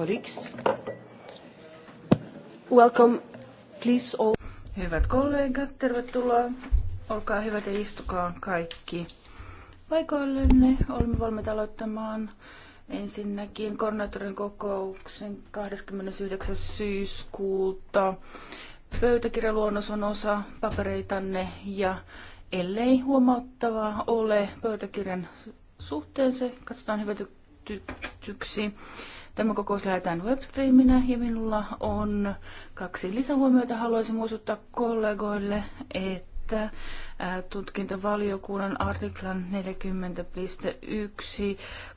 colleagues. Welcome, please all. Hyvät kollegat, tervetuloa. Olkaa hyvät ja istukaa kaikki paikoillenne. Olemme valmiita aloittamaan ensinnäkin koordinaattorin kokouksen 29. syyskuuta. Pöytäkirjaluonnos on osa papereitanne ja ellei huomauttavaa ole pöytäkirjan suhteen, se katsotaan hyvätyksi Tämä kokous lähetään webstreaminä ja minulla on kaksi lisähuomiota. Haluaisin muistuttaa kollegoille, että äh, tutkintavaliokunnan artiklan 40.1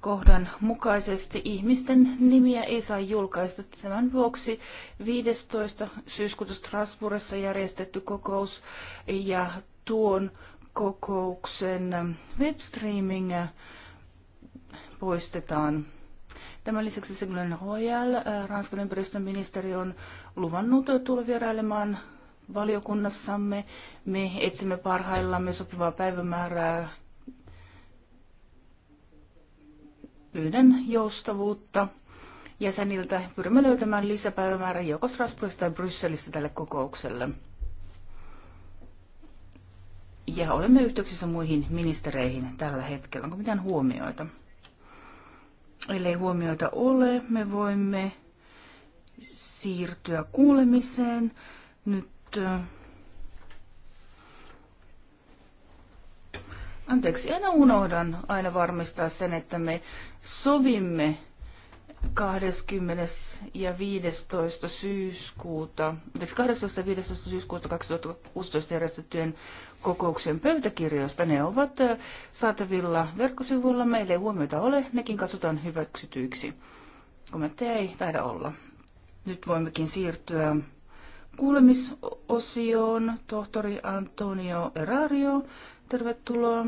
kohdan mukaisesti ihmisten nimiä ei saa julkaista. Tämän vuoksi 15. syyskuuta Strasbourgissa järjestetty kokous ja tuon kokouksen webstreaming poistetaan Tämän lisäksi Signal Royal, äh, Ranskan ympäristöministeri, on luvannut tulla vierailemaan valiokunnassamme. Me etsimme parhaillamme sopivaa päivämäärää. Pyydän joustavuutta jäseniltä. Pyrimme löytämään lisäpäivämäärän joko Strasbourgista tai Brysselistä tälle kokoukselle. Ja olemme yhteyksissä muihin ministereihin tällä hetkellä. Onko mitään huomioita? ellei huomioita ole, me voimme siirtyä kuulemiseen. Nyt äh, Anteeksi, aina unohdan aina varmistaa sen, että me sovimme 20. ja 15. syyskuuta, 12. ja 15. syyskuuta 2016 järjestettyjen kokouksen pöytäkirjoista. Ne ovat saatavilla verkkosivuilla. Meille ei huomiota ole, nekin katsotaan hyväksytyiksi. Kommentteja ei taida olla. Nyt voimmekin siirtyä kuulemisosioon. Tohtori Antonio Erario, tervetuloa.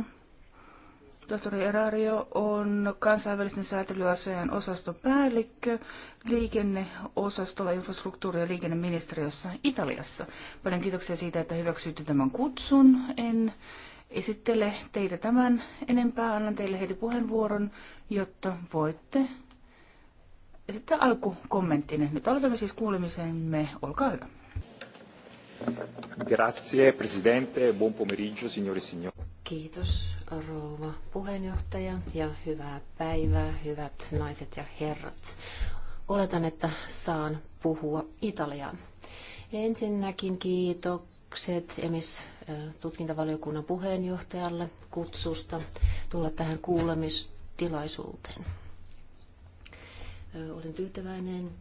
Tohtori Erario on kansainvälisen säätelyasian osastopäällikkö liikenneosastolla infrastruktuuri- ja liikenneministeriössä Italiassa. Paljon kiitoksia siitä, että hyväksyitte tämän kutsun. En esittele teitä tämän enempää. Annan teille heti puheenvuoron, jotta voitte esittää alkukommenttinen. Nyt aloitamme siis kuulemisemme. Olkaa hyvä. Grazie, presidente. Buon pomeriggio, signore signori. Kiitos, rouva puheenjohtaja, ja hyvää päivää, hyvät naiset ja herrat. Oletan, että saan puhua Italiaa. Ensinnäkin kiitokset emis tutkintavaliokunnan puheenjohtajalle kutsusta tulla tähän kuulemistilaisuuteen. Olen tyytyväinen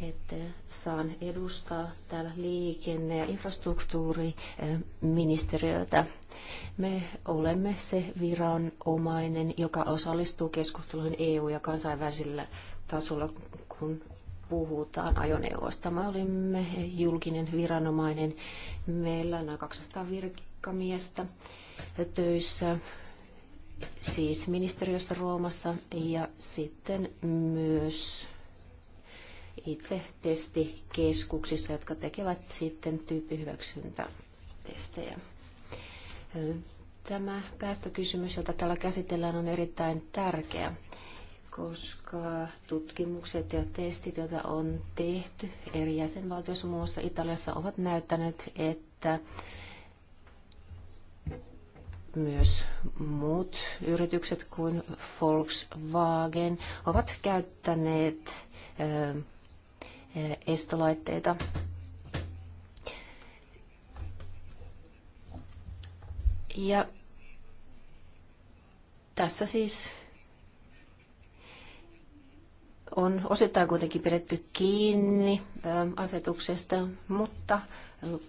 että saan edustaa täällä liikenne- ja infrastruktuuriministeriötä. Me olemme se viranomainen, joka osallistuu keskusteluun EU- ja kansainvälisellä tasolla, kun puhutaan ajoneuvoista. Me olimme julkinen viranomainen. Meillä on noin 200 virkamiestä töissä siis ministeriössä Roomassa ja sitten myös itse testikeskuksissa, jotka tekevät sitten tyyppihyväksyntätestejä. Tämä päästökysymys, jota täällä käsitellään, on erittäin tärkeä, koska tutkimukset ja testit, joita on tehty eri jäsenvaltioissa, muun muassa Italiassa, ovat näyttäneet, että myös muut yritykset kuin Volkswagen ovat käyttäneet Eh, estolaitteita. Ja tässä siis on osittain kuitenkin pidetty kiinni eh, asetuksesta, mutta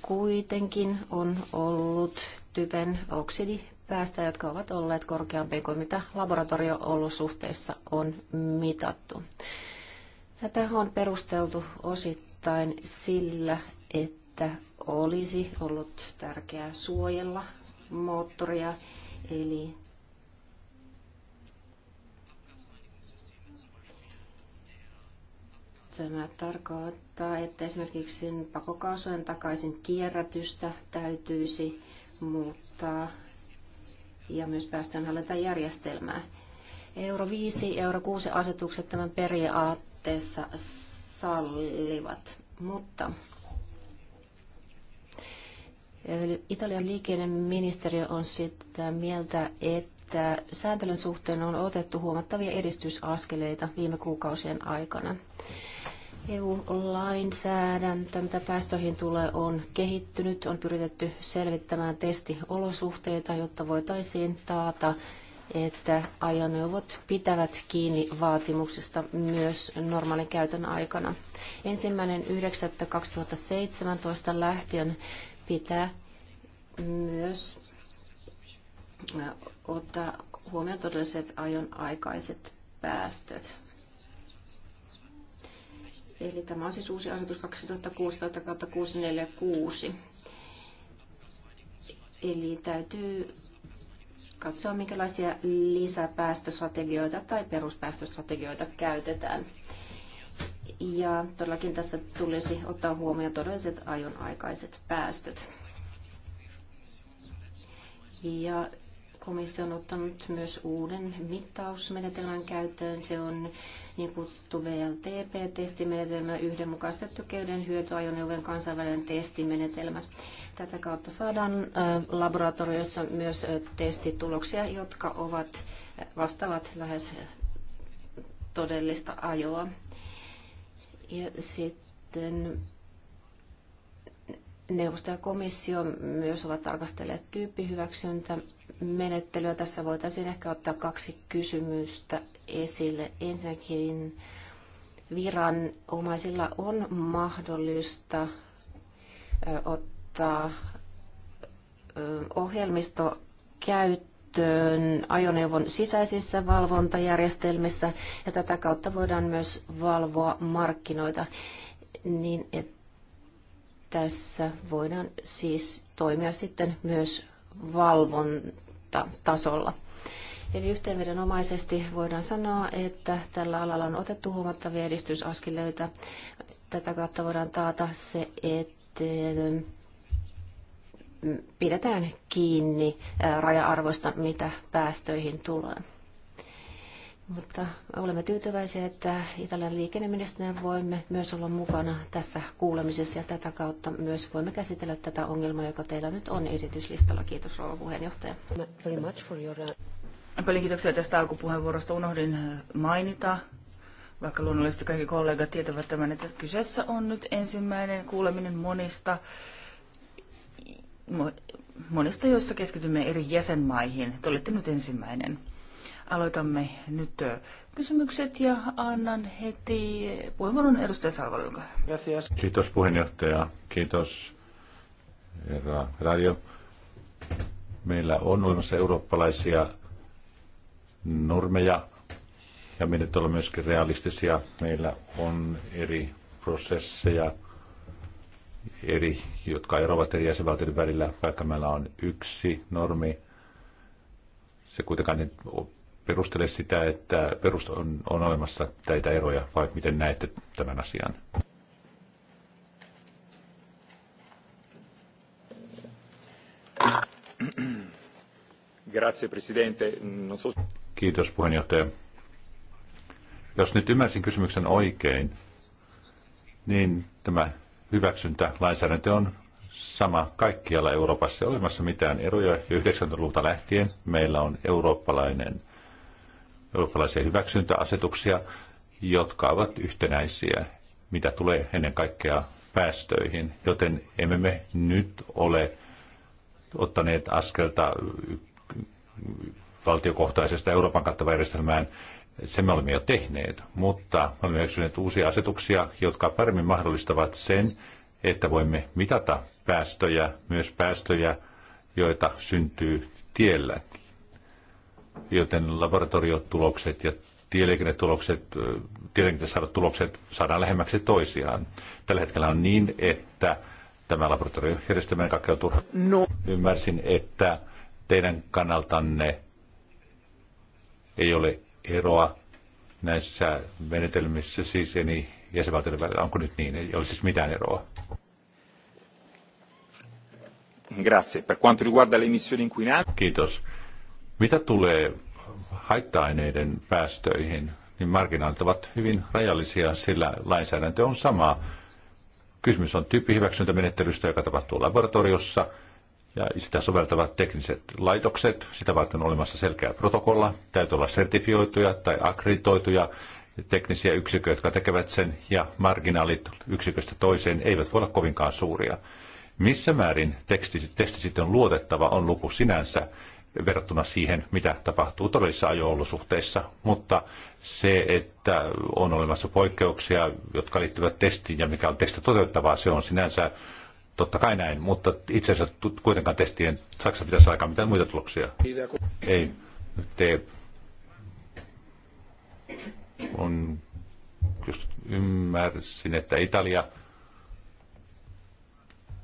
kuitenkin on ollut typen oksidipäästä, jotka ovat olleet korkeampia kuin mitä laboratorio-olosuhteissa on mitattu. Tätä on perusteltu osittain sillä, että olisi ollut tärkeää suojella moottoria, eli Tämä tarkoittaa, että esimerkiksi pakokaasujen takaisin kierrätystä täytyisi muuttaa ja myös päästönhallintajärjestelmää. Euro 5 ja euro 6 asetukset tämän periaatteen periaatteessa sallivat, mutta Italian liikenneministeriö on sitä mieltä, että sääntelyn suhteen on otettu huomattavia edistysaskeleita viime kuukausien aikana. EU-lainsäädäntö, mitä päästöihin tulee, on kehittynyt. On pyritetty selvittämään testiolosuhteita, jotta voitaisiin taata että ajoneuvot pitävät kiinni vaatimuksesta myös normaalin käytön aikana. Ensimmäinen 9.2017 lähtien pitää myös äh, ottaa huomioon todelliset ajon aikaiset päästöt. Eli tämä on siis uusi asetus 2016-646. Eli täytyy katsoa, minkälaisia lisäpäästöstrategioita tai peruspäästöstrategioita käytetään. Ja todellakin tässä tulisi ottaa huomioon todelliset ajon aikaiset päästöt. Ja komissio on ottanut myös uuden mittausmenetelmän käyttöön. Se on niin kutsuttu VLTP-testimenetelmä, yhdenmukaistettu köyden hyötyajoneuvojen kansainvälinen testimenetelmä. Tätä kautta saadaan laboratoriossa myös testituloksia, jotka ovat vastaavat lähes todellista ajoa. Ja sitten neuvosto ja komissio myös ovat tarkastelleet tyyppihyväksyntämenettelyä. Tässä voitaisiin ehkä ottaa kaksi kysymystä esille. Ensinnäkin viranomaisilla on mahdollista ottaa tota, ohjelmisto käyttöön ajoneuvon sisäisissä valvontajärjestelmissä ja tätä kautta voidaan myös valvoa markkinoita niin, että tässä voidaan siis toimia sitten myös valvontatasolla. Eli yhteenvedonomaisesti voidaan sanoa, että tällä alalla on otettu huomattavia edistysaskeleita. Tätä kautta voidaan taata se, että pidetään kiinni raja-arvoista, mitä päästöihin tulee. Mutta olemme tyytyväisiä, että Italian liikenneministeriön voimme myös olla mukana tässä kuulemisessa ja tätä kautta myös voimme käsitellä tätä ongelmaa, joka teillä nyt on esityslistalla. Kiitos rouva puheenjohtaja. Very much for your... Uh, Paljon kiitoksia tästä alkupuheenvuorosta. Unohdin mainita, vaikka luonnollisesti kaikki kollegat tietävät tämän, että kyseessä on nyt ensimmäinen kuuleminen monista monista, joissa keskitymme eri jäsenmaihin. Te olette nyt ensimmäinen. Aloitamme nyt kysymykset ja annan heti puheenvuoron edustaja Salvalilta. Kiitos puheenjohtaja. Kiitos herra Radio. Meillä on olemassa eurooppalaisia normeja ja meidät olla myöskin realistisia. Meillä on eri prosesseja eri, jotka eroavat eri jäsenvaltioiden välillä, vaikka meillä on yksi normi. Se kuitenkaan ei perustele sitä, että perust on, on olemassa näitä eroja, vai miten näette tämän asian? Grazie, Presidente. Non so... Kiitos puheenjohtaja. Jos nyt ymmärsin kysymyksen oikein, niin tämä hyväksyntä lainsäädäntö on sama kaikkialla Euroopassa. Ei olemassa mitään eroja. 90-luvulta lähtien meillä on eurooppalainen, eurooppalaisia hyväksyntäasetuksia, jotka ovat yhtenäisiä, mitä tulee ennen kaikkea päästöihin. Joten emme me nyt ole ottaneet askelta valtiokohtaisesta Euroopan järjestelmään sen me olemme jo tehneet, mutta me olemme hyväksyneet uusia asetuksia, jotka paremmin mahdollistavat sen, että voimme mitata päästöjä, myös päästöjä, joita syntyy tiellä. Joten laboratoriotulokset ja tieliikennetulokset, tieliikennetulokset saadaan, tulokset saadaan lähemmäksi toisiaan. Tällä hetkellä on niin, että tämä laboratoriojärjestelmä kakeutuu. No. Ymmärsin, että teidän kannaltanne ei ole eroa näissä menetelmissä siis eni jäsenvaltioiden välillä? Onko nyt niin? Ei ole siis mitään eroa. Grazie. Per quanto riguarda le emissioni inquinanti... Kiitos. Mitä tulee haitta-aineiden päästöihin, niin marginaalit ovat hyvin rajallisia, sillä lainsäädäntö on sama. Kysymys on tyyppihyväksyntämenettelystä, joka tapahtuu laboratoriossa – ja sitä soveltavat tekniset laitokset. Sitä varten on olemassa selkeä protokolla. Täytyy olla sertifioituja tai akkreditoituja teknisiä yksiköitä, jotka tekevät sen, ja marginaalit yksiköstä toiseen eivät voi olla kovinkaan suuria. Missä määrin teksti, testi sitten on luotettava, on luku sinänsä verrattuna siihen, mitä tapahtuu todellisissa ajo-olosuhteissa, mutta se, että on olemassa poikkeuksia, jotka liittyvät testiin ja mikä on testi toteuttavaa, se on sinänsä Totta kai näin, mutta itse asiassa kuitenkaan testien Saksa pitäisi aikaa mitään muita tuloksia. Ei, nyt ei. On, jos ymmärsin, että Italia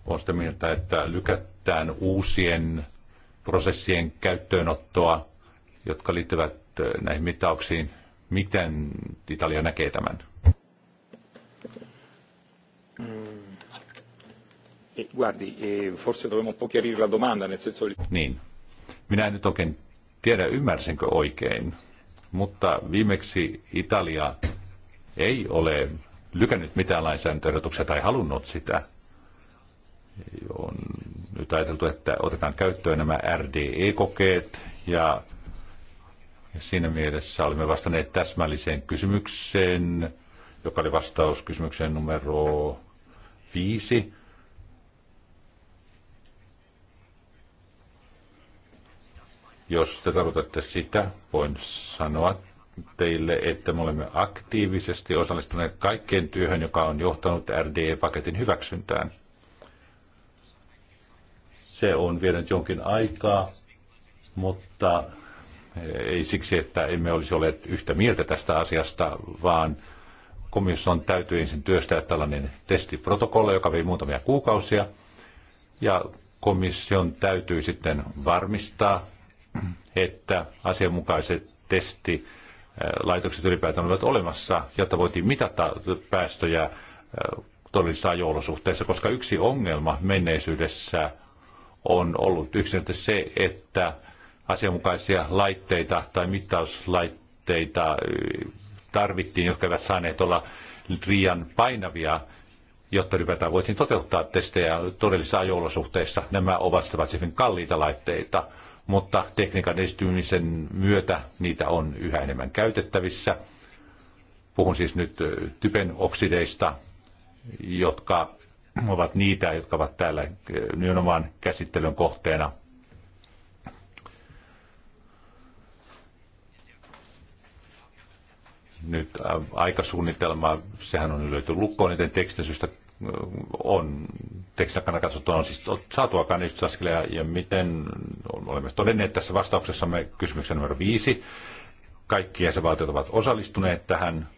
on sitä mieltä, että lykätään uusien prosessien käyttöönottoa, jotka liittyvät eh, näihin mittauksiin. Miten Italia näkee tämän? Mm. E, guardi, e, forse un po' chiarire la domanda, nel senso... Niin. Minä en nyt oikein tiedä, ymmärsinkö oikein, mutta viimeksi Italia ei ole lykännyt mitään lainsäädäntöehdotuksia tai halunnut sitä. On nyt ajateltu, että otetaan käyttöön nämä RDE-kokeet ja siinä mielessä olimme vastanneet täsmälliseen kysymykseen, joka oli vastaus kysymykseen numero viisi Jos te tarkoitatte sitä, voin sanoa teille, että me olemme aktiivisesti osallistuneet kaikkeen työhön, joka on johtanut RDE-paketin hyväksyntään. Se on vienyt jonkin aikaa, mutta ei siksi, että emme olisi olleet yhtä mieltä tästä asiasta, vaan komission täytyy ensin työstää tällainen testiprotokolla, joka vei muutamia kuukausia, ja komission täytyy sitten varmistaa, että asianmukaiset testilaitokset äh, ylipäätään olivat olemassa, jotta voitiin mitata päästöjä äh, todellisissa ajo-olosuhteissa, koska yksi ongelma menneisyydessä on ollut yksinkertaisesti se, että asianmukaisia laitteita tai mittauslaitteita äh, tarvittiin, jotka eivät saaneet olla liian painavia, jotta ylipäätään voitiin toteuttaa testejä todellisissa ajo-olosuhteissa. Nämä ovat paitsi kalliita laitteita, mutta tekniikan edistymisen myötä niitä on yhä enemmän käytettävissä. Puhun siis nyt typen oksideista, jotka ovat niitä, jotka ovat täällä nimenomaan käsittelyn kohteena. Nyt aikasuunnitelma, sehän on löyty lukkoon, joten tekstisystä on tekstiläkkana katsottuna on siis saatu aikaan edistysaskelia ja miten olemme todenneet tässä vastauksessamme kysymyksen numero viisi. Kaikki jäsenvaltiot ovat osallistuneet tähän.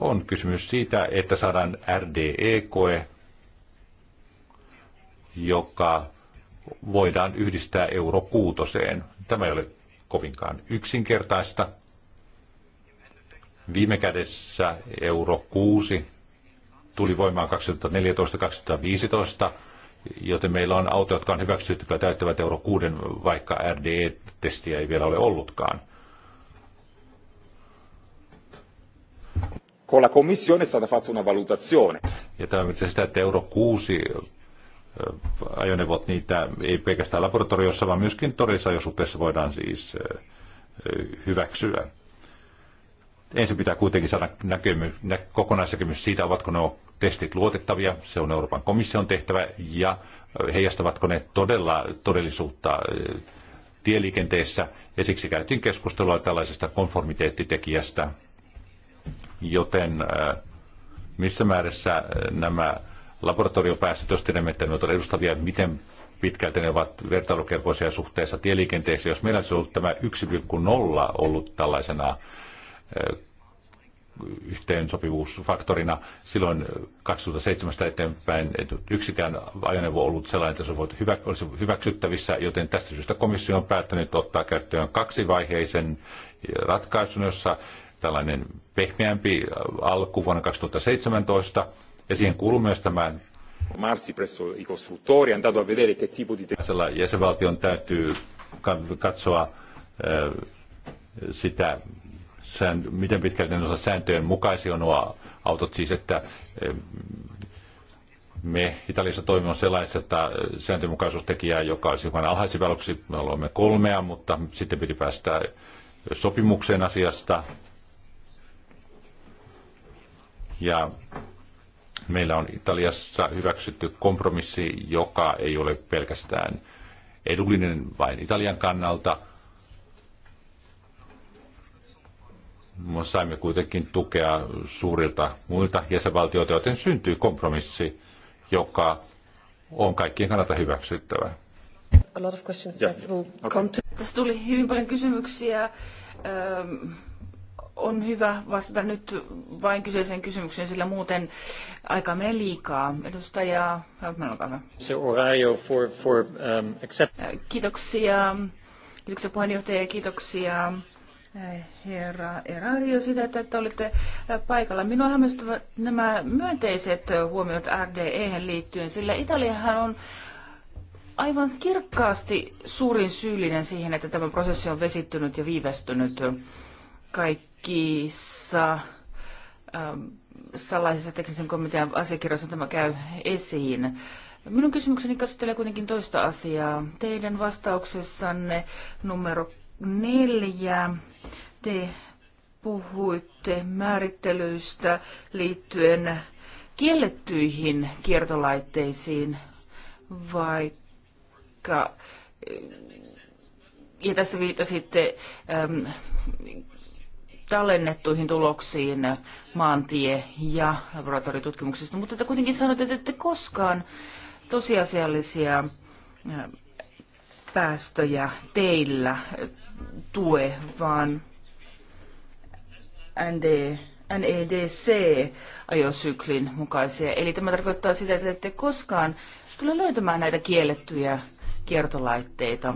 On kysymys siitä, että saadaan RDE-koe, joka voidaan yhdistää euro kuutoseen. Tämä ei ole kovinkaan yksinkertaista. Viime kädessä euro 6 tuli voimaan 2014-2015, joten meillä on auto, jotka on hyväksytty, jotka täyttävät euro 6, vaikka RDE-testiä ei vielä ole ollutkaan. Con la Commissione è stata fatta una valutazione. Ja tämä on sitä, että euro 6 ajoneuvot, niitä ei pelkästään laboratoriossa, vaan myöskin todellisessa ajosuhteessa voidaan siis hyväksyä ensin pitää kuitenkin saada näkemys, nä, kokonaisnäkemys siitä, ovatko nuo testit luotettavia, se on Euroopan komission tehtävä, ja heijastavatko ne todella todellisuutta tieliikenteessä, ja siksi käytiin keskustelua tällaisesta konformiteettitekijästä, joten missä määrässä nämä laboratoriopäästöt, jos tiedämme, että ne ovat edustavia, miten pitkälti ne ovat vertailukelpoisia suhteessa tieliikenteeseen. Jos meillä olisi ollut tämä 1,0 ollut tällaisena yhteensopivuusfaktorina. Silloin 2007 eteenpäin et yksikään ajoneuvo ollut sellainen, että se hyvä, olisi hyväksyttävissä, joten tästä syystä komissio on päättänyt ottaa käyttöön kaksivaiheisen ratkaisun, jossa tällainen pehmeämpi alku vuonna 2017, ja siihen kuuluu myös tämä Marsi presso i costruttori, andato a vedere che tipo di... Jäsenvaltion täytyy katsoa sitä, sään, miten pitkälti ne osa sääntöjen mukaisia nuo autot siis, että me Italiassa toimimme sellaisesta sääntömukaisuustekijää, joka olisi hiukan alhaisin väloksi. Me olemme kolmea, mutta sitten piti päästä sopimukseen asiasta. Ja meillä on Italiassa hyväksytty kompromissi, joka ei ole pelkästään edullinen vain Italian kannalta – saimme kuitenkin tukea suurilta muilta jäsenvaltioilta, joten syntyi kompromissi, joka on kaikkien kannalta hyväksyttävä. A lot of questions yeah. will come to... Tässä tuli hyvin paljon kysymyksiä. Öm, on hyvä vastata nyt vain kyseiseen kysymykseen, sillä muuten aika menee liikaa. Edustaja Heltman, olkaa hyvä. Se orario for, for, um, accept... Kiitoksia. Kiitoksia puheenjohtaja ja kiitoksia herra Erario sitä, että, että olette paikalla. Minua hämmästyvät nämä myönteiset huomiot RDEhän liittyen, sillä Italiahan on aivan kirkkaasti suurin syyllinen siihen, että tämä prosessi on vesittynyt ja viivästynyt kaikissa ähm, salaisissa teknisen komitean asiakirjoissa tämä käy esiin. Minun kysymykseni käsittelee kuitenkin toista asiaa. Teidän vastauksessanne numero neljä te puhuitte määrittelyistä liittyen kiellettyihin kiertolaitteisiin, vaikka, eh, ja tässä viitasitte äm, tallennettuihin tuloksiin maantie- ja laboratoritutkimuksista, mutta te kuitenkin sanoitte, että ette koskaan tosiasiallisia päästöjä teillä tue, vaan ND, NEDC-ajosyklin mukaisia. Eli tämä tarkoittaa sitä, että ette koskaan tule löytämään näitä kiellettyjä kiertolaitteita.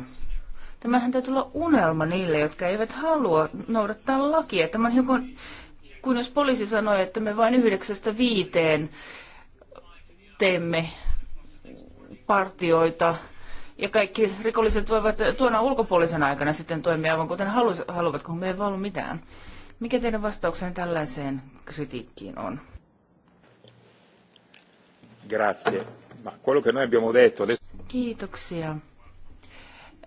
Tämähän täytyy olla unelma niille, jotka eivät halua noudattaa lakia. Tämä on hiukan kun jos poliisi sanoi, että me vain yhdeksästä viiteen teemme partioita ja kaikki rikolliset voivat tuona ulkopuolisen aikana sitten toimia aivan kuten haluavat, kun me ei ollut mitään. Mikä teidän vastauksen tällaiseen kritiikkiin on? Grazie. Ma quello che noi abbiamo detto... Kiitoksia.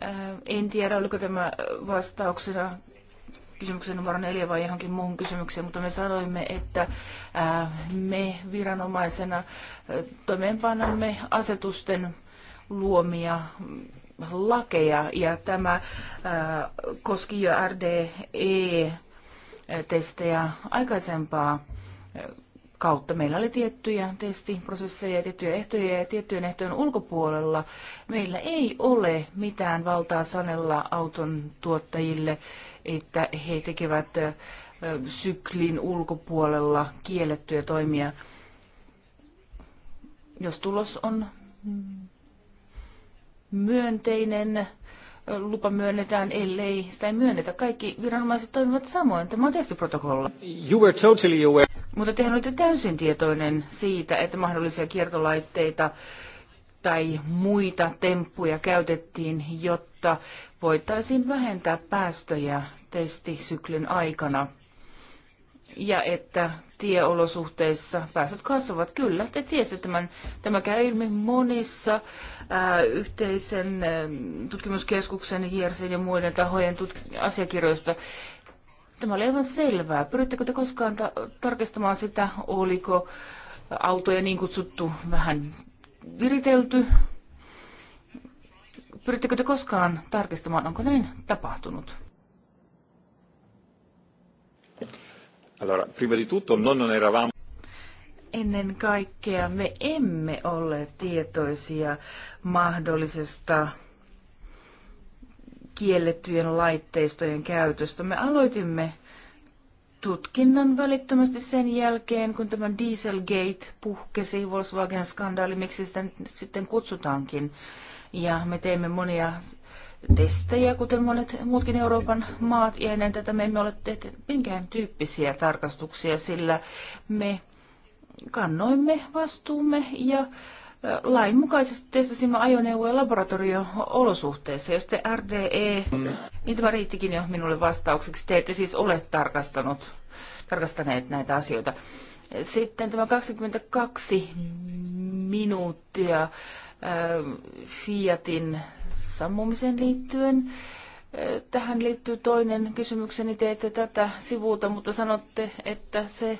Äh, en tiedä, oliko tämä vastauksena kysymyksen numero neljä vai johonkin muuhun kysymykseen, mutta me sanoimme, että äh, me viranomaisena äh, toimeenpanamme asetusten luomia lakeja ja tämä koski jo RDE testejä aikaisempaa kautta. Meillä oli tiettyjä testiprosesseja, tiettyjä ehtoja ja tiettyjen ehtojen ulkopuolella. Meillä ei ole mitään valtaa sanella auton tuottajille, että he tekevät syklin ulkopuolella kiellettyjä toimia. Jos tulos on myönteinen, lupa myönnetään, ellei sitä ei myönnetä. Kaikki viranomaiset toimivat samoin. Tämä on testiprotokolla. You were totally aware. Mutta tehän olette täysin tietoinen siitä, että mahdollisia kiertolaitteita tai muita temppuja käytettiin, jotta voitaisiin vähentää päästöjä testisyklin aikana. Ja että tieolosuhteissa Pääset kasvavat. Kyllä, te tiesitte tämän. Tämä käy ilmi monissa ää, yhteisen ää, tutkimuskeskuksen, JRC ja muiden tahojen tutk- asiakirjoista. Tämä oli aivan selvää. Pyrittekö te koskaan ta- tarkistamaan sitä, oliko autoja niin kutsuttu vähän viritelty? Pyrittekö te koskaan tarkistamaan, onko näin tapahtunut? Allora, prima di tutto non eravamo... Ennen kaikkea me emme ole tietoisia mahdollisesta kiellettyjen laitteistojen käytöstä. Me aloitimme tutkinnan välittömästi sen jälkeen, kun tämä Dieselgate puhkesi, Volkswagen-skandaali, miksi sitä sitten kutsutaankin. Ja me teimme monia testejä, kuten monet muutkin Euroopan maat, ja ennen tätä me emme ole tehneet minkään tyyppisiä tarkastuksia, sillä me kannoimme vastuumme ja lain mukaisesti testasimme ajoneuvoja laboratorio-olosuhteissa, jos te RDE, mm. niin tämä riittikin jo minulle vastaukseksi, te ette siis ole tarkastanut, tarkastaneet näitä asioita. Sitten tämä 22 minuuttia Fiatin sammumiseen liittyen. Tähän liittyy toinen kysymykseni. Te ette tätä sivuuta, mutta sanotte, että se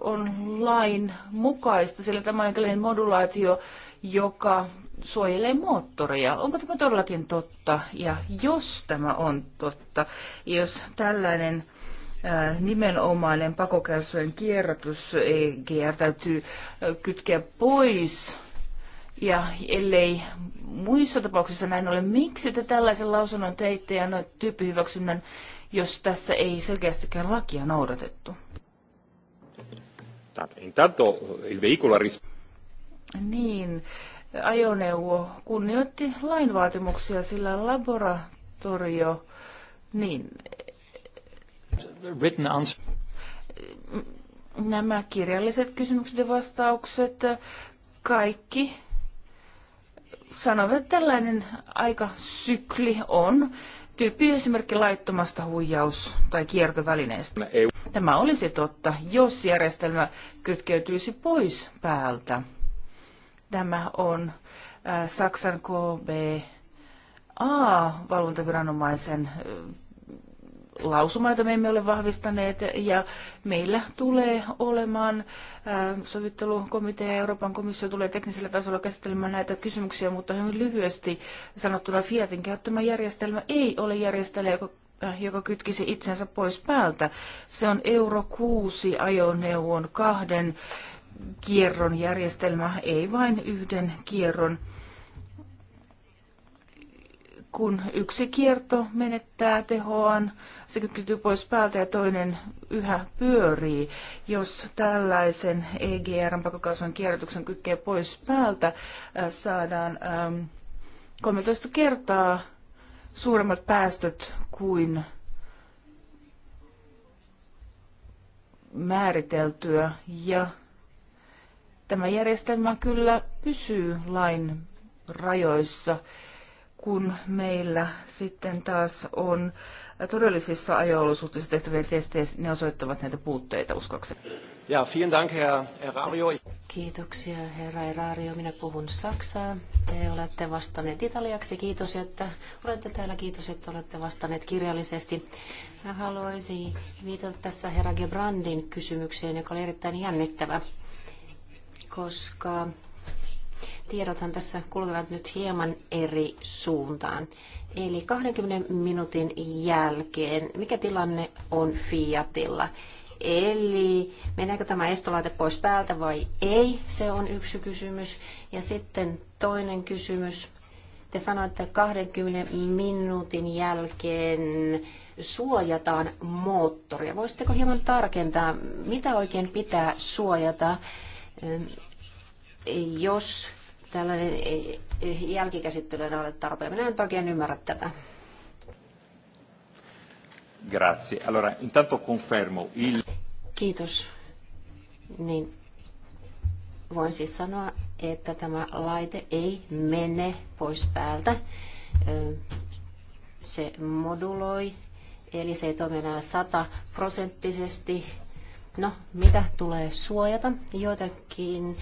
on lain mukaista, sillä tämä on modulaatio, joka suojelee moottoria. Onko tämä todellakin totta? Ja jos tämä on totta, jos tällainen nimenomainen pakokäyttöön kierrätys EGR täytyy kytkeä pois ja ellei muissa tapauksissa näin ole, miksi te tällaisen lausunnon teitte ja noin tyyppihyväksynnän, jos tässä ei selkeästikään lakia noudatettu? Intanto il veicolo Niin, ajoneuvo kunnioitti lainvaatimuksia, sillä laboratorio, niin... Written answer. Nämä kirjalliset kysymykset ja vastaukset, kaikki sanovat, että tällainen aikasykli on tyyppiesimerkki laittomasta huijaus- tai kiertovälineestä. Tämä olisi totta, jos järjestelmä kytkeytyisi pois päältä. Tämä on äh, Saksan KBA valvontaviranomaisen äh, lausuma, jota me emme ole vahvistaneet, ja meillä tulee olemaan sovittelukomitea ja Euroopan komissio tulee teknisellä tasolla käsittelemään näitä kysymyksiä, mutta hyvin lyhyesti sanottuna Fiatin käyttämä järjestelmä ei ole järjestelmä, joka äh, joka kytkisi itsensä pois päältä. Se on Euro 6 ajoneuvon kahden kierron järjestelmä, ei vain yhden kierron kun yksi kierto menettää tehoaan, se kytkytyy pois päältä ja toinen yhä pyörii. Jos tällaisen EGR-pakokasvun kierrätyksen kytkee pois päältä, äh, saadaan 13 ähm, kertaa suuremmat päästöt kuin määriteltyä ja tämä järjestelmä kyllä pysyy lain rajoissa – kun meillä sitten taas on todellisissa ajo-olosuhteissa tehtäviä testejä, ne osoittavat näitä puutteita uskoksi? Ja, vielen dank, herr Erario. Kiitoksia, herra Erario. Minä puhun saksaa. Te olette vastanneet italiaksi. Kiitos, että olette täällä. Kiitos, että olette vastanneet kirjallisesti. Mä haluaisin viitata tässä herra Gebrandin kysymykseen, joka oli erittäin jännittävä, koska tiedothan tässä kulkevat nyt hieman eri suuntaan. Eli 20 minuutin jälkeen, mikä tilanne on Fiatilla? Eli meneekö tämä estolaite pois päältä vai ei? Se on yksi kysymys. Ja sitten toinen kysymys. Te sanoitte, että 20 minuutin jälkeen suojataan moottoria. Voisitteko hieman tarkentaa, mitä oikein pitää suojata, jos tällainen jälkikäsittely ei ole tarpeen. Minä en en ymmärrä tätä. Grazie. Allora, intanto confermo il... Kiitos. Niin, voin siis sanoa, että tämä laite ei mene pois päältä. Se moduloi, eli se ei toimi enää sataprosenttisesti. No, mitä tulee suojata? Joitakin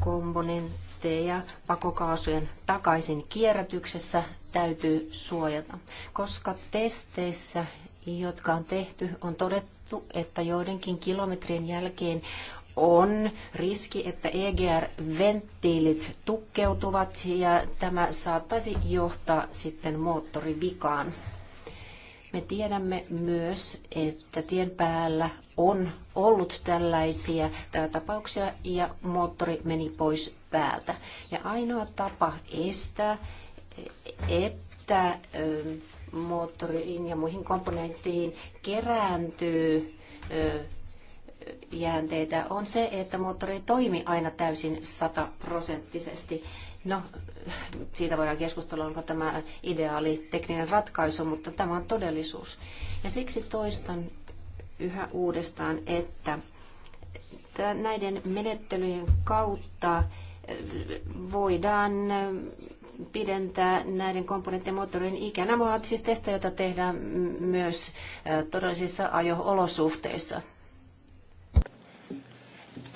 komponentteja ja pakokaasujen takaisin kierrätyksessä täytyy suojata, koska testeissä, jotka on tehty, on todettu, että joidenkin kilometrien jälkeen on riski, että EGR-venttiilit tukkeutuvat ja tämä saattaisi johtaa sitten moottorivikaan. Me tiedämme myös, että tien päällä on ollut tällaisia tapauksia ja moottori meni pois päältä. Ja ainoa tapa estää, että moottoriin ja muihin komponenttiin kerääntyy jäänteitä, on se, että moottori ei toimi aina täysin sataprosenttisesti. No, siitä voidaan keskustella, onko tämä ideaali tekninen ratkaisu, mutta tämä on todellisuus. Ja siksi toistan yhä uudestaan, että näiden menettelyjen kautta voidaan pidentää näiden komponenttien moottorin ikä. Nämä ovat siis testejä, joita tehdään myös todellisissa ajo-olosuhteissa.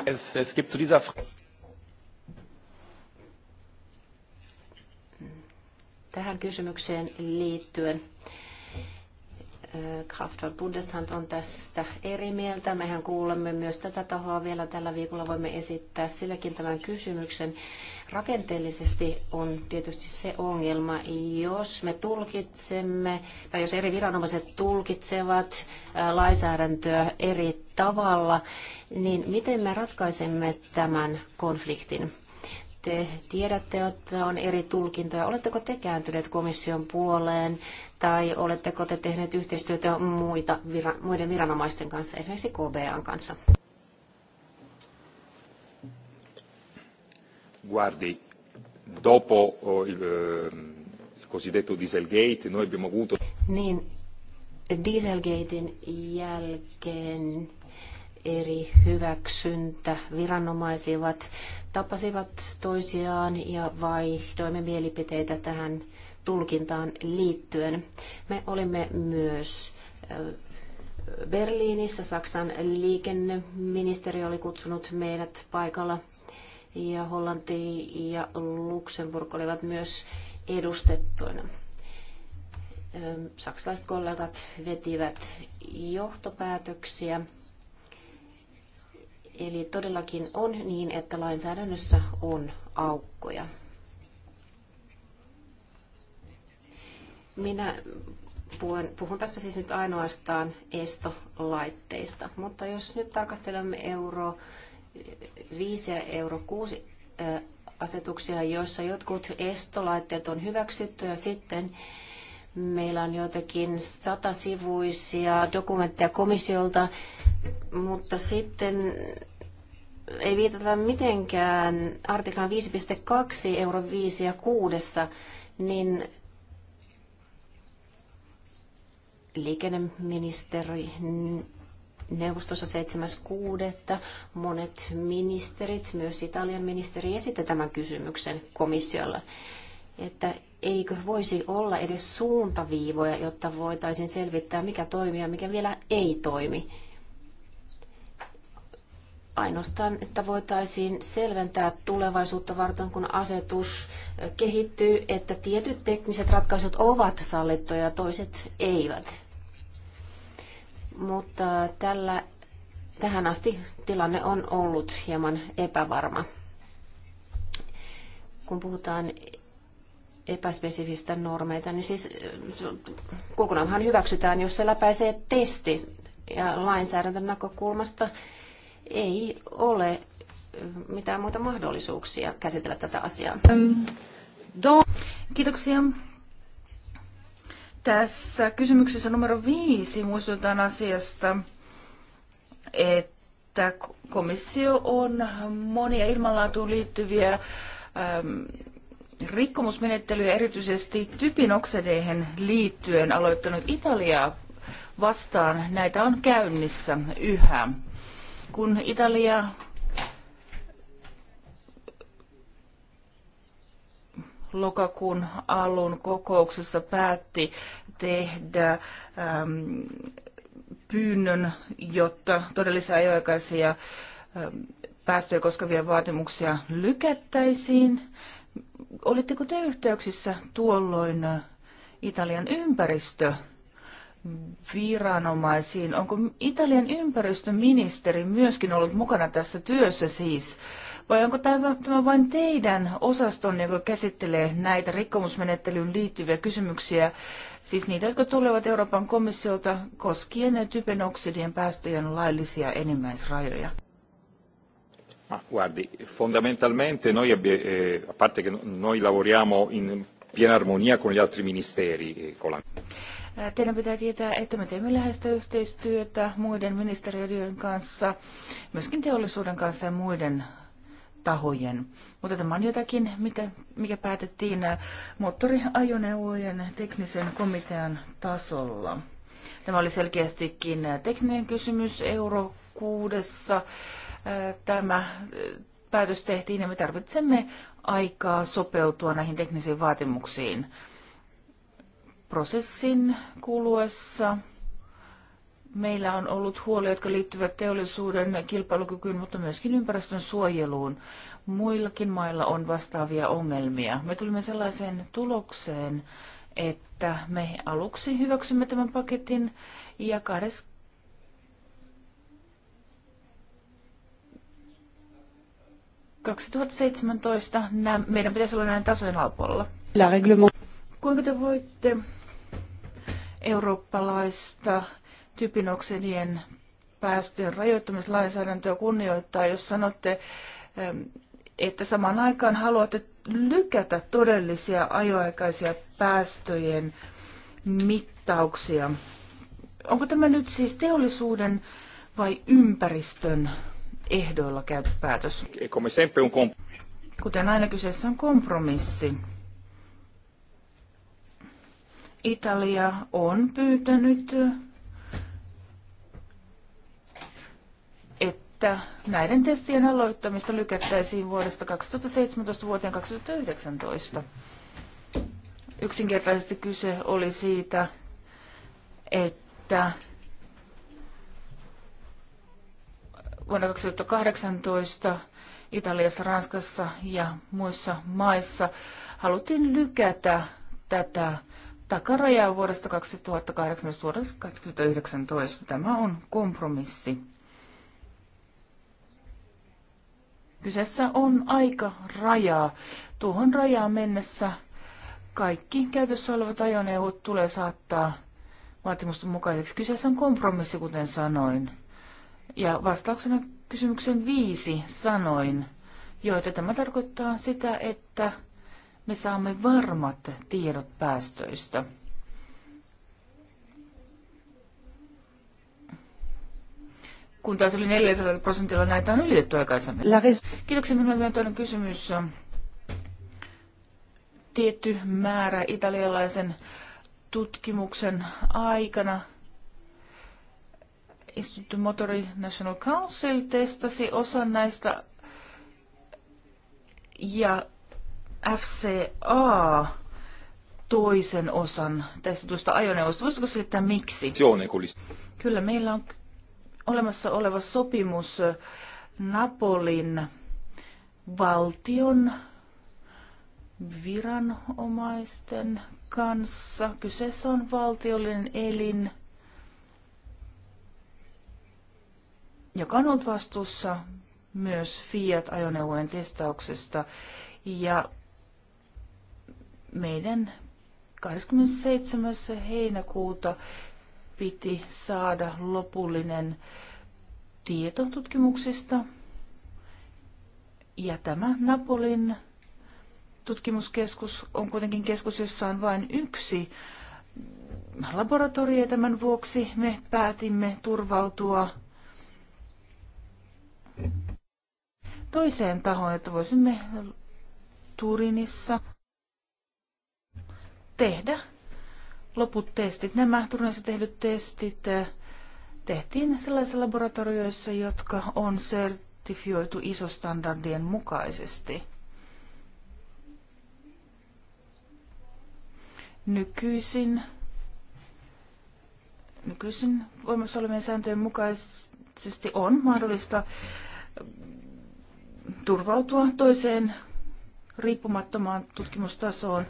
Es, es gibt zu dieser Tähän kysymykseen liittyen Kraftwerk Bundesland on tästä eri mieltä. Mehän kuulemme myös tätä tahoa vielä tällä viikolla. Voimme esittää silläkin tämän kysymyksen. Rakenteellisesti on tietysti se ongelma, jos me tulkitsemme, tai jos eri viranomaiset tulkitsevat lainsäädäntöä eri tavalla, niin miten me ratkaisemme tämän konfliktin? te tiedätte, että on eri tulkintoja. Oletteko te kääntyneet komission puoleen tai oletteko te tehneet yhteistyötä muita, muiden viranomaisten kanssa, esimerkiksi KBAn kanssa? Guardi, dopo oh, il, eh, il cosiddetto Dieselgate, noi abbiamo avuto... Niin, Dieselgatein jälkeen eri hyväksyntä, viranomaisivat tapasivat toisiaan ja vaihdoimme mielipiteitä tähän tulkintaan liittyen. Me olimme myös Berliinissä Saksan liikenneministeri oli kutsunut meidät paikalla ja Hollanti ja Luxemburg olivat myös edustettuina. Saksalaiset kollegat vetivät johtopäätöksiä. Eli todellakin on niin, että lainsäädännössä on aukkoja. Minä puhun, puhun tässä siis nyt ainoastaan estolaitteista, mutta jos nyt tarkastelemme euro 5 ja euro 6 äh, asetuksia, joissa jotkut estolaitteet on hyväksytty ja sitten meillä on jotenkin satasivuisia dokumentteja komissiolta, mutta sitten ei viitata mitenkään artiklan 5.2 euro 5 ja 6, niin liikenneministeri neuvostossa 7.6. Monet ministerit, myös Italian ministeri, esitti tämän kysymyksen komissiolle, että eikö voisi olla edes suuntaviivoja, jotta voitaisiin selvittää, mikä toimii ja mikä vielä ei toimi. Ainoastaan, että voitaisiin selventää tulevaisuutta varten, kun asetus kehittyy, että tietyt tekniset ratkaisut ovat sallittuja ja toiset eivät mutta tällä, tähän asti tilanne on ollut hieman epävarma. Kun puhutaan epäspesifistä normeita, niin siis äh, kulkunauhan hyväksytään, jos se läpäisee testi. Ja lainsäädäntön näkökulmasta ei ole äh, mitään muita mahdollisuuksia käsitellä tätä asiaa. Kiitoksia. Tässä kysymyksessä numero viisi muistutan asiasta, että komissio on monia ilmanlaatuun liittyviä äm, rikkomusmenettelyjä erityisesti typinoksedeihin liittyen aloittanut Italiaa vastaan. Näitä on käynnissä yhä. Kun Italia lokakuun alun kokouksessa päätti tehdä äm, pyynnön, jotta todellisia ajoaikaisia ähm, päästöjä koskevia vaatimuksia lykättäisiin. Olitteko te yhteyksissä tuolloin äh, Italian ympäristö viranomaisiin. Onko Italian ympäristöministeri myöskin ollut mukana tässä työssä siis? vai onko tämä vain teidän osaston, joka käsittelee näitä rikkomusmenettelyyn liittyviä kysymyksiä, siis niitä, jotka tulevat Euroopan komissiolta koskien typenoksidien päästöjen laillisia enimmäisrajoja? Ma guardi, fondamentalmente noi, eh, a parte che noi lavoriamo in piena armonia con gli altri ministeri, e con la... Teidän pitää tietää, että me teemme läheistä yhteistyötä muiden ministeriöiden kanssa, myöskin teollisuuden kanssa ja muiden tahojen. Mutta tämä on jotakin, mitä, mikä päätettiin äh, moottoriajoneuvojen teknisen komitean tasolla. Tämä oli selkeästikin äh, tekninen kysymys Euro kuudessa. Äh, tämä päätös tehtiin ja me tarvitsemme aikaa sopeutua näihin teknisiin vaatimuksiin prosessin kuluessa meillä on ollut huoli, jotka liittyvät teollisuuden kilpailukykyyn, mutta myöskin ympäristön suojeluun. Muillakin mailla on vastaavia ongelmia. Me tulimme sellaiseen tulokseen, että me aluksi hyväksymme tämän paketin ja 20 2017 meidän pitäisi olla näin tasojen alapuolella. Kuinka te voitte eurooppalaista typinoksidien päästöjen rajoittamislainsäädäntöä kunnioittaa, jos sanotte, ähm, että samaan aikaan haluatte lykätä todellisia ajoaikaisia päästöjen mittauksia. Onko tämä nyt siis teollisuuden vai ympäristön ehdoilla käyty päätös? Kuten aina kyseessä on kompromissi. Italia on pyytänyt että näiden testien aloittamista lykättäisiin vuodesta 2017 vuoteen 2019. Yksinkertaisesti kyse oli siitä, että vuonna 2018 Italiassa, Ranskassa ja muissa maissa haluttiin lykätä tätä takarajaa vuodesta 2018 vuodesta 2019. Tämä on kompromissi. Kyseessä on aika raja. Tuohon rajaan mennessä kaikki käytössä olevat ajoneuvot tulee saattaa vaatimusten mukaiseksi. Kyseessä on kompromissi, kuten sanoin. Ja vastauksena kysymyksen viisi sanoin, joita tämä tarkoittaa sitä, että me saamme varmat tiedot päästöistä. kun taas oli 400 prosentilla näitä on ylitetty aikaisemmin. Kiitoksia. Minulla on vielä toinen kysymys. Tietty määrä italialaisen tutkimuksen aikana Institute Motori National Council testasi osan näistä ja FCA toisen osan testatusta ajoneuvosta. Voisitko selittää miksi? Kyllä, meillä on olemassa oleva sopimus Napolin valtion viranomaisten kanssa. Kyseessä on valtiollinen elin, joka on ollut vastuussa myös Fiat-ajoneuvojen testauksesta. Ja meidän 27. heinäkuuta piti saada lopullinen tieto tutkimuksista. Ja tämä Napolin tutkimuskeskus on kuitenkin keskus, jossa on vain yksi laboratorio. Tämän vuoksi me päätimme turvautua toiseen tahoon, että voisimme Turinissa tehdä loput testit, nämä Turinissa tehdyt testit eh, tehtiin sellaisissa laboratorioissa, jotka on sertifioitu isostandardien mukaisesti. Nykyisin, nykyisin voimassa olevien sääntöjen mukaisesti on mahdollista eh, turvautua toiseen riippumattomaan tutkimustasoon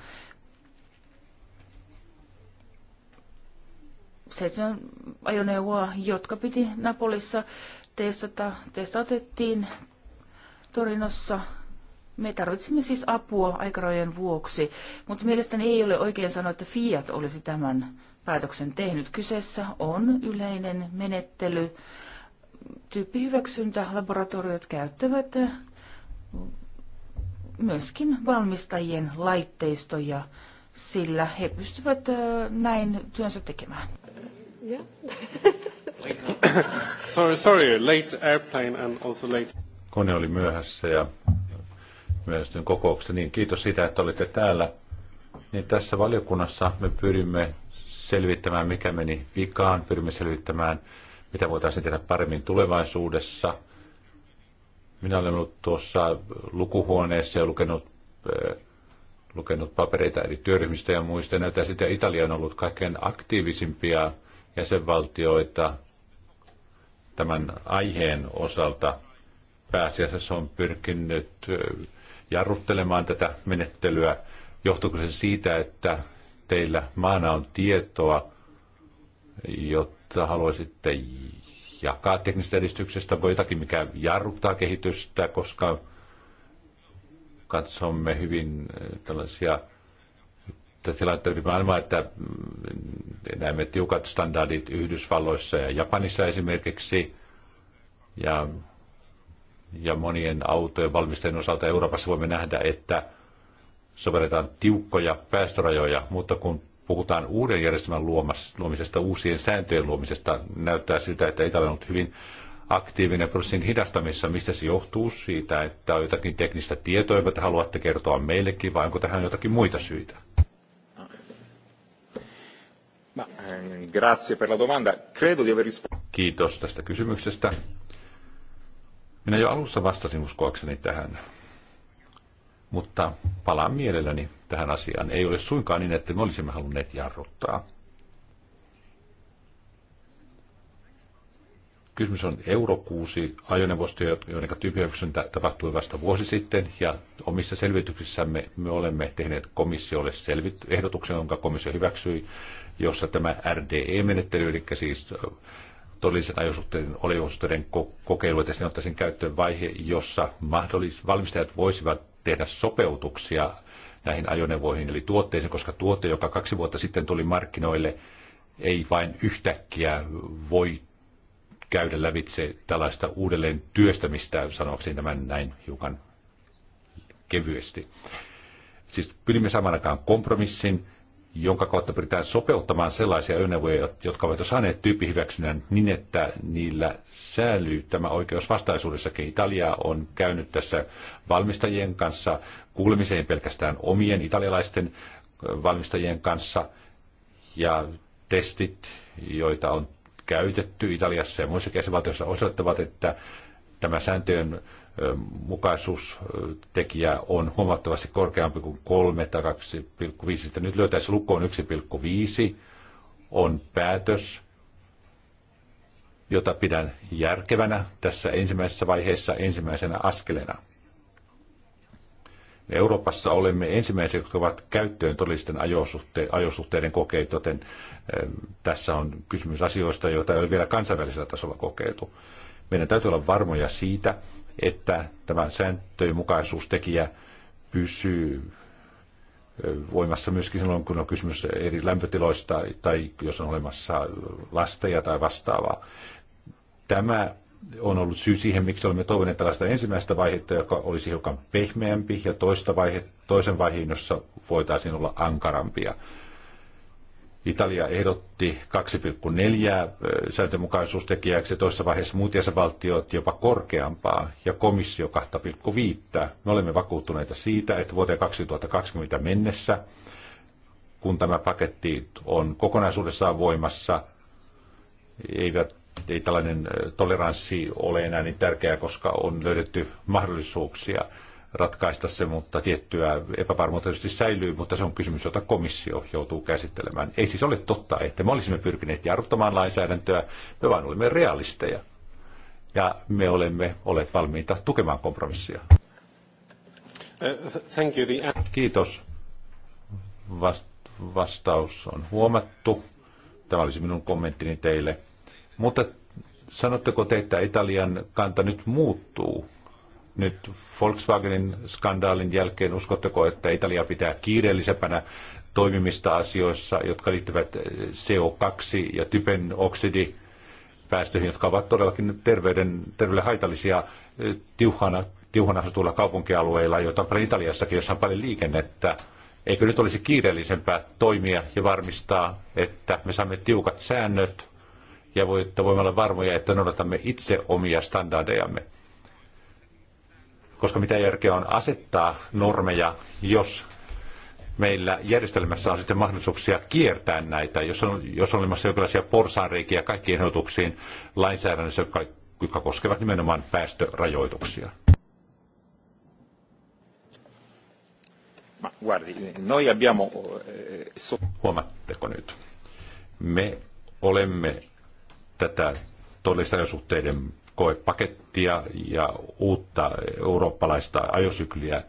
seitsemän ajoneuvoa, jotka piti Napolissa testata. Testautettiin Torinossa. Me tarvitsimme siis apua aikarajojen vuoksi, mutta mielestäni ei ole oikein sanoa, että Fiat olisi tämän päätöksen tehnyt. Kyseessä on yleinen menettely. Tyyppihyväksyntä laboratoriot käyttävät myöskin valmistajien laitteistoja, sillä he pystyvät näin työnsä tekemään. Yeah. sorry, sorry, late airplane and also late... Kone oli myöhässä ja myöhästyn kokouksesta. Niin, kiitos siitä, että olitte täällä. Niin tässä valiokunnassa me pyrimme selvittämään, mikä meni vikaan, pyrimme selvittämään, mitä voitaisiin tehdä paremmin tulevaisuudessa. Minä olen ollut tuossa lukuhuoneessa ja lukenut, äh, lukenut papereita eri työryhmistä ja muista. Näyttää sitten Italia on ollut kaikkein aktiivisimpia jäsenvaltioita tämän aiheen osalta. Pääasiassa on pyrkinyt jarruttelemaan tätä menettelyä. Johtuuko se siitä, että teillä maana on tietoa, jotta haluaisitte jakaa teknisestä edistyksestä? Onko jotakin, mikä jarruttaa kehitystä, koska katsomme hyvin tällaisia tilannetta ympäri maailmaa, että mm, näemme tiukat standardit Yhdysvalloissa ja Japanissa esimerkiksi, ja, ja monien autojen valmistajien osalta Euroopassa voimme nähdä, että sovelletaan tiukkoja päästörajoja, mutta kun puhutaan uuden järjestelmän luomisesta, uusien sääntöjen luomisesta, näyttää siltä, että Italia on ollut hyvin aktiivinen prosessin hidastamisessa. Mistä se johtuu? Siitä, että on jotakin teknistä tietoa, jota haluatte kertoa meillekin, vai onko tähän jotakin muita syitä? Eh, grazie per la domanda. Credo di aver Kiitos tästä kysymyksestä. Minä jo alussa vastasin uskoakseni tähän, mutta palaan mielelläni tähän asiaan. Ei ole suinkaan niin, että me olisimme halunneet jarruttaa. Kysymys on Euro 6 ajoneuvosto, joiden tyyppihyväksyntä tapahtui vasta vuosi sitten, ja omissa selvityksissämme me olemme tehneet komissiolle selvit- ehdotuksen, jonka komissio hyväksyi jossa tämä RDE-menettely, eli siis todellisen ajosuhteiden olevuusteiden kokeilu, että sen ottaisin käyttöön vaihe, jossa mahdollis- valmistajat voisivat tehdä sopeutuksia näihin ajoneuvoihin, eli tuotteisiin, koska tuote, joka kaksi vuotta sitten tuli markkinoille, ei vain yhtäkkiä voi käydä lävitse tällaista uudelleen työstämistä, sanoakseni tämän näin hiukan kevyesti. Siis pyrimme saamaan aikaan kompromissin, jonka kautta pyritään sopeuttamaan sellaisia öneuvoja, jotka ovat jo saaneet tyyppihyväksynnän niin, että niillä säilyy tämä oikeus vastaisuudessakin. Italia on käynyt tässä valmistajien kanssa kuulemiseen pelkästään omien italialaisten valmistajien kanssa ja testit, joita on käytetty Italiassa ja muissa jäsenvaltioissa osoittavat, että tämä sääntöjen mukaisuustekijä on huomattavasti korkeampi kuin 3 tai 2,5. Nyt löytäisi lukoon 1,5 on päätös, jota pidän järkevänä tässä ensimmäisessä vaiheessa ensimmäisenä askelena. Me Euroopassa olemme ensimmäisiä, jotka ovat käyttöön todellisten ajosuhteiden, ajosuhteiden kokeet, joten äh, tässä on kysymys asioista, joita ei ole vielä kansainvälisellä tasolla kokeiltu. Meidän täytyy olla varmoja siitä, että tämä sääntöjenmukaisuustekijä pysyy voimassa myöskin silloin, kun on kysymys eri lämpötiloista tai jos on olemassa lasteja tai vastaavaa. Tämä on ollut syy siihen, miksi olemme toivoneet tällaista ensimmäistä vaihetta, joka olisi hiukan pehmeämpi, ja toista vaihe, toisen vaiheen, jossa voitaisiin olla ankarampia. Italia ehdotti 2,4 sääntömukaisuustekijäksi, toisessa vaiheessa muut jäsenvaltiot jopa korkeampaa ja komissio 2,5. Me olemme vakuuttuneita siitä, että vuoteen 2020 mennessä, kun tämä paketti on kokonaisuudessaan voimassa, eivät, ei tällainen toleranssi ole enää niin tärkeää, koska on löydetty mahdollisuuksia – ratkaista se, mutta tiettyä epävarmuutta tietysti säilyy, mutta se on kysymys, jota komissio joutuu käsittelemään. Ei siis ole totta, että me olisimme pyrkineet jarruttamaan lainsäädäntöä, me vain olemme realisteja. Ja me olemme olleet valmiita tukemaan kompromissia. Uh, thank you. Kiitos. Vastaus on huomattu. Tämä olisi minun kommenttini teille. Mutta sanotteko te, että Italian kanta nyt muuttuu nyt Volkswagenin skandaalin jälkeen, uskotteko, että Italia pitää kiireellisempänä toimimista asioissa, jotka liittyvät eh, CO2 ja typen oksidi päästöihin, jotka ovat todellakin terveyden, terveyden haitallisia eh, tiuhana, tiuhana asutuilla kaupunkialueilla, joita on paljon Italiassakin, jossa on paljon liikennettä. Eikö nyt olisi kiireellisempää toimia ja varmistaa, että me saamme tiukat säännöt ja voimme olla varmoja, että noudatamme itse omia standardejamme? koska mitä järkeä on asettaa normeja, jos meillä järjestelmässä on sitten mahdollisuuksia kiertää näitä, jos on, jos on olemassa jonkinlaisia porsaanreikiä kaikkiin ehdotuksiin lainsäädännössä, jotka, jotka koskevat nimenomaan päästörajoituksia. guardi, noi abbiamo, eh, so... Huomatteko nyt? Me olemme tätä todellisten suhteiden koepakettia ja uutta eurooppalaista ajosykliä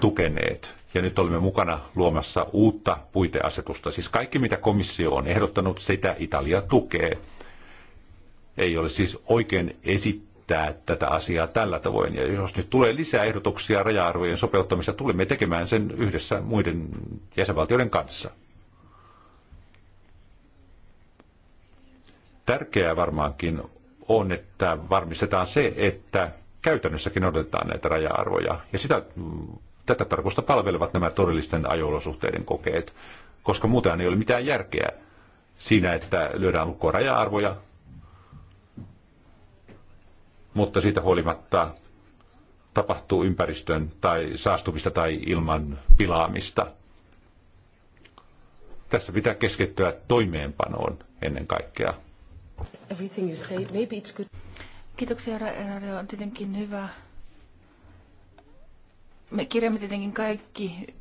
tukeneet. Ja nyt olemme mukana luomassa uutta puiteasetusta. Siis kaikki, mitä komissio on ehdottanut, sitä Italia tukee. Ei ole siis oikein esittää tätä asiaa tällä tavoin. Ja jos nyt tulee lisää ehdotuksia raja-arvojen sopeuttamista, tulemme tekemään sen yhdessä muiden jäsenvaltioiden kanssa. Tärkeää varmaankin on, että varmistetaan se, että käytännössäkin odotetaan näitä raja-arvoja. Ja sitä, tätä tarkoista palvelevat nämä todellisten ajo-olosuhteiden kokeet, koska muuten ei ole mitään järkeä siinä, että lyödään lukkoa raja-arvoja, mutta siitä huolimatta tapahtuu ympäristön tai saastumista tai ilman pilaamista. Tässä pitää keskittyä toimeenpanoon ennen kaikkea. Everything you say, maybe it's good. Kiitoksia, Radio. On tietenkin hyvä. Me kirjaamme tietenkin kaikki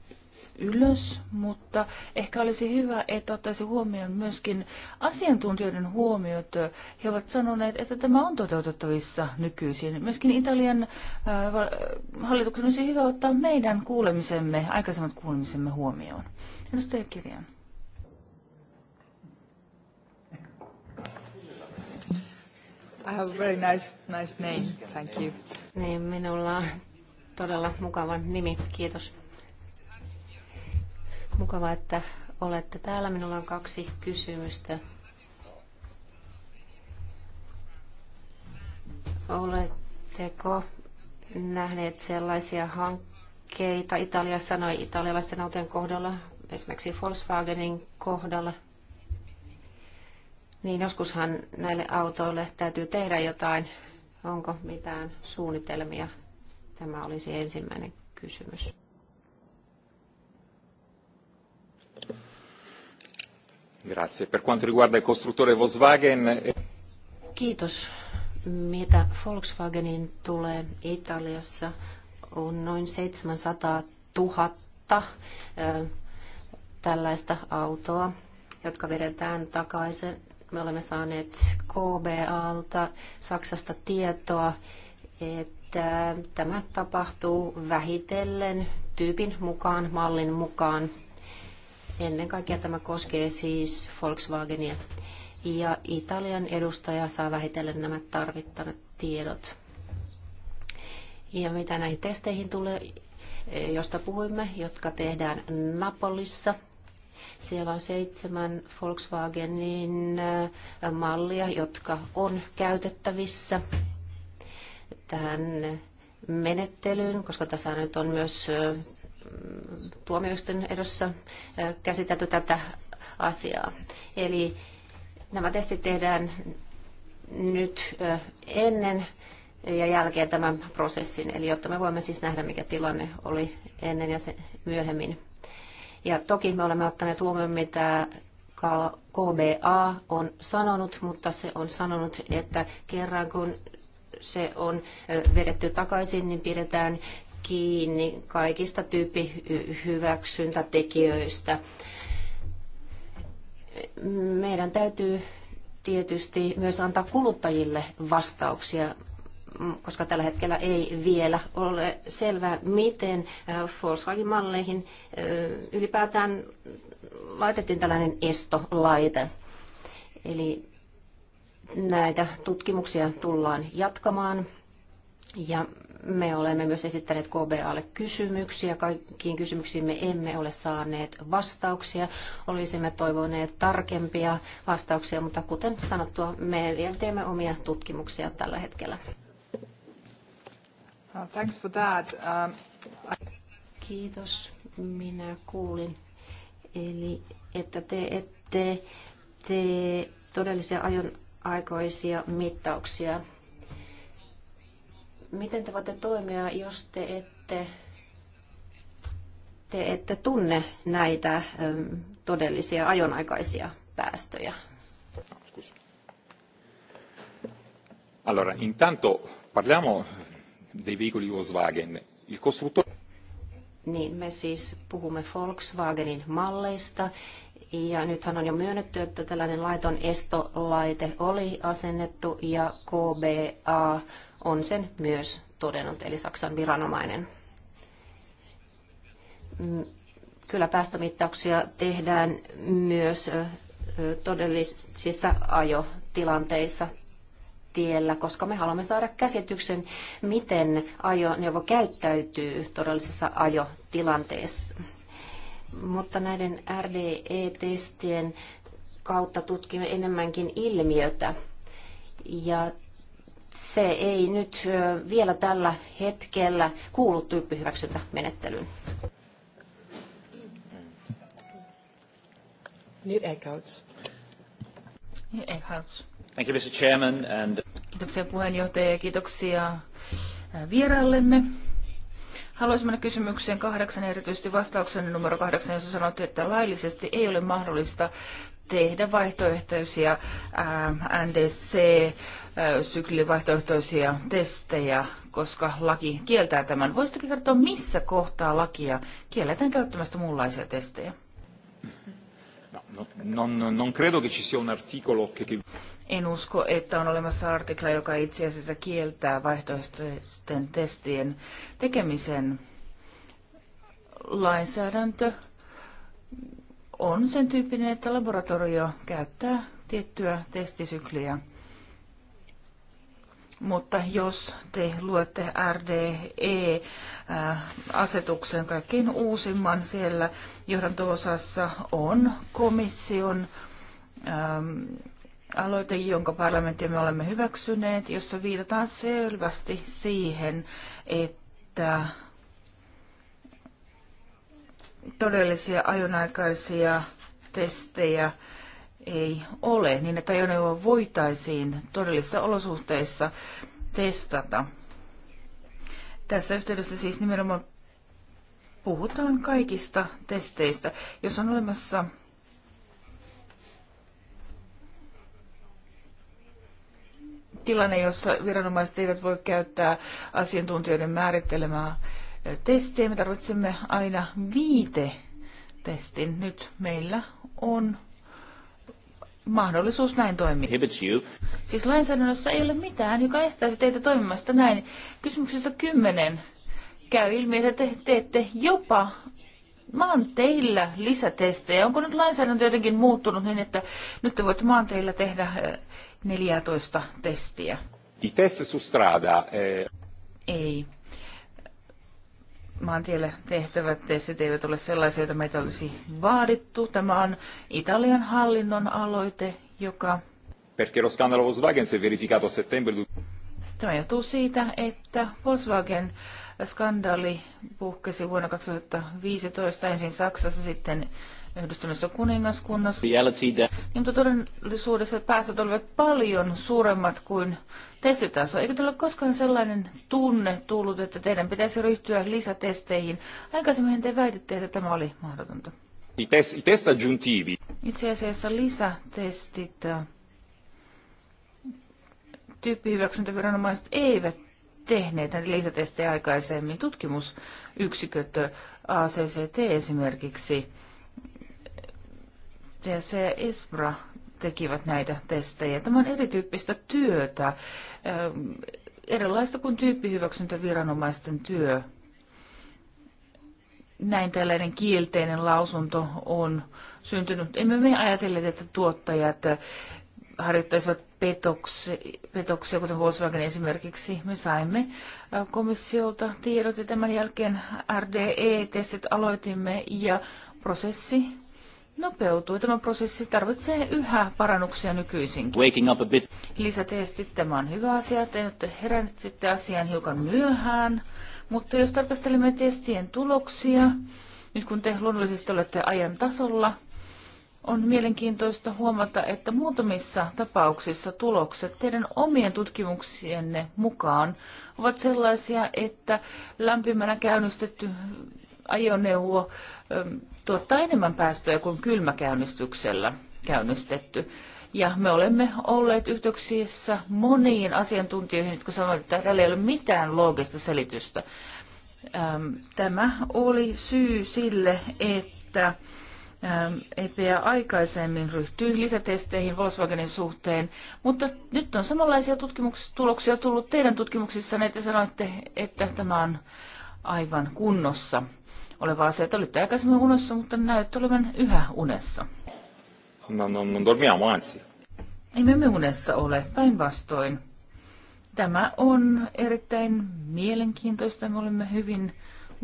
ylös, mutta ehkä olisi hyvä, että ottaisi huomioon myöskin asiantuntijoiden huomiot. He ovat sanoneet, että tämä on toteutettavissa nykyisin. Myöskin Italian äh, hallituksen olisi hyvä ottaa meidän kuulemisemme, aikaisemmat kuulemisemme huomioon. Edustaja Kirjan. I have a very nice, nice name. Thank you. Niin, minulla on todella mukava nimi. Kiitos. Mukava, että olette täällä. Minulla on kaksi kysymystä. Oletteko nähneet sellaisia hankkeita Italia sanoi italialaisten autojen kohdalla, esimerkiksi Volkswagenin kohdalla – niin joskushan näille autoille täytyy tehdä jotain. Onko mitään suunnitelmia? Tämä olisi ensimmäinen kysymys. Grazie. Per quanto riguarda il costruttore Volkswagen... Eh, Kiitos. Mitä Volkswagenin tulee Italiassa on noin 700 000 eh, tällaista autoa, jotka vedetään takaisin me olemme saaneet KBAlta Saksasta tietoa, että tämä tapahtuu vähitellen tyypin mukaan, mallin mukaan. Ennen kaikkea tämä koskee siis Volkswagenia. Ja Italian edustaja saa vähitellen nämä tarvittavat tiedot. Ja mitä näihin testeihin tulee, josta puhuimme, jotka tehdään Napolissa – siellä on seitsemän Volkswagenin äh, mallia, jotka on käytettävissä tähän menettelyyn, koska tässä nyt on myös äh, tuomioisten edossa äh, käsitelty tätä asiaa. Eli nämä testit tehdään nyt ennen ja jälkeen tämän prosessin, eli jotta me voimme siis nähdä, mikä tilanne oli ennen ja se myöhemmin. Ja toki me olemme ottaneet huomioon, mitä KBA on sanonut, mutta se on sanonut, että kerran kun se on vedetty takaisin, niin pidetään kiinni kaikista tyyppihyväksyntätekijöistä. Meidän täytyy tietysti myös antaa kuluttajille vastauksia, koska tällä hetkellä ei vielä ole selvää, miten äh, Volkswagen-malleihin äh, ylipäätään laitettiin tällainen estolaite. Eli näitä tutkimuksia tullaan jatkamaan ja me olemme myös esittäneet KBAlle kysymyksiä. Kaikkiin kysymyksiin me emme ole saaneet vastauksia. Olisimme toivoneet tarkempia vastauksia, mutta kuten sanottua, me vielä teemme omia tutkimuksia tällä hetkellä. Uh, thanks for that. Um, I... Kiitos. Minä kuulin. Eli että te ette tee todellisia ajon aikoisia mittauksia. Miten te voitte toimia, jos te ette, te ette tunne näitä um, todellisia ajonaikaisia päästöjä? Allora, intanto parliamo dei veicoli Volkswagen. Il costruttore... Niin, me siis puhumme Volkswagenin malleista. Ja nythän on jo myönnetty, että tällainen laiton estolaite oli asennettu ja KBA on sen myös todennut, eli Saksan viranomainen. Mm, kyllä päästömittauksia tehdään myös todellisissa ajotilanteissa tiellä, koska me haluamme saada käsityksen, miten ajoneuvo käyttäytyy todellisessa ajotilanteessa. Mutta näiden RDE-testien kautta tutkimme enemmänkin ilmiötä. Ja se ei nyt vielä tällä hetkellä kuulu tyyppihyväksyntämenettelyyn. Nyt Eichhouts. Nyt Eichhouts. Thank you, Mr. Chairman, and... Kiitoksia puheenjohtaja ja kiitoksia vieraillemme. Haluaisin mennä kysymykseen kahdeksan, erityisesti vastauksen numero kahdeksan, jossa sanottiin, että laillisesti ei ole mahdollista tehdä vaihtoehtoisia NDC syklivaihtoehtoisia testejä, koska laki kieltää tämän. Voisitko kertoa, missä kohtaa lakia kielletään käyttämästä muunlaisia testejä? No, no, non, non credo che ci sia un articolo che... En usko, että on olemassa artikla, joka itse asiassa kieltää vaihtoehtoisten testien tekemisen. Lainsäädäntö on sen tyyppinen, että laboratorio käyttää tiettyä testisykliä. Mutta jos te luette RDE-asetuksen äh, kaikkein uusimman, siellä johdanto on komission ähm, aloite, jonka parlamentti me olemme hyväksyneet, jossa viitataan selvästi siihen, että todellisia ajonaikaisia testejä ei ole, niin että ajoneuvo voitaisiin todellisissa olosuhteissa testata. Tässä yhteydessä siis nimenomaan puhutaan kaikista testeistä. Jos on olemassa tilanne, jossa viranomaiset eivät voi käyttää asiantuntijoiden määrittelemää testiä. Me tarvitsemme aina viite testin. Nyt meillä on mahdollisuus näin toimia. Siis lainsäädännössä ei ole mitään, joka estäisi teitä toimimasta näin. Kysymyksessä kymmenen käy ilmi, että te teette jopa maanteillä lisätestejä? Onko nyt lainsäädäntö jotenkin muuttunut niin, että nyt te voitte maanteillä tehdä 14 eh, testiä? I test su strada. Eh... Ei. Maantiellä tehtävät testit eivät ole sellaisia, joita meitä olisi vaadittu. Tämä on Italian hallinnon aloite, joka... Perché lo scandalo Volkswagen si è verificato a settembre... Tämä johtuu siitä, että Volkswagen skandaali puhkesi vuonna 2015 ensin Saksassa, sitten Yhdistyneessä kuningaskunnassa. Niin, mutta todellisuudessa päästöt olivat paljon suuremmat kuin testitaso. Eikö teillä ole koskaan sellainen tunne tullut, että teidän pitäisi ryhtyä lisätesteihin? Aikaisemmin te väititte, että tämä oli mahdotonta. Itse asiassa lisätestit äh, tyyppihyväksyntäviranomaiset eivät tehneet näitä lisätestejä aikaisemmin. Tutkimusyksiköt, ACCT esimerkiksi, ja ja ESPRA tekivät näitä testejä. Tämä on erityyppistä työtä, erilaista kuin tyyppihyväksyntäviranomaisten työ. Näin tällainen kielteinen lausunto on syntynyt. Emme me ajatelleet, että tuottajat harjoittaisivat petoksi, petoksia, kuten Volkswagen esimerkiksi. Me saimme komissiolta tiedot ja tämän jälkeen RDE-testit aloitimme ja prosessi nopeutui. Tämä prosessi tarvitsee yhä parannuksia nykyisinkin. up a bit. Lisätestit, tämä on hyvä asia, te nyt heräsitte asian hiukan myöhään, mutta jos tarkastelemme testien tuloksia, nyt kun te luonnollisesti olette ajan tasolla, on mielenkiintoista huomata, että muutamissa tapauksissa tulokset teidän omien tutkimuksienne mukaan ovat sellaisia, että lämpimänä käynnistetty ajoneuvo ähm, tuottaa enemmän päästöjä kuin kylmäkäynnistyksellä käynnistetty. Ja me olemme olleet yhteyksissä moniin asiantuntijoihin, jotka sanoivat, että tällä ei ole mitään loogista selitystä. Ähm, tämä oli syy sille, että Ähm, EPA aikaisemmin ryhtyi lisätesteihin Volkswagenin suhteen, mutta nyt on samanlaisia tutkimustuloksia tullut teidän tutkimuksissanne, että sanoitte, että tämä on aivan kunnossa oleva asia. Te olitte aikaisemmin unessa, mutta näyttö olevan yhä unessa. No, no, no dormiamo anzi. Ei me unessa ole, päinvastoin. Tämä on erittäin mielenkiintoista. Me olemme hyvin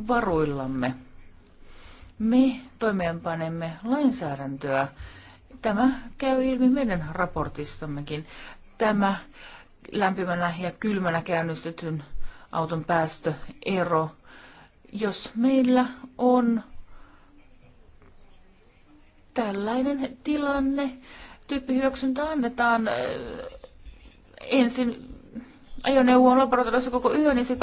varuillamme me toimeenpanemme lainsäädäntöä. Tämä käy ilmi meidän raportissammekin. Tämä lämpimänä ja kylmänä käynnistetyn auton päästöero. Jos meillä on tällainen tilanne, tyyppihyöksyntä annetaan äh, ensin ajoneuvoon laboratoriossa koko yön, niin sit...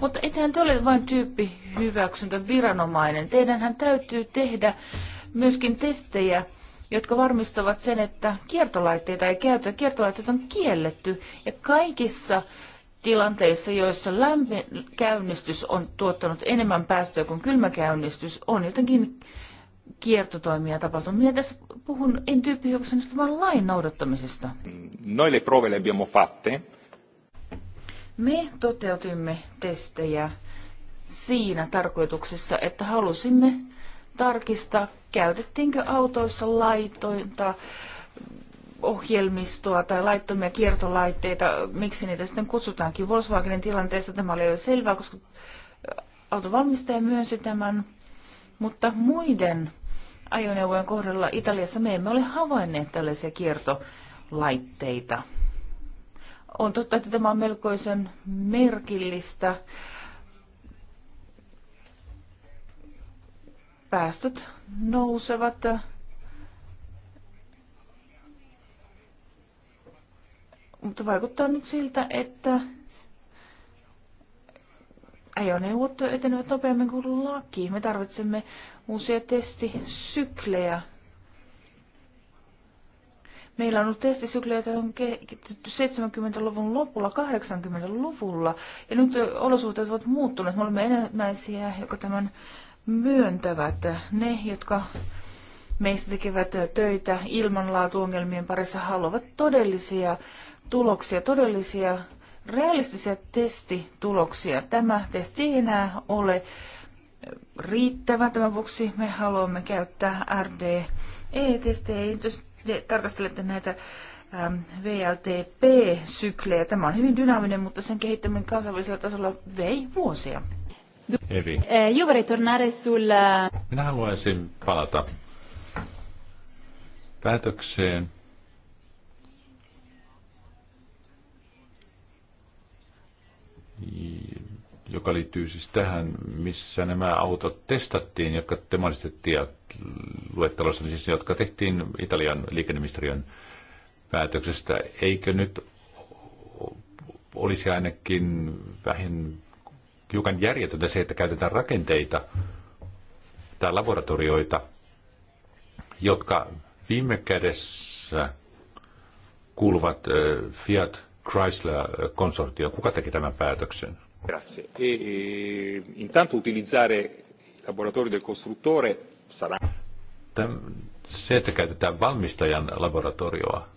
mutta ethän te ole vain tyyppi hyväksyntä viranomainen. Teidänhän täytyy tehdä myöskin testejä, jotka varmistavat sen, että kiertolaitteita ei käytetä. Kiertolaitteet on kielletty ja kaikissa tilanteissa, joissa lämpökäynnistys on tuottanut enemmän päästöjä kuin kylmäkäynnistys, on jotenkin kiertotoimia tapahtunut. Minä tässä puhun en tyyppihyväksynnästä, vaan lain noudattamisesta. Noi le prove le abbiamo fatte. Me toteutimme testejä siinä tarkoituksessa, että halusimme tarkistaa, käytettiinkö autoissa laitointa ohjelmistoa tai laittomia kiertolaitteita, miksi niitä sitten kutsutaankin. Volkswagenin tilanteessa tämä oli jo selvää, koska autovalmistaja myönsi tämän, mutta muiden ajoneuvojen kohdalla Italiassa me emme ole havainneet tällaisia kiertolaitteita. On totta, että tämä on melkoisen merkillistä. Päästöt nousevat. Mutta vaikuttaa nyt siltä, että ajoneuvot etenevät nopeammin kuin laki. Me tarvitsemme uusia testisyklejä Meillä on ollut testisykliä, joita on kehitetty 70-luvun lopulla, 80-luvulla, ja nyt olosuhteet ovat muuttuneet. Me olemme enemmäisiä, jotka tämän myöntävät. Ne, jotka meistä tekevät töitä ilmanlaatuongelmien parissa, haluavat todellisia tuloksia, todellisia realistisia testituloksia. Tämä testi ei enää ole riittävä. Tämän vuoksi me haluamme käyttää RDE-testejä. Jos te tarkastelette näitä ähm, VLTP-syklejä. Tämä on hyvin dynaaminen, mutta sen kehittäminen kansainvälisellä tasolla vei vuosia. Evi. Eh, eh, Minä haluaisin palata päätökseen, joka liittyy siis tähän, missä nämä autot testattiin, jotka te ja luettelossa, siis jotka tehtiin Italian liikenneministeriön päätöksestä. Eikö nyt olisi ainakin vähän hiukan järjetöntä se, että käytetään rakenteita tai laboratorioita, jotka viime kädessä kuuluvat Fiat Chrysler-konsortioon. Kuka teki tämän päätöksen? Grazie. E, e, intanto utilizzare i laboratori del costruttore sarà... Täm, se, että käytetään valmistajan laboratorioa,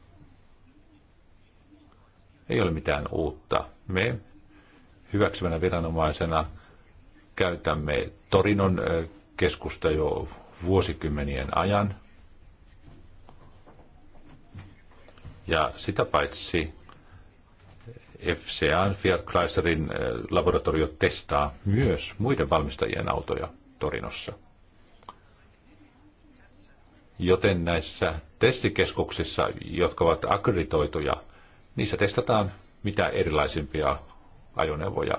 ei ole mitään uutta. Me hyväksyvänä viranomaisena käytämme Torinon keskusta jo vuosikymmenien ajan. Ja sitä paitsi FCA Fiat Chryslerin eh, laboratorio testaa myös muiden valmistajien autoja Torinossa. Joten näissä testikeskuksissa, jotka ovat akkreditoituja, niissä testataan mitä erilaisimpia ajoneuvoja.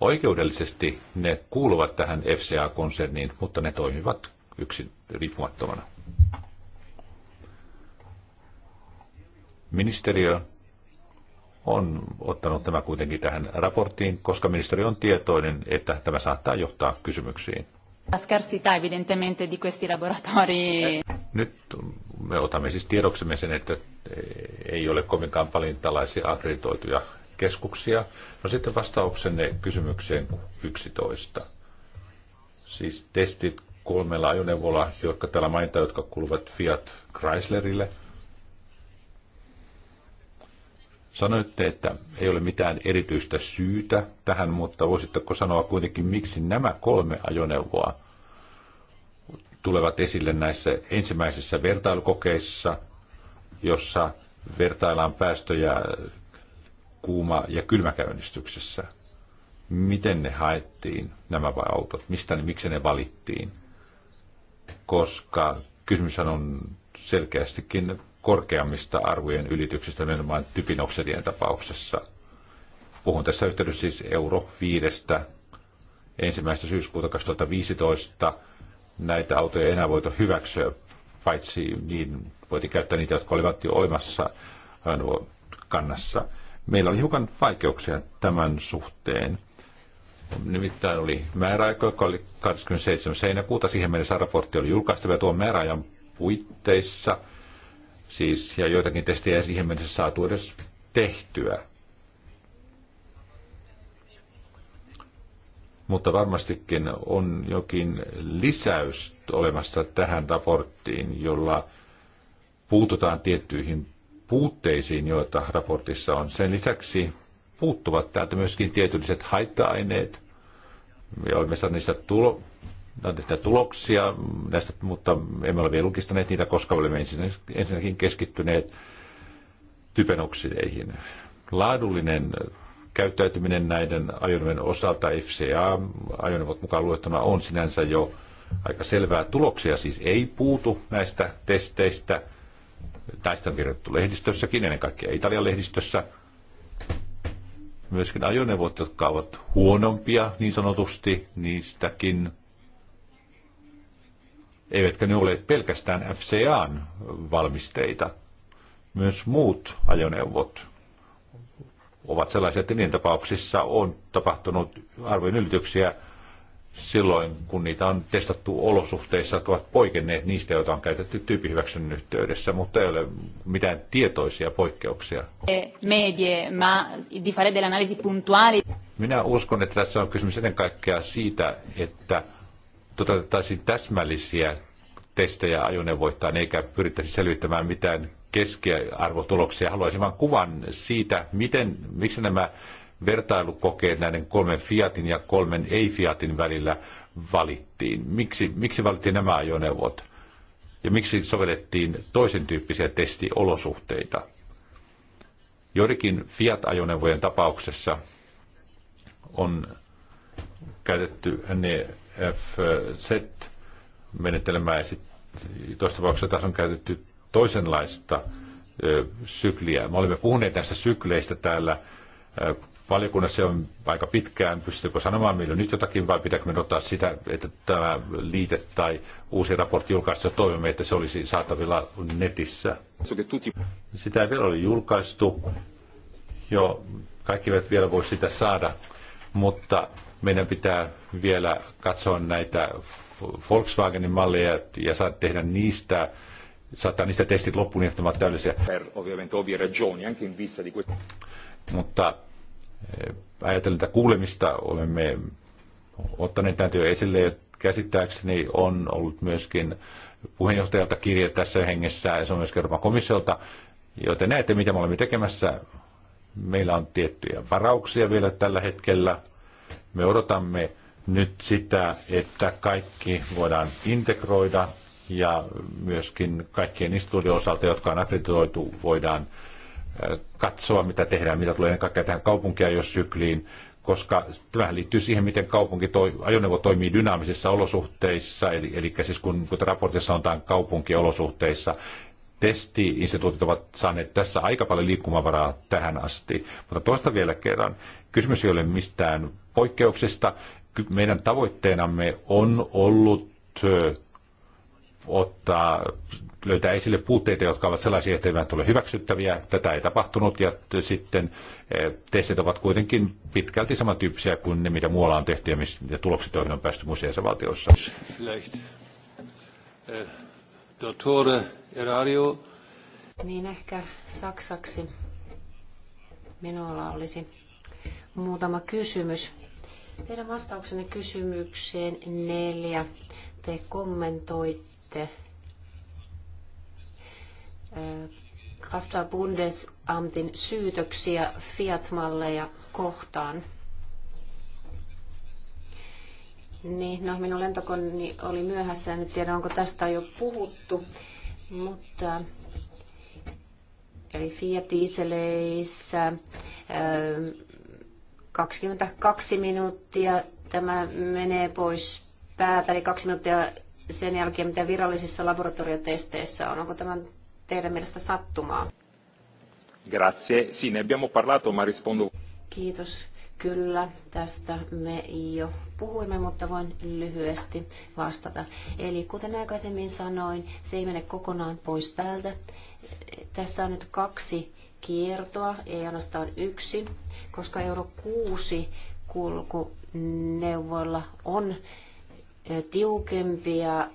Oikeudellisesti ne kuuluvat tähän FCA-konserniin, mutta ne toimivat yksin riippumattomana. Ministeriö on ottanut tämä kuitenkin tähän raporttiin, koska ministeri on tietoinen, että tämä saattaa johtaa kysymyksiin. Nyt me otamme siis tiedoksemme sen, että ei ole kovinkaan paljon tällaisia akkreditoituja keskuksia. No sitten vastauksenne kysymykseen 11. Siis testit kolmella ajoneuvolla, jotka täällä mainitaan, jotka kuuluvat Fiat Chryslerille – Sanoitte, että ei ole mitään erityistä syytä tähän, mutta voisitteko sanoa kuitenkin, miksi nämä kolme ajoneuvoa tulevat esille näissä ensimmäisissä vertailukokeissa, jossa vertaillaan päästöjä kuuma- ja kylmäkäynnistyksessä. Miten ne haettiin, nämä autot? Mistä ne, miksi ne valittiin? Koska kysymys on selkeästikin korkeammista arvojen ylityksistä nimenomaan typinoksidien tapauksessa. Puhun tässä yhteydessä siis euro 5. ensimmäistä syyskuuta 2015. Näitä autoja ei enää voitu hyväksyä, paitsi niin voitiin käyttää niitä, jotka olivat jo olemassa kannassa. Meillä oli hiukan vaikeuksia tämän suhteen. Nimittäin oli määräaika, joka oli 27. seinäkuuta. Siihen mennessä raportti oli julkaistava ja tuon määräajan puitteissa – Siis, ja joitakin testejä ei siihen mennessä saatu edes tehtyä. Mutta varmastikin on jokin lisäys olemassa tähän raporttiin, jolla puututaan tiettyihin puutteisiin, joita raportissa on. Sen lisäksi puuttuvat täältä myöskin tietylliset haitta-aineet, ja olemme saaneet niistä tulo, on tehty tuloksia näistä, mutta emme ole vielä julkistaneet niitä, koska olemme ensinnäkin keskittyneet typenoksideihin. Laadullinen käyttäytyminen näiden ajoneuvojen osalta, FCA-ajoneuvot mukaan luettuna, on sinänsä jo aika selvää. Tuloksia siis ei puutu näistä testeistä. Näistä on kirjoitettu lehdistössäkin, ennen kaikkea Italian lehdistössä. Myöskin ajoneuvot, jotka ovat huonompia niin sanotusti, niistäkin eivätkä ne ole pelkästään FCAn valmisteita. Myös muut ajoneuvot ovat sellaisia, että niiden tapauksissa on tapahtunut arvojen ylityksiä silloin, kun niitä on testattu olosuhteissa, jotka ovat poikenneet niistä, joita on käytetty tyyppihyväksyn yhteydessä, mutta ei ole mitään tietoisia poikkeuksia. Eh, Minä uskon, että tässä on kysymys ennen kaikkea siitä, että toteutettaisiin täsmällisiä testejä ajoneuvoittain, eikä pyrittäisi selvittämään mitään keskiarvotuloksia. Haluaisin vain kuvan siitä, miten, miksi nämä vertailukokeet näiden kolmen Fiatin ja kolmen ei-Fiatin välillä valittiin. Miksi, miksi valittiin nämä ajoneuvot? Ja miksi sovellettiin toisen tyyppisiä testiolosuhteita? Joidenkin Fiat-ajoneuvojen tapauksessa on käytetty ne FZ-menettelemää. Tuossa tapauksessa taas on käytetty toisenlaista sykliä. Me olemme puhuneet näistä sykleistä täällä valiokunnassa on aika pitkään. Pystytkö sanomaan meillä nyt jotakin vai pitääkö me ottaa sitä, että tämä liite tai uusi raportti julkaistu toivomme, että se olisi saatavilla netissä? Sitä ei vielä ole julkaistu. Jo kaikki eivät vielä voi sitä saada, mutta meidän pitää vielä katsoa näitä Volkswagenin malleja ja saa tehdä niistä saattaa niistä testit loppuun, niin että ovat täydellisiä. Mutta eh, ajatellen tätä kuulemista olemme ottaneet tämän jo esille ja käsittääkseni on ollut myöskin puheenjohtajalta kirje tässä hengessä ja se on myöskin Euroopan komissiolta, joten näette mitä me olemme tekemässä. Meillä on tiettyjä varauksia vielä tällä hetkellä, me odotamme nyt sitä, että kaikki voidaan integroida ja myöskin kaikkien instituutioiden osalta, jotka on akkreditoitu, voidaan äh, katsoa, mitä tehdään, mitä tulee ennen kaikkea tähän sykliin, koska tämä liittyy siihen, miten kaupunki toi, ajoneuvo toimii dynaamisissa olosuhteissa, eli, eli siis kun, kun raportissa sanotaan kaupunkiolosuhteissa, testi-instituutit ovat saaneet tässä aika paljon liikkumavaraa tähän asti. Mutta toista vielä kerran, Kysymys ei ole mistään poikkeuksista. Meidän tavoitteenamme on ollut ottaa, löytää esille puutteita, jotka ovat sellaisia, että eivät ole hyväksyttäviä. Tätä ei tapahtunut ja sitten testit ovat kuitenkin pitkälti samantyyppisiä kuin ne, mitä muualla on tehty ja, mis, ja tulokset, joihin on päästy museissa valtiossa. Dottore Erario. Niin ehkä saksaksi minulla olisi muutama kysymys. Teidän vastauksenne kysymykseen neljä. Te kommentoitte Krafta Bundesamtin syytöksiä Fiat-malleja kohtaan. Niin, no minun lentokoneeni oli myöhässä, en nyt tiedä onko tästä jo puhuttu, mutta eli Fiat Dieseleissä, 22 minuuttia tämä menee pois päältä, eli kaksi minuuttia sen jälkeen, mitä virallisissa laboratoriotesteissä on. Onko tämä teidän mielestä sattumaa? Grazie. Sì, ne abbiamo parlato, ma rispondo... Kiitos. Kyllä, tästä me jo puhuimme, mutta voin lyhyesti vastata. Eli kuten aikaisemmin sanoin, se ei mene kokonaan pois päältä. Tässä on nyt kaksi kiertoa, ei ainoastaan yksi, koska euro 6 kulkuneuvoilla on eh, tiukempia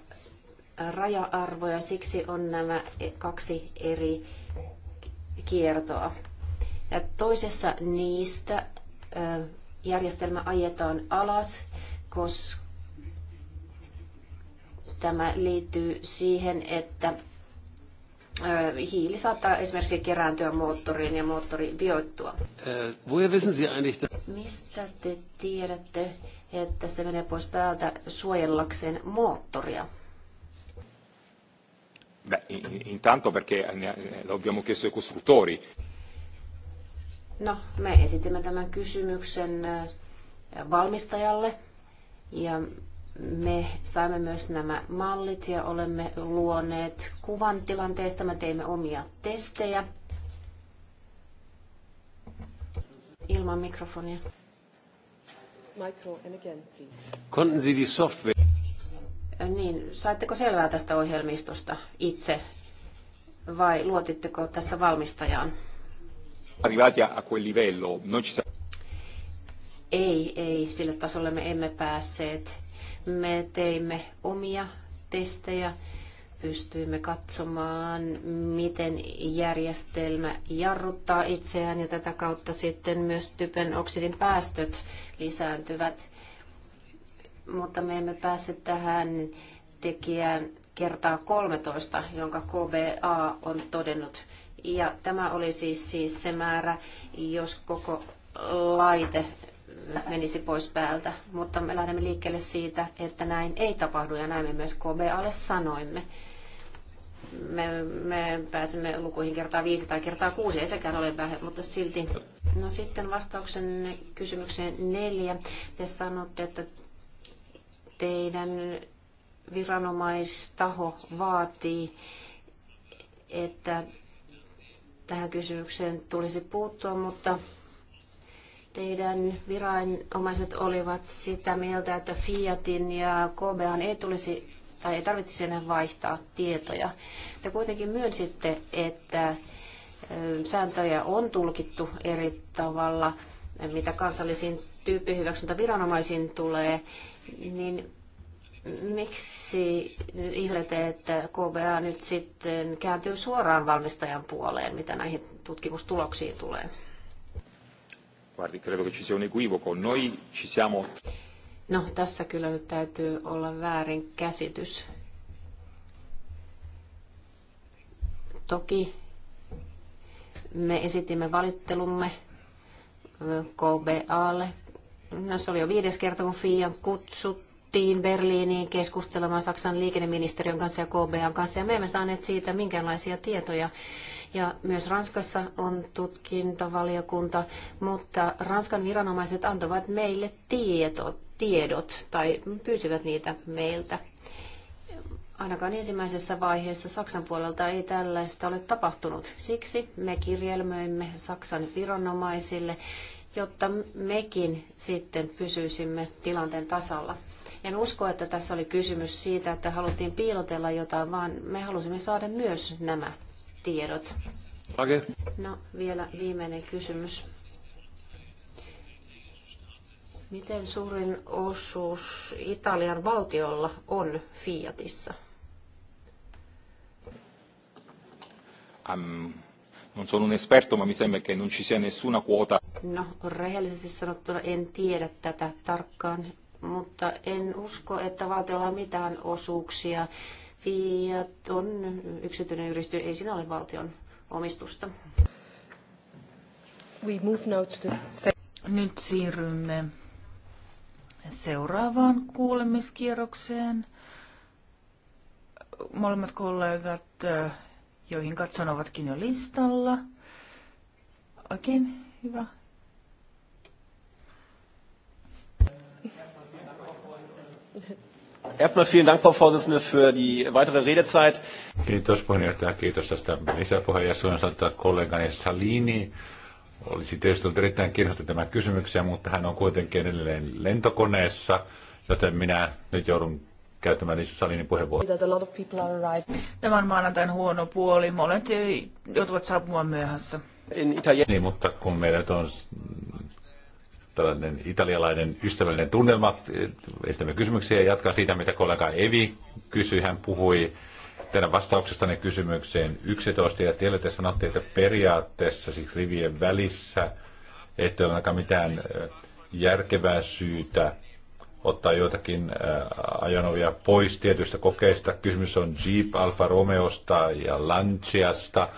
raja-arvoja, siksi on nämä kaksi eri kiertoa. Ja toisessa niistä eh, järjestelmä ajetaan alas, koska tämä liittyy siihen, että hiili saattaa esimerkiksi kerääntyä moottoriin ja moottori vioittua. Mistä te tiedätte, että se menee pois päältä suojellakseen moottoria? Beh, intanto perché eh, eh, lo abbiamo chiesto ai costruttori. No, me esitimme tämän kysymyksen eh, valmistajalle ja me saimme myös nämä mallit ja olemme luoneet kuvan tilanteesta. Me teimme omia testejä ilman mikrofonia. Micro and again, please. Konnten Sie die Software? Niin, saitteko selvää tästä ohjelmistosta itse vai luotitteko tässä valmistajaan? Arrivati a quel livello, non ci Ei, ei, sille tasolle me emme päässeet. Me teimme omia testejä, pystyimme katsomaan, miten järjestelmä jarruttaa itseään ja tätä kautta sitten myös typen oksidin päästöt lisääntyvät. Mutta me emme pääse tähän tekijään kertaa 13, jonka KBA on todennut. Ja tämä oli siis, siis se määrä, jos koko laite menisi pois päältä, mutta me lähdemme liikkeelle siitä, että näin ei tapahdu ja näin me myös KBAlle sanoimme. Me, me pääsemme lukuihin kertaa viisi tai kertaa kuusi, ei sekään ole vähän, mutta silti. No sitten vastauksen kysymykseen neljä. Te sanotte, että teidän viranomaistaho vaatii, että tähän kysymykseen tulisi puuttua, mutta teidän viranomaiset olivat sitä mieltä, että Fiatin ja KBAn ei tulisi tai ei tarvitsisi enää vaihtaa tietoja. Te kuitenkin myönsitte, että sääntöjä on tulkittu eri tavalla, mitä kansallisiin tyyppihyväksyntäviranomaisiin tulee, niin miksi ihlete, että KBA nyt sitten kääntyy suoraan valmistajan puoleen, mitä näihin tutkimustuloksiin tulee? Guardi, credo che ci sia un equivoco. Noi ci siamo... No, tässä kyllä nyt täytyy olla väärin käsitys. Toki me esitimme valittelumme eh, KBAlle. No, se oli jo viides kerta, kun FIAN kutsut kotiin Berliiniin keskustelemaan Saksan liikenneministeriön kanssa ja KBAn kanssa, ja me emme saaneet siitä minkäänlaisia tietoja. Ja myös Ranskassa on tutkintavaliokunta, mutta Ranskan viranomaiset antavat meille tieto tiedot tai pyysivät niitä meiltä. Ainakaan ensimmäisessä vaiheessa Saksan puolelta ei tällaista ole tapahtunut. Siksi me kirjelmöimme Saksan viranomaisille, jotta mekin sitten pysyisimme tilanteen tasalla. En usko, että tässä oli kysymys siitä, että haluttiin piilotella jotain, vaan me halusimme saada myös nämä tiedot. Okay. No, vielä viimeinen kysymys. Miten suurin osuus Italian valtiolla on Fiatissa? Um, non sono un esperto, ma mi sembra che non ci sia nessuna quota. No, rehellisesti sanottuna en tiedä tätä tarkkaan mutta en usko, että valtiolla on mitään osuuksia. Fiat on yksityinen yritys, ei siinä ole valtion omistusta. We move now to the... Nyt siirrymme seuraavaan kuulemiskierrokseen. Molemmat kollegat, joihin katson, ovatkin jo listalla. Oikein hyvä Erstmal vielen Dank, Frau Vorsitzende, für die weitere Redezeit. Kiitos puheenjohtaja, kiitos tästä lisäpuheenjohtajan suunnan kollegani Salini. Olisi tietysti ollut erittäin kiinnostunut tämän kysymyksiä, mutta hän on kuitenkin edelleen lentokoneessa, joten minä nyt joudun käyttämään niissä Salinin puheenvuoroja. Tämä on maanantain huono puoli. Molemmat joutuvat saapumaan myöhässä. Niin, mutta kun meidät on tällainen italialainen ystävällinen tunnelma. Eh, Estämme kysymyksiä ja jatkaa siitä, mitä kollega Evi kysyi. Hän puhui teidän vastauksestanne kysymykseen 11 ja teille te sanotte, että periaatteessa siis rivien välissä ettei ole ainakaan mitään eh, järkevää syytä ottaa joitakin eh, ajanovia pois tietyistä kokeista. Kysymys on Jeep Alfa Romeosta ja Lanciasta.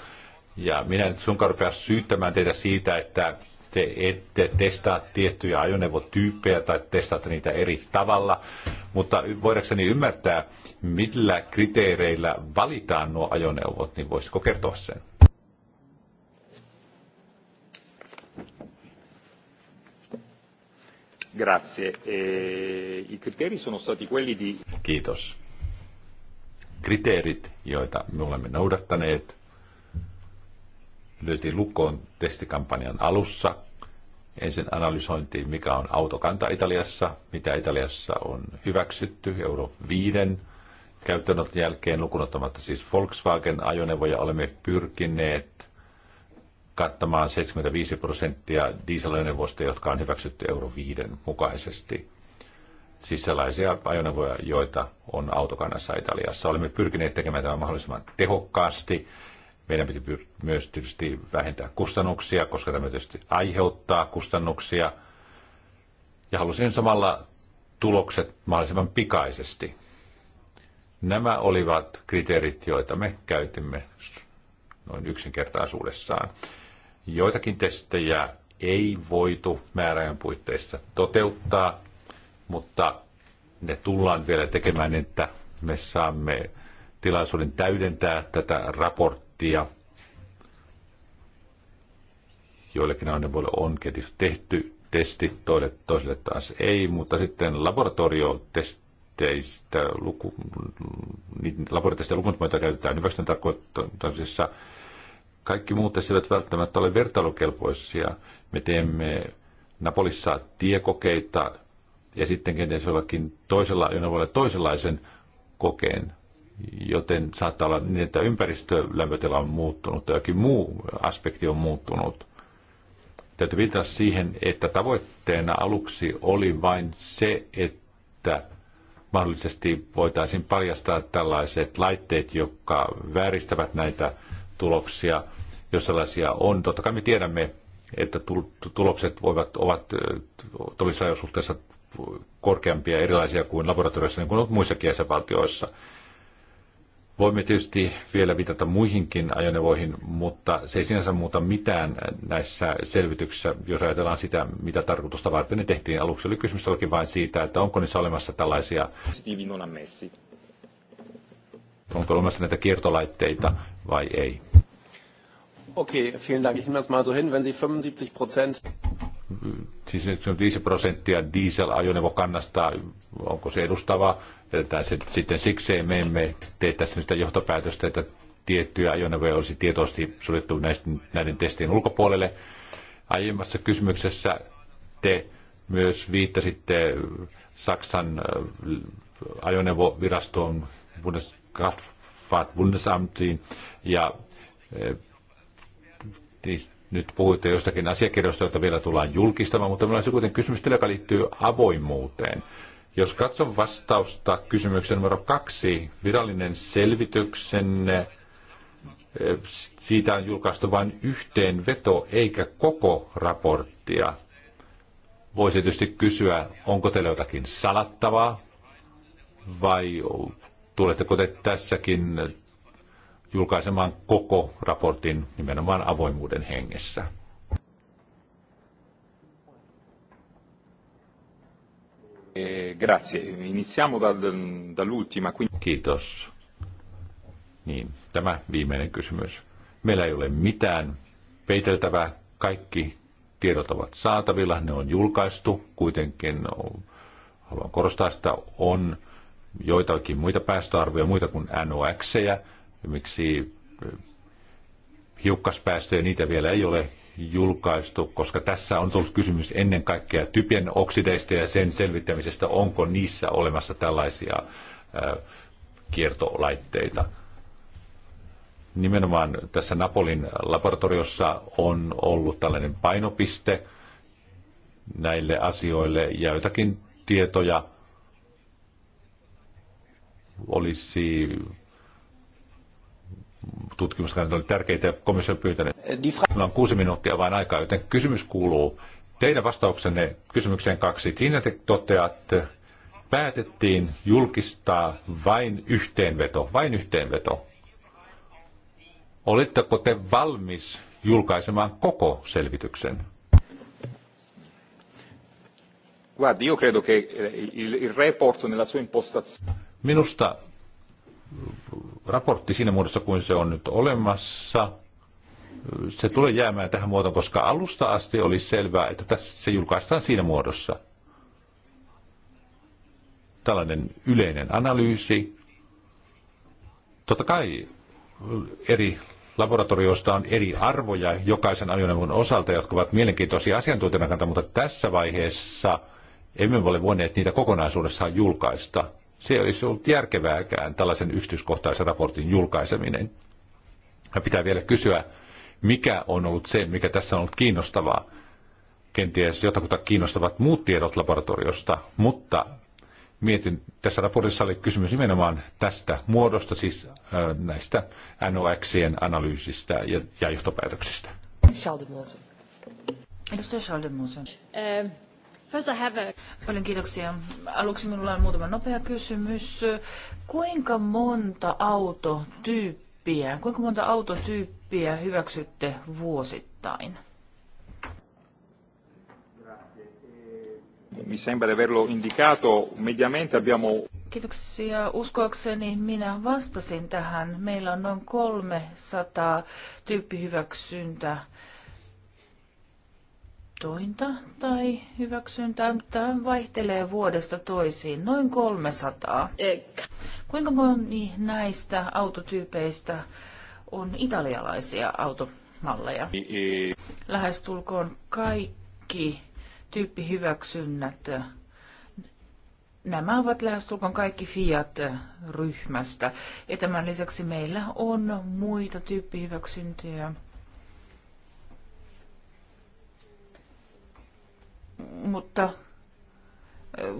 Ja minä nyt sunkaan rupea syyttämään teitä siitä, että te te testaa tiettyjä ajoneuvotyyppejä tai testaatte niitä eri tavalla, mutta voidakseni ymmärtää, millä kriteereillä valitaan nuo ajoneuvot, niin voisitko kertoa sen? Grazie. E, I criteri sono stati quelli di... Kiitos. Kriteerit, joita me olemme noudattaneet, lyötiin lukkoon testikampanjan alussa. Ensin analysointiin, mikä on autokanta Italiassa, mitä Italiassa on hyväksytty Euro 5 käyttöönoton jälkeen lukunottamatta siis Volkswagen-ajoneuvoja olemme pyrkineet kattamaan 75 prosenttia dieselajoneuvoista, jotka on hyväksytty Euro 5 mukaisesti. Siis sellaisia ajoneuvoja, joita on autokannassa Italiassa. Olemme pyrkineet tekemään tämän mahdollisimman tehokkaasti meidän piti myös tietysti vähentää kustannuksia, koska tämä tietysti aiheuttaa kustannuksia. Ja halusin samalla tulokset mahdollisimman pikaisesti. Nämä olivat kriteerit, joita me käytimme noin yksinkertaisuudessaan. Joitakin testejä ei voitu määräajan puitteissa toteuttaa, mutta ne tullaan vielä tekemään, että me saamme tilaisuuden täydentää tätä raporttia ja Joillekin aineille on tietysti tehty testit, toisille taas ei, mutta sitten laboratoriotesteistä, testeistä, luku, niin laboratoriotesteistä lukuntamaita käytetään hyväksyn tarkoittamisessa. Kaikki muut testit eivät välttämättä ole vertailukelpoisia. Me teemme Napolissa tiekokeita ja sitten kenties jollakin toisella, jonne voi olla toisenlaisen kokeen joten saattaa olla niin, että ympäristölämpötila on muuttunut tai jokin muu aspekti on muuttunut. Täytyy viitata siihen, että tavoitteena aluksi oli vain se, että mahdollisesti voitaisiin paljastaa tällaiset laitteet, jotka vääristävät näitä tuloksia, jos sellaisia on. Totta kai me tiedämme, että tulokset voivat, ovat tulisajosuhteessa korkeampia erilaisia kuin laboratoriossa, niin kuin muissakin jäsenvaltioissa. Voimme tietysti vielä viitata muihinkin ajoneuvoihin, mutta se ei sinänsä muuta mitään näissä selvityksissä, jos ajatellaan sitä, mitä tarkoitusta varten ne tehtiin. Aluksi oli kysymys toki vain siitä, että onko niissä olemassa tällaisia... Onko olemassa näitä kiertolaitteita vai ei? Okei, okay, vielen Dank. Ich nehme das mal so hin, wenn Sie 75 Prozent... Siis nyt on 5 prosenttia dieselajoneuvokannasta, onko se edustava? Tai sitten siksi me emme tee tästä sitä johtopäätöstä, että tiettyjä ajoneuvoja olisi tietoisesti suljettu näiden, näiden testien ulkopuolelle. Aiemmassa kysymyksessä te myös viittasitte Saksan äh, ajoneuvovirastoon Bundes, Bundesamtiin ja äh, nyt puhuitte jostakin asiakirjoista, joita vielä tullaan julkistamaan, mutta minulla on se kuitenkin kysymys, joka liittyy avoimuuteen. Jos katson vastausta kysymykseen numero kaksi, virallinen selvityksen eh, siitä on julkaistu vain yhteenveto eikä koko raporttia. Voisi tietysti kysyä, onko teillä jotakin salattavaa vai tuletteko te tässäkin julkaisemaan koko raportin nimenomaan avoimuuden hengessä. Eh, grazie. Iniziamo dall'ultima. Kiitos. Niin, tämä viimeinen kysymys. Meillä ei ole mitään peiteltävää. Kaikki tiedot ovat saatavilla, ne on julkaistu. Kuitenkin, no, haluan korostaa että on joitakin muita päästöarvoja, muita kuin NOX, -jä miksi eh, hiukkaspäästöjä, niitä vielä ei ole julkaistu, koska tässä on tullut kysymys ennen kaikkea typien oksideista ja sen selvittämisestä, onko niissä olemassa tällaisia eh, kiertolaitteita. Nimenomaan tässä Napolin laboratoriossa on ollut tällainen painopiste näille asioille ja joitakin tietoja olisi tutkimukset oli tärkeitä ja komissio pyytänyt. Eh, Meillä on kuusi minuuttia vain aikaa, joten kysymys kuuluu. Teidän vastauksenne kysymykseen kaksi. Siinä te toteatte, päätettiin julkistaa vain yhteenveto, vain yhteenveto. Oletteko te valmis julkaisemaan koko selvityksen? Guardi, io credo che il, il report nella sua impostazione. Minusta raportti siinä muodossa, kuin se on nyt olemassa, se tulee jäämään tähän muotoon, koska alusta asti oli selvää, että tässä se julkaistaan siinä muodossa. Tällainen yleinen analyysi. Totta kai eri laboratorioista on eri arvoja jokaisen ajoneuvon osalta, jotka ovat mielenkiintoisia asiantuntijan kannalta, mutta tässä vaiheessa emme ole voineet niitä kokonaisuudessaan julkaista se ei olisi ollut järkevääkään tällaisen yksityiskohtaisen raportin julkaiseminen. Ja pitää vielä kysyä, mikä on ollut se, mikä tässä on ollut kiinnostavaa. Kenties jotakuta kiinnostavat muut tiedot laboratoriosta, mutta mietin, tässä raportissa oli kysymys nimenomaan tästä muodosta, siis äh, näistä NOXien analyysistä ja, ja johtopäätöksistä. Edustaja Schaldemusen. Äh, First I have a... Paljon kiitoksia. Aluksi minulla on muutama nopea kysymys. Kuinka monta autotyyppiä, kuinka monta autotyyppiä hyväksytte vuosittain? Mi sembra averlo indicato, mediamente abbiamo... Kiitoksia. Uskoakseni minä vastasin tähän. Meillä on noin 300 tyyppihyväksyntää tointa tai hyväksyntää, tämä vaihtelee vuodesta toisiin, noin 300. Eikä. Kuinka moni näistä autotyypeistä on italialaisia automalleja? Ei. Lähestulkoon kaikki tyyppihyväksynnät. Nämä ovat lähestulkoon kaikki Fiat-ryhmästä. Ja tämän lisäksi meillä on muita tyyppihyväksyntöjä mutta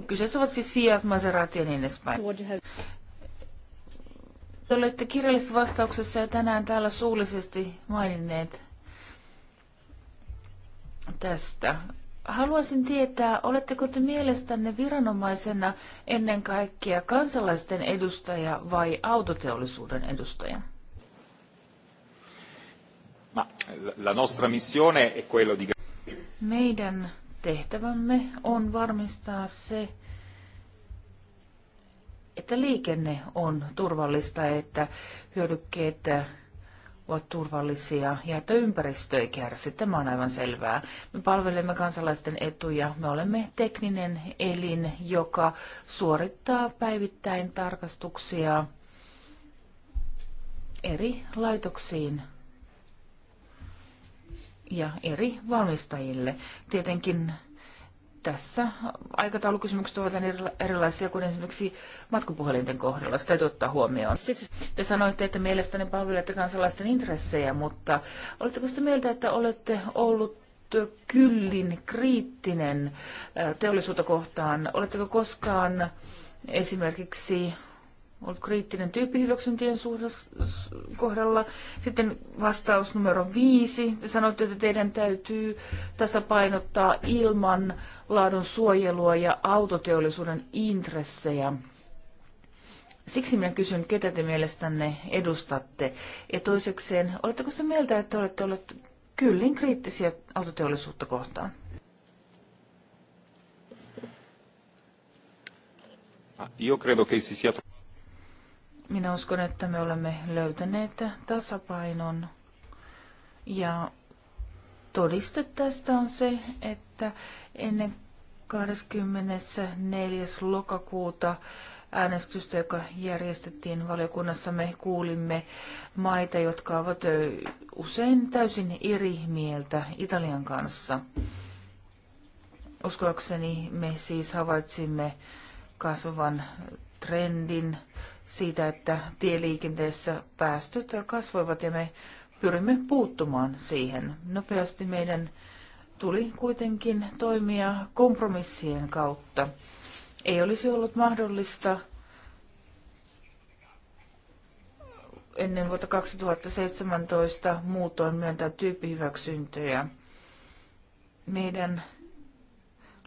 kyseessä ovat siis Fiat, Maserati ja niin edespäin. Te olette kirjallisessa vastauksessa ja tänään täällä suullisesti maininneet tästä. Haluaisin tietää, oletteko te mielestänne viranomaisena ennen kaikkea kansalaisten edustaja vai autoteollisuuden edustaja? Ma, la nostra missione è quello di... Meidän tehtävämme on varmistaa se, että liikenne on turvallista, että hyödykkeet ovat turvallisia ja että ympäristö ei kärsi. Tämä on aivan selvää. Me palvelemme kansalaisten etuja. Me olemme tekninen elin, joka suorittaa päivittäin tarkastuksia eri laitoksiin ja eri valmistajille. Tietenkin tässä aikataulukysymykset ovat erilaisia kuin esimerkiksi matkapuhelinten kohdalla. Sitä täytyy ottaa huomioon. Te sanoitte, että mielestäni palvelette kansalaisten intressejä, mutta oletteko sitä mieltä, että olette ollut kyllin kriittinen teollisuutta kohtaan? Oletteko koskaan esimerkiksi ollut kriittinen tyyppihyväksyntien kohdalla. Sitten vastaus numero viisi. Te sanoitte, että teidän täytyy tasapainottaa ilman laadun suojelua ja autoteollisuuden intressejä. Siksi minä kysyn, ketä te mielestänne edustatte. Ja toisekseen, oletteko sitä mieltä, että olette olleet kyllin kriittisiä autoteollisuutta kohtaan? Io credo che si sia minä uskon, että me olemme löytäneet tasapainon. Ja todiste tästä on se, että ennen 24. lokakuuta äänestystä, joka järjestettiin valiokunnassa, me kuulimme maita, jotka ovat usein täysin eri mieltä Italian kanssa. Uskoakseni me siis havaitsimme kasvavan trendin siitä, että tieliikenteessä päästöt kasvoivat ja me pyrimme puuttumaan siihen. Nopeasti meidän tuli kuitenkin toimia kompromissien kautta. Ei olisi ollut mahdollista ennen vuotta 2017 muutoin myöntää tyyppihyväksyntöjä. Meidän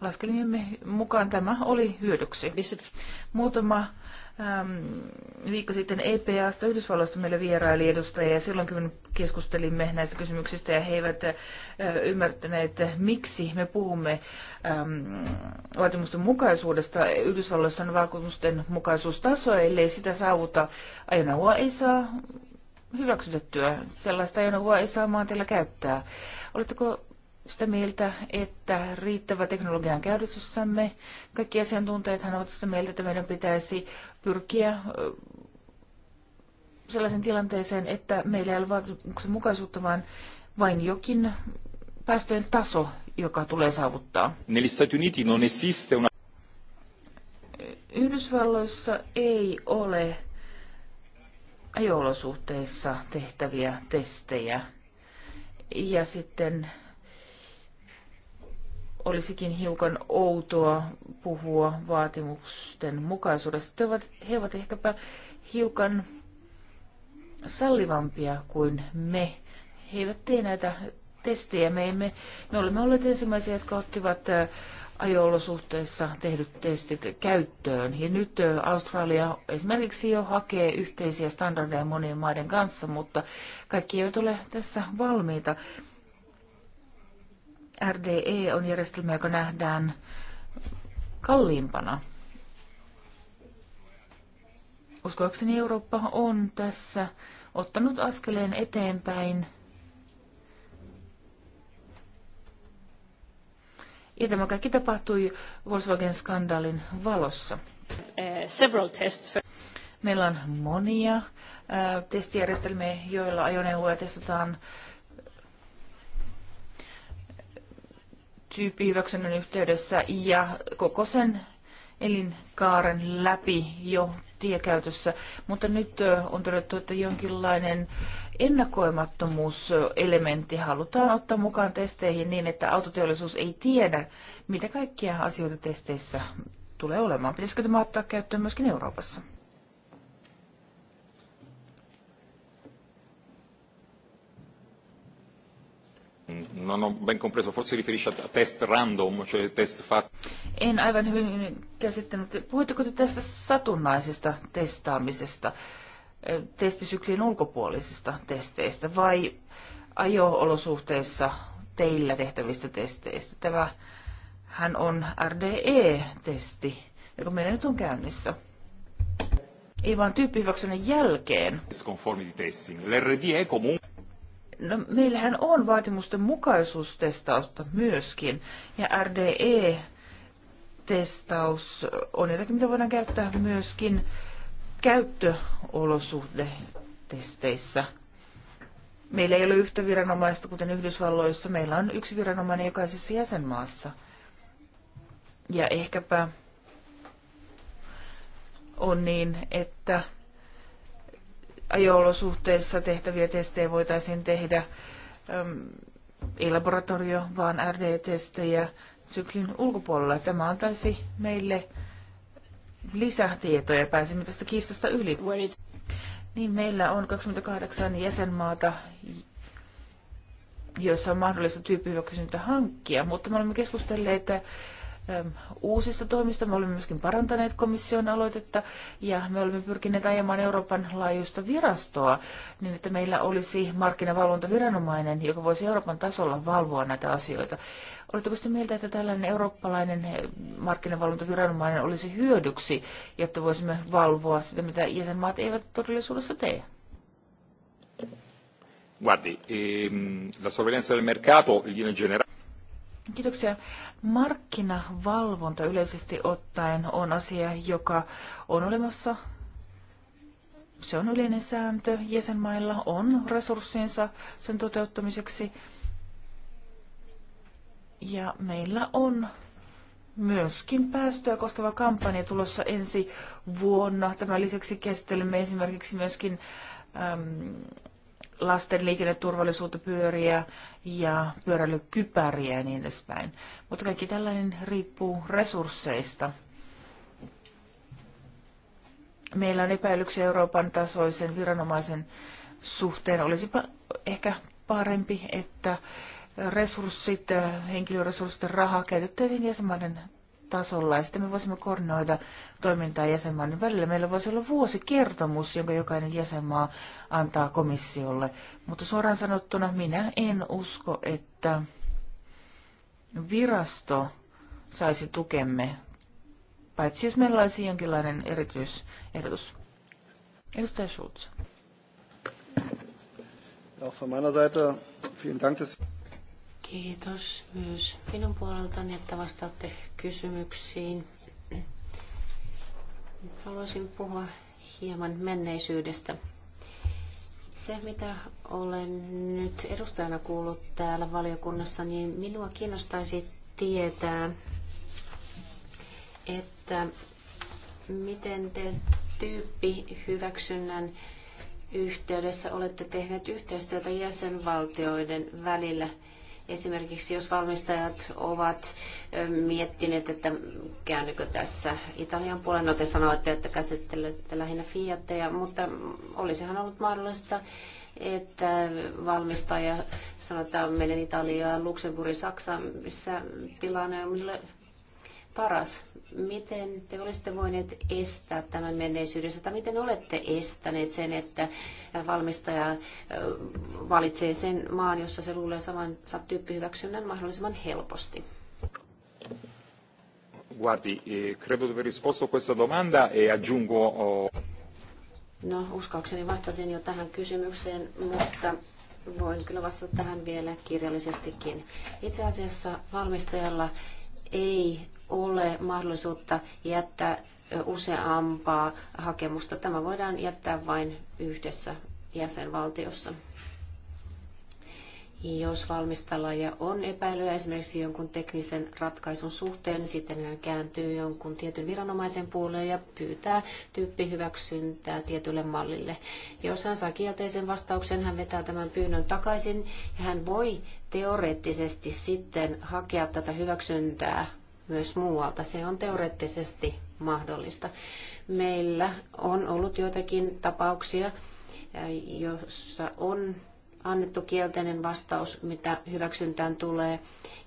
laskelmiemme mukaan tämä oli hyödyksi. Muutama äm, viikko sitten EPAsta Yhdysvalloista meille vieraili edustajia ja silloin kun keskustelimme näistä kysymyksistä ja he eivät äh, ymmärtäneet, miksi me puhumme äm, vaatimusten mukaisuudesta. Yhdysvalloissa on vaatimusten mukaisuustaso, ellei sitä saavuta ajoneuvoa ei saa hyväksytettyä. Sellaista ajoneuvoa ei saa maantilla käyttää. Oletteko sitä mieltä, että riittävä teknologian käytössämme. Kaikki asiantuntijathan ovat sitä mieltä, että meidän pitäisi pyrkiä sellaisen tilanteeseen, että meillä ei ole vaatimuksen mukaisuutta, vaan vain jokin päästöjen taso, joka tulee saavuttaa. Negli Stati Uniti non esiste una... Yhdysvalloissa ei ole ajoolosuhteissa tehtäviä testejä. Ja sitten olisikin hiukan outoa puhua vaatimusten mukaisuudesta. He ovat, he ovat ehkäpä hiukan sallivampia kuin me. He eivät tee näitä testejä. Me, emme, me olemme olleet ensimmäisiä, jotka ottivat ajo-olosuhteissa tehdyt testit käyttöön. Ja nyt Australia esimerkiksi jo hakee yhteisiä standardeja monien maiden kanssa, mutta kaikki eivät ole tässä valmiita. RDE on järjestelmä, joka nähdään kalliimpana. Uskoakseni Eurooppa on tässä ottanut askeleen eteenpäin. Ja tämä kaikki tapahtui Volkswagen-skandaalin valossa. Eh, Meillä on monia eh, testijärjestelmiä, joilla ajoneuvoja testataan tyyppihyväksynnän yhteydessä ja koko sen elinkaaren läpi jo tiekäytössä, mutta nyt on todettu, että jonkinlainen ennakoimattomuuselementti halutaan ottaa mukaan testeihin niin, että autoteollisuus ei tiedä, mitä kaikkia asioita testeissä tulee olemaan. Pitäisikö tämä ottaa käyttöön myöskin Euroopassa? Mm, non ho ben compreso, forse si riferisce a test random, cioè test fatti. En aivan hyvin käsittänyt. Puhuitteko te tästä satunnaisesta testaamisesta, testisyklin ulkopuolisista testeistä vai ajo-olosuhteissa teillä tehtävistä testeistä? Tämä hän on RDE-testi, joka meillä nyt on käynnissä. Ei vaan tyyppihyväksynnän jälkeen. L'RDE comunque No, meillähän on vaatimusten mukaisuustestausta myöskin, ja RDE-testaus on jotakin, mitä voidaan käyttää myöskin käyttöolosuhdetesteissä. Meillä ei ole yhtä viranomaista, kuten Yhdysvalloissa. Meillä on yksi viranomainen jokaisessa jäsenmaassa. Ja ehkäpä on niin, että ajo-olosuhteissa tehtäviä testejä voitaisiin tehdä, ei laboratorio, vaan RD-testejä syklin ulkopuolella. Tämä antaisi meille lisätietoja. Pääsimme tästä kiistasta yli. Niin meillä on 28 jäsenmaata, joissa on mahdollista tyyppihyväksyntä hankkia, mutta me olemme keskustelleet uusista toimista. Me olemme myöskin parantaneet komission aloitetta ja me olemme pyrkineet ajamaan Euroopan laajuista virastoa niin, että meillä olisi markkinavalvontaviranomainen, joka voisi Euroopan tasolla valvoa näitä asioita. Oletteko sitä mieltä, että tällainen eurooppalainen eh, markkinavalvontaviranomainen olisi hyödyksi, jotta voisimme valvoa sitä, mitä jäsenmaat eivät todellisuudessa tee? Guardi, ehm, la sorveglianza del mercato in generale Kiitoksia. Markkinavalvonta yleisesti ottaen on asia, joka on olemassa. Se on yleinen sääntö. Jäsenmailla on resurssinsa sen toteuttamiseksi. Ja meillä on myöskin päästöä koskeva kampanja tulossa ensi vuonna. Tämän lisäksi kestelemme esimerkiksi myöskin lasten pyöriä ja pyöräilykypäriä ja niin edespäin. Mutta kaikki tällainen riippuu resursseista. Meillä on epäilyksiä Euroopan tasoisen viranomaisen suhteen. olisi ehkä parempi, että resurssit, henkilöresurssit ja raha käytettäisiin jäsenmaiden tasolla ja sitten me voisimme koordinoida toimintaa jäsenmaiden niin välillä. Meillä voisi olla vuosikertomus, jonka jokainen jäsenmaa antaa komissiolle. Mutta suoraan sanottuna minä en usko, että virasto saisi tukemme, paitsi jos meillä olisi jonkinlainen erityisehdotus. Edustaja Schulz. Kiitos myös minun puoleltani, että vastaatte kysymyksiin. Haluaisin puhua hieman menneisyydestä. Se, mitä olen nyt edustajana kuullut täällä valiokunnassa, niin minua kiinnostaisi tietää, että miten te tyyppihyväksynnän yhteydessä olette tehneet yhteistyötä jäsenvaltioiden välillä – Esimerkiksi jos valmistajat ovat miettineet, että käännykö tässä Italian puolella, no te sanoitte, että käsittelette lähinnä Fiatteja, mutta olisihan ollut mahdollista, että valmistaja sanotaan menen Italiaan, Luxemburgin, Saksaan, missä tilanne on minulle paras miten te olisitte voineet estää tämän menneisyydessä, tai miten olette estäneet sen, että valmistaja valitsee sen maan, jossa se luulee saman tyyppihyväksynnän mahdollisimman helposti? Guardi, eh, credo di aver risposto questa domanda e aggiungo... Oh, no, uskaukseni vastasin jo tähän kysymykseen, mutta voin kyllä vastata tähän vielä kirjallisestikin. Itse asiassa valmistajalla ei ole mahdollisuutta jättää useampaa hakemusta. Tämä voidaan jättää vain yhdessä jäsenvaltiossa. Jos valmistalaja on epäilyä esimerkiksi jonkun teknisen ratkaisun suhteen, niin sitten hän kääntyy jonkun tietyn viranomaisen puoleen ja pyytää tyyppihyväksyntää tietylle mallille. Jos hän saa kielteisen vastauksen, hän vetää tämän pyynnön takaisin ja hän voi teoreettisesti sitten hakea tätä hyväksyntää myös muualta. Se on teoreettisesti mahdollista. Meillä on ollut joitakin tapauksia, eh, jossa on annettu kielteinen vastaus, mitä hyväksyntään tulee.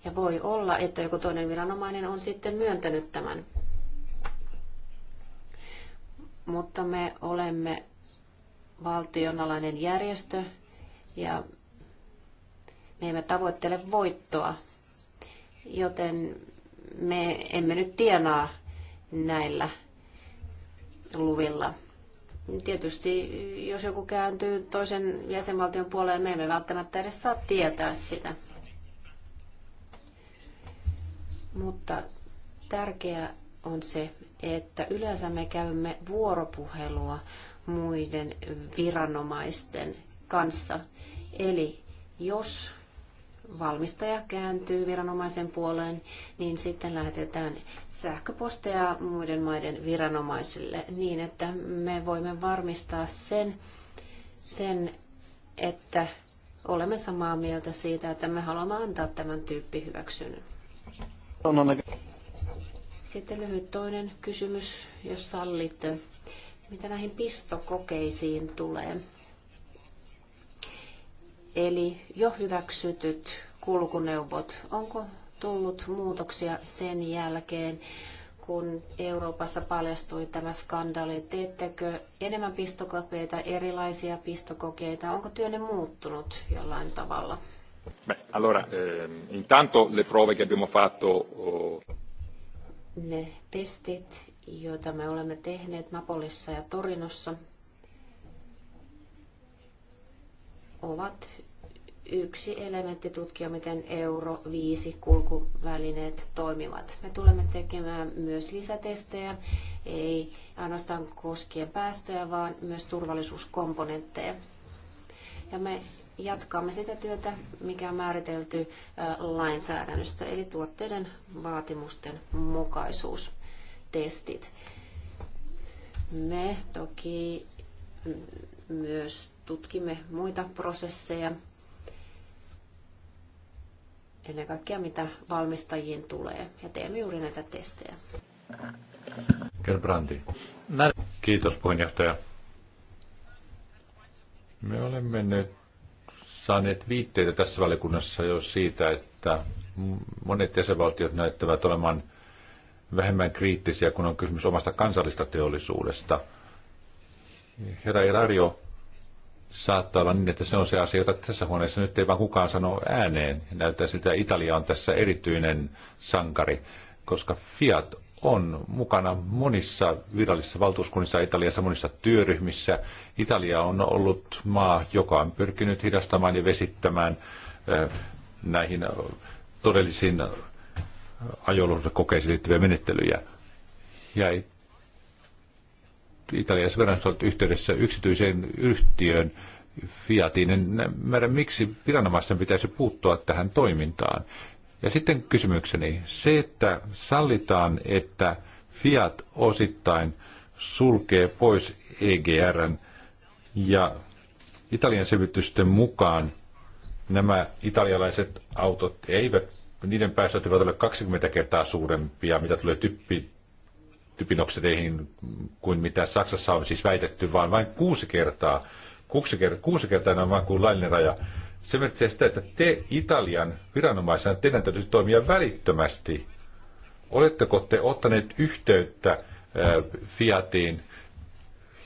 Ja voi olla, että joku toinen viranomainen on sitten myöntänyt tämän. Mutta me olemme valtionalainen järjestö ja me emme tavoittele voittoa, joten me emme nyt tienaa näillä luvilla. Tietysti jos joku kääntyy toisen jäsenvaltion puoleen, me emme välttämättä edes saa tietää sitä. Mutta tärkeää on se, että yleensä me käymme vuoropuhelua muiden viranomaisten kanssa. Eli jos valmistaja kääntyy viranomaisen puoleen, niin sitten lähetetään sähköposteja muiden maiden viranomaisille niin, että me voimme varmistaa sen, sen että olemme samaa mieltä siitä, että me haluamme antaa tämän tyyppi hyväksynnän. Sitten lyhyt toinen kysymys, jos sallitte. Mitä näihin pistokokeisiin tulee? Eli jo hyväksytyt kulkuneuvot, onko tullut muutoksia sen jälkeen, kun Euroopassa paljastui tämä skandaali? Teettekö enemmän pistokokeita, erilaisia pistokokeita? Onko työnne muuttunut jollain tavalla? Beh, allora, eh, intanto le prove che abbiamo fatto... Oh... Ne testit, joita me olemme tehneet Napolissa ja Torinossa, ovat yksi elementti tutkia, miten euro 5 kulkuvälineet toimivat. Me tulemme tekemään myös lisätestejä, ei ainoastaan koskien päästöjä, vaan myös turvallisuuskomponentteja. Ja me jatkamme sitä työtä, mikä on määritelty lainsäädännöstä, eli tuotteiden vaatimusten mukaisuustestit. Me toki myös tutkimme muita prosesseja, ennen kaikkea mitä valmistajiin tulee. Ja teemme juuri näitä testejä. Gerbrandi. Kiitos puheenjohtaja. Me olemme nyt saaneet viitteitä tässä valiokunnassa jo siitä, että monet jäsenvaltiot näyttävät olemaan vähemmän kriittisiä, kun on kysymys omasta kansallista teollisuudesta. Herra Irario saattaa olla niin, että se on se asia, jota tässä huoneessa nyt ei vaan kukaan sano ääneen. Näyttää siltä, että Italia on tässä erityinen sankari, koska Fiat on mukana monissa virallisissa valtuuskunnissa Italiassa, monissa työryhmissä. Italia on ollut maa, joka on pyrkinyt hidastamaan ja vesittämään eh, näihin todellisiin eh, ajoluhdokokeisiin liittyviä menettelyjä. Ja italialaiset viranomaiset yhteydessä yksityiseen yhtiöön, Fiatiin, en määrä miksi viranomaisten pitäisi puuttua tähän toimintaan. Ja sitten kysymykseni, se, että sallitaan, että Fiat osittain sulkee pois EGRn ja Italian selvitysten mukaan nämä italialaiset autot eivät, niiden päästöt eivät ole 20 kertaa suurempia, mitä tulee typpi typinoksideihin kuin mitä Saksassa on siis väitetty, vaan vain kuusi kertaa. Kuusi, kertaa, kuusi kertaa on vain kuin laillinen raja. Se merkitsee sitä, että te Italian viranomaisena teidän täytyisi toimia välittömästi. Oletteko te ottaneet yhteyttä äh, Fiatiin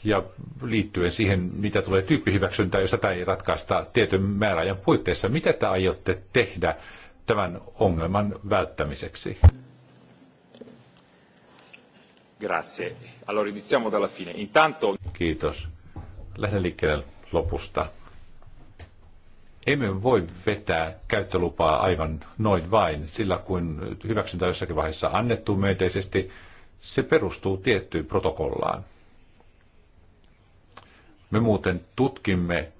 ja liittyen siihen, mitä tulee tyyppihyväksyntää, jos tätä ei ratkaista tietyn määräajan puitteissa, mitä te aiotte tehdä tämän ongelman välttämiseksi? Grazie. Allora iniziamo dalla fine. Intanto... Kiitos. Lähden liikkeelle lopusta. Emme voi vetää käyttölupaa aivan noin vain, sillä kun hyväksyntä jossakin vaiheessa annettu myönteisesti, se perustuu tiettyyn protokollaan. Me muuten tutkimme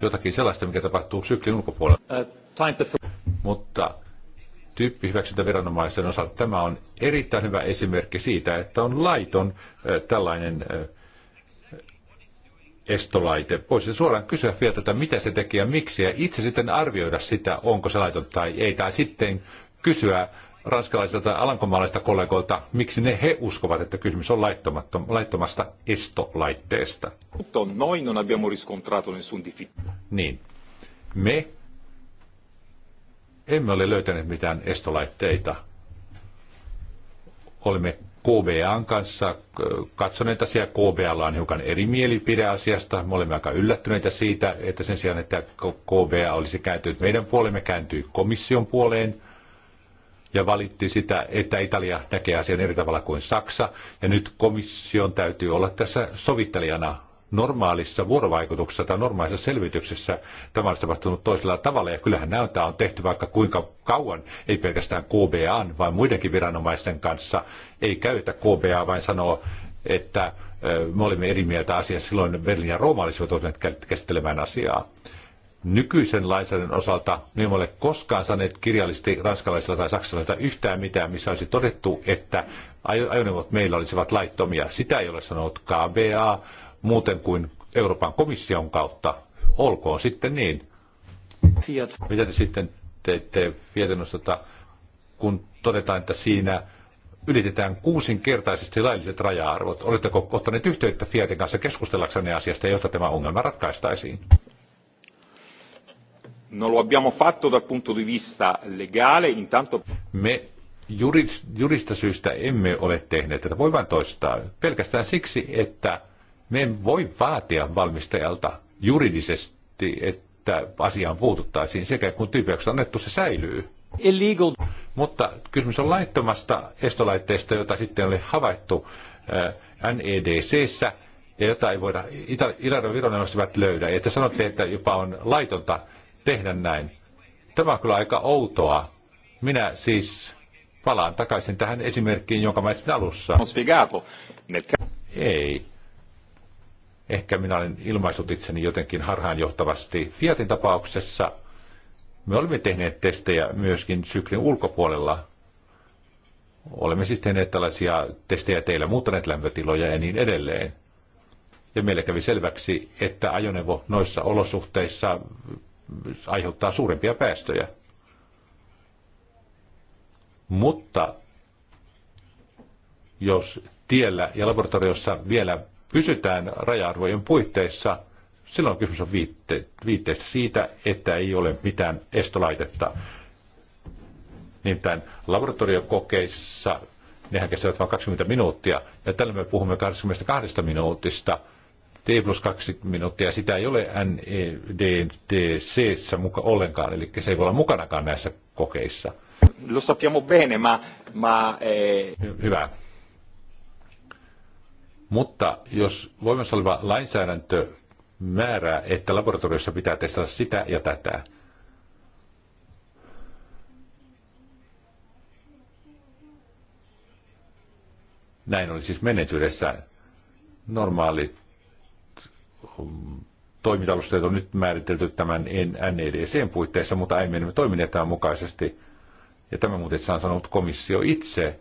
jotakin sellaista, mikä tapahtuu syklin ulkopuolella. Uh, Mutta tyyppihyväksyntäviranomaisen osalta tämä on erittäin hyvä esimerkki siitä, että on laiton tällainen estolaite. Voisi suoraan kysyä tätä, mitä se tekee ja miksi, ja itse sitten arvioida sitä, onko se laiton tai ei, tai sitten kysyä ranskalaisilta tai alankomaalaisilta kollegoilta, miksi ne he uskovat, että kysymys on laittomasta estolaitteesta. Noin non abbiamo riscontrato nessun Niin. Me emme ole löytäneet mitään estolaitteita. Olemme KBAn kanssa katsoneet asiaa. KBAlla on hiukan eri mielipide asiasta. Me olemme aika yllättyneitä siitä, että sen sijaan, että KBA olisi kääntynyt meidän puolemme, kääntyi komission puoleen ja valitti sitä, että Italia näkee asian eri tavalla kuin Saksa. Ja nyt komission täytyy olla tässä sovittelijana normaalissa vuorovaikutuksessa tai normaalissa selvityksessä tämä olisi tapahtunut toisella tavalla. Ja kyllähän näytä on tehty vaikka kuinka kauan, ei pelkästään KBA, vaan muidenkin viranomaisten kanssa. Ei käytä KBA, vaan sanoo, että me olimme eri mieltä asiassa. Silloin Berliin ja Rooma olisivat olleet käsittelemään asiaa. Nykyisen lainsäädännön osalta me emme ole koskaan saaneet kirjallisesti ranskalaisilta tai saksalaisilta yhtään mitään, missä olisi todettu, että ajoneuvot meillä olisivat laittomia. Sitä ei ole sanonut KBA, muuten kuin Euroopan komission kautta. Olkoon sitten niin. Fiat. Mitä te sitten teette Fiatinostota, kun todetaan, että siinä ylitetään kuusinkertaisesti lailliset raja-arvot? Oletteko ottaneet yhteyttä Fiatin kanssa keskustellaksenne asiasta, jotta tämä ongelma ratkaistaisiin? Non lo abbiamo fatto dal punto di vista legale, intanto... Me jurista syystä emme ole tehneet tätä. Voi vain toistaa. Pelkästään siksi, että me emme voi vaatia valmistajalta juridisesti, että asiaan puututtaisiin sekä kun tyypiksi annettu se säilyy. Illegal. Mutta kysymys on laittomasta estolaitteesta, jota sitten oli havaittu NEDCssä ja jota ei voida, Iranian viranomaiset löydä. Ja te sanotte, että jopa on laitonta tehdä näin. Tämä on kyllä aika outoa. Minä siis palaan takaisin tähän esimerkkiin, jonka etsin alussa. Ei. Ehkä minä olen ilmaissut itseni jotenkin harhaanjohtavasti. Fiatin tapauksessa me olemme tehneet testejä myöskin syklin ulkopuolella. Olemme siis tehneet tällaisia testejä teillä, muuttaneet lämpötiloja ja niin edelleen. Ja meille kävi selväksi, että ajoneuvo noissa olosuhteissa aiheuttaa suurempia päästöjä. Mutta jos tiellä ja laboratoriossa vielä pysytään raja-arvojen puitteissa, silloin kysymys on viitte, viitteistä siitä, että ei ole mitään estolaitetta. Nimittäin laboratoriokokeissa nehän kestävät vain 20 minuuttia, ja tällä me puhumme 22 minuutista, T plus 2 minuuttia, sitä ei ole NEDC muka ollenkaan, eli se ei voi olla mukanakaan näissä kokeissa. Lo sappiamo bene, ma... ma eh... Hyvä. Mutta jos voimassa oleva lainsäädäntö määrää, että laboratoriossa pitää testata sitä ja tätä, näin oli siis menneisyydessä normaali mm, toimintalusteet on nyt määritelty tämän NEDCn puitteissa, mutta aiemmin me toimineet tämän mukaisesti. Ja tämä muuten saa sanonut komissio itse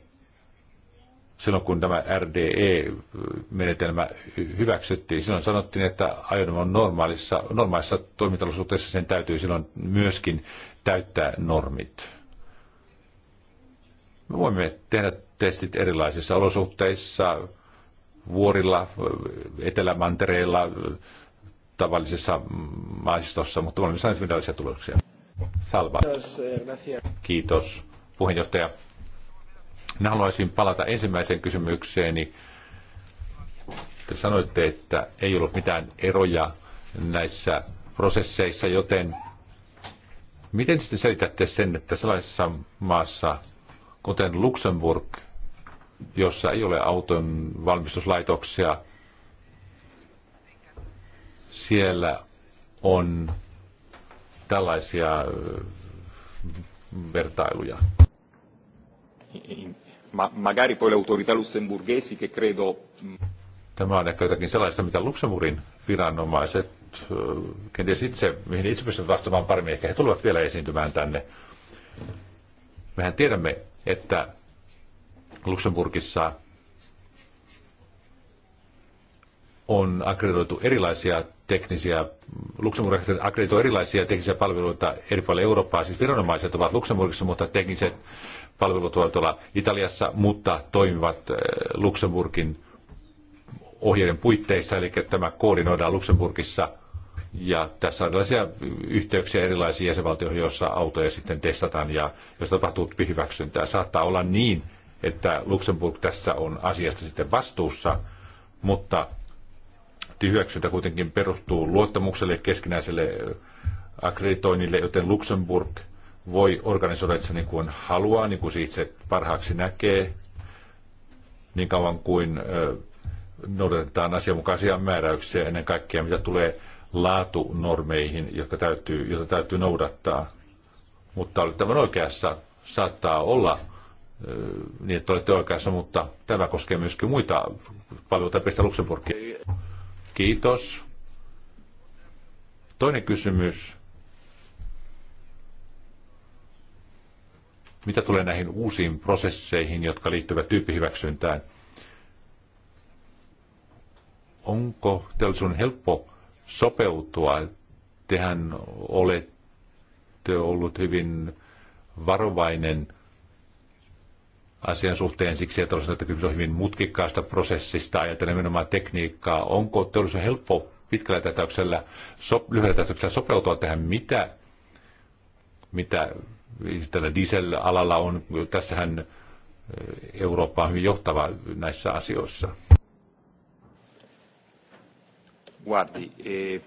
silloin kun tämä RDE-menetelmä hyväksyttiin, silloin sanottiin, että ajoneuvon normaalissa, normaalissa toimintalosuhteessa sen täytyy silloin myöskin täyttää normit. Me voimme tehdä testit erilaisissa olosuhteissa, vuorilla, etelämantereilla, tavallisessa maistossa, mutta olemme saaneet tuloksia. Salva. Kiitos, puheenjohtaja. Minä haluaisin palata ensimmäiseen kysymykseeni. Te sanoitte, että ei ollut mitään eroja näissä prosesseissa, joten miten sitten selitätte sen, että sellaisessa maassa, kuten Luxemburg, jossa ei ole auton valmistuslaitoksia, siellä on tällaisia äh, vertailuja? ma magari poi le autorità lussemburghesi che credo... Mm, Tämä on ehkä jotakin sellaista, mitä Luxemburgin viranomaiset kenties itse, mihin itse pystyvät vastaamaan paremmin, ehkä he tulevat vielä esiintymään tänne. Mehän tiedämme, että Luxemburgissa on akkreditoitu erilaisia teknisiä, Luxemburg akkreditoi erilaisia teknisiä palveluita eri puolilla Eurooppaa, siis viranomaiset ovat Luxemburgissa, mutta tekniset palvelutuotolla Italiassa, mutta toimivat äh, Luxemburgin ohjeiden puitteissa, eli tämä koordinoidaan Luxemburgissa. Ja tässä on erilaisia yhteyksiä erilaisiin jäsenvaltioihin, joissa autoja sitten testataan ja jos tapahtuu hyväksyntää. Saattaa olla niin, että Luxemburg tässä on asiasta sitten vastuussa, mutta hyväksyntä kuitenkin perustuu luottamukselle, keskinäiselle äh, akkreditoinnille, joten Luxemburg – voi organisoida itse niin kuin haluaa, niin kuin se itse parhaaksi näkee, niin kauan kuin noudatetaan asianmukaisia määräyksiä ennen kaikkea, mitä tulee laatunormeihin, jotka täytyy, joita täytyy noudattaa. Mutta olet tämän oikeassa, saattaa olla niin, että olette oikeassa, mutta tämä koskee myöskin muita palveluita pistä Luxemburgia. Kiitos. Toinen kysymys Mitä tulee näihin uusiin prosesseihin, jotka liittyvät tyyppihyväksyntään, onko teollisuuden helppo sopeutua? Tehän olette ollut hyvin varovainen asian suhteen siksi, että kysymys on hyvin mutkikkaasta prosessista ja nimenomaan tekniikkaa. Onko teollisuuden helppo pitkällä tähtäyksellä, so, lyhyellä tähtäyksellä sopeutua tähän, mitä, mitä tällä diesel-alalla on, tässähän Eurooppa on hyvin johtava näissä asioissa. Guardi, eh,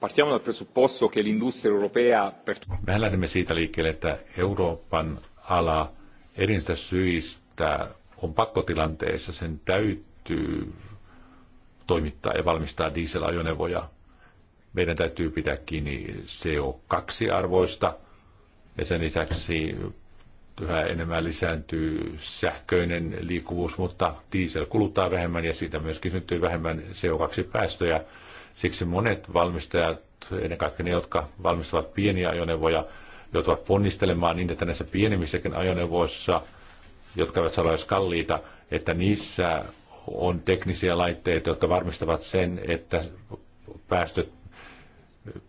partiamo dal presupposto che l'industria europea... Per... Me lähdemme siitä liikkeelle, että Euroopan ala erinäisistä syistä on pakkotilanteessa, sen täytyy toimittaa ja valmistaa dieselajoneuvoja. Meidän täytyy pitää kiinni CO2-arvoista – ja sen lisäksi yhä enemmän lisääntyy sähköinen liikkuvuus, mutta diesel kuluttaa vähemmän ja siitä myöskin syntyy vähemmän CO2-päästöjä. Siksi monet valmistajat, ennen kaikkea ne, jotka valmistavat pieniä ajoneuvoja, joutuvat ponnistelemaan niin, että näissä pienemmissäkin ajoneuvoissa, jotka eivät saa edes kalliita, että niissä on teknisiä laitteita, jotka varmistavat sen, että päästöt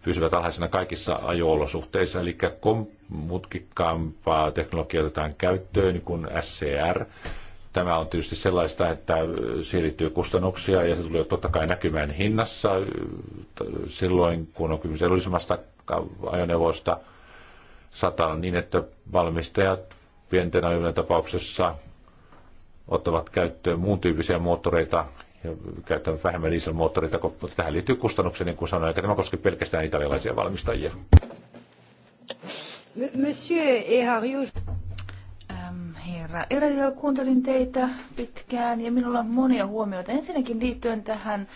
pysyvät alhaisena kaikissa ajoolosuhteissa, eli mutkikkaampaa teknologiaa otetaan käyttöön niin kuin SCR. Tämä on tietysti sellaista, että siirtyy kustannuksia ja se tulee totta kai näkymään hinnassa silloin, kun on kysymys edullisemmasta ajoneuvoista. Saattaa niin, että valmistajat pienten ajoneuvojen tapauksessa ottavat käyttöön muun tyyppisiä moottoreita, ja käyttävät vähemmän dieselmoottoreita, mutta tähän liittyy kustannuksia, niin kuin sanoin, eikä tämä koske pelkästään italialaisia valmistajia. Monsieur Eharius. Ähm, herra Erelio, kuuntelin teitä pitkään ja minulla on monia huomioita. Ensinnäkin liittyen tähän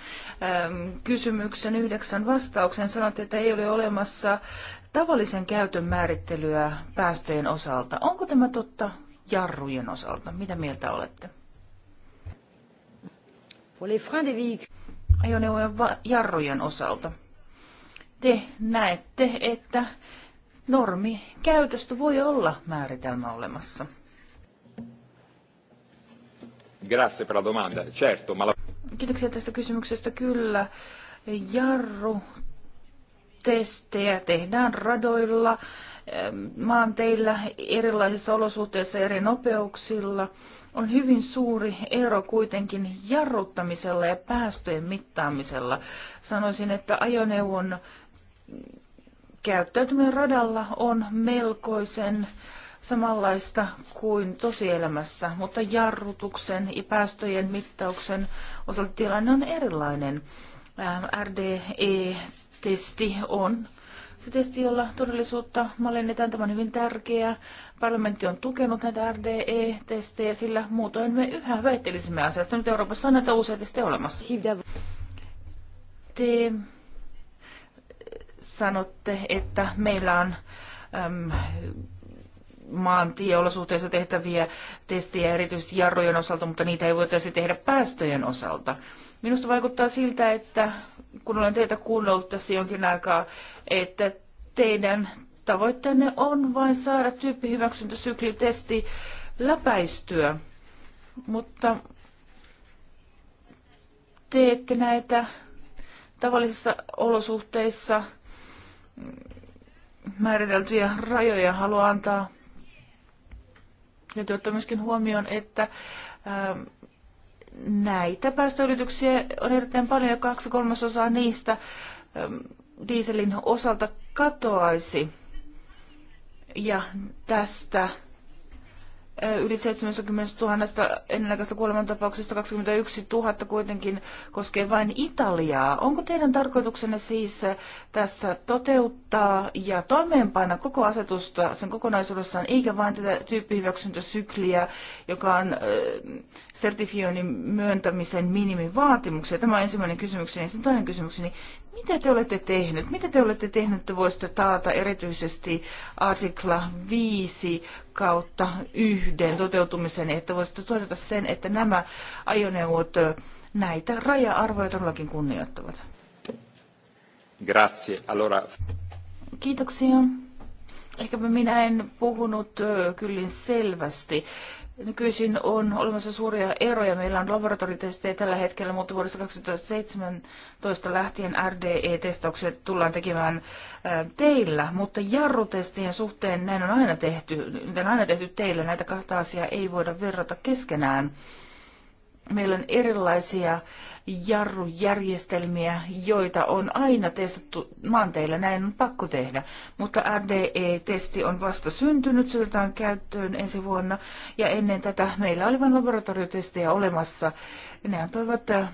äm, kysymyksen yhdeksän vastauksen sanoitte, että ei ole olemassa tavallisen käytön määrittelyä päästöjen osalta. Onko tämä totta jarrujen osalta? Mitä mieltä olette? ajoneuvojen jarrujen osalta. Te näette, että normi käytöstä voi olla määritelmä olemassa. Grazie per la domanda. Certo, ma la... Kiitoksia tästä kysymyksestä. Kyllä, jarrutestejä tehdään radoilla maan teillä erilaisissa olosuhteissa eri nopeuksilla. On hyvin suuri ero kuitenkin jarruttamisella ja päästöjen mittaamisella. Sanoisin, että ajoneuvon käyttäytyminen radalla on melkoisen samanlaista kuin tosielämässä, mutta jarrutuksen ja päästöjen mittauksen osalta tilanne on erilainen. RDE-testi on se testi, jolla todellisuutta mallinnetaan, tämä on hyvin tärkeä. Parlamentti on tukenut näitä RDE-testejä, sillä muutoin me yhä väittelisimme asiasta. Nyt Euroopassa on näitä uusia testejä olemassa. Te sanotte, että meillä on äm, maantieolosuhteissa tehtäviä testejä erityisesti jarrujen osalta, mutta niitä ei voitaisi tehdä päästöjen osalta. Minusta vaikuttaa siltä, että kun olen teitä kuunnellut tässä jonkin aikaa, että teidän tavoitteenne on vain saada tyyppihyväksyntäsyklitesti läpäistyä, mutta teette näitä tavallisissa olosuhteissa määriteltyjä rajoja halua antaa Täytyy ottaa myöskin huomioon, että ähm, näitä päästöylityksiä on erittäin paljon ja kaksi kolmasosaa niistä ähm, dieselin osalta katoaisi. Ja tästä yli 70 000 ennenaikaista kuolemantapauksista 21 000 kuitenkin koskee vain Italiaa. Onko teidän tarkoituksenne siis tässä toteuttaa ja toimeenpanna koko asetusta sen kokonaisuudessaan, eikä vain tätä tyyppihyväksyntäsykliä, joka on sertifioinnin myöntämisen minimivaatimuksia? Tämä on ensimmäinen kysymykseni. Ja sitten toinen kysymykseni. Mitä te olette tehneet? Mitä te olette tehneet, että voisitte taata erityisesti artikla 5 kautta yhden toteutumisen, että voisitte todeta sen, että nämä ajoneuvot näitä raja-arvoja todellakin kunnioittavat? Grazie. Allora... Kiitoksia. Ehkäpä minä en puhunut kyllin selvästi. Nykyisin on olemassa suuria eroja. Meillä on laboratoritestejä tällä hetkellä, mutta vuodesta 2017 lähtien RDE-testaukset tullaan tekemään teillä, mutta jarrutestien suhteen näin on aina tehty, näitä on aina tehty teillä. Näitä kahta asiaa ei voida verrata keskenään. Meillä on erilaisia jarrujärjestelmiä, joita on aina testattu maanteillä. Näin on pakko tehdä. Mutta RDE-testi on vasta syntynyt, syötään käyttöön ensi vuonna. Ja ennen tätä meillä oli vain laboratoriotestejä olemassa. Ne antoivat äh,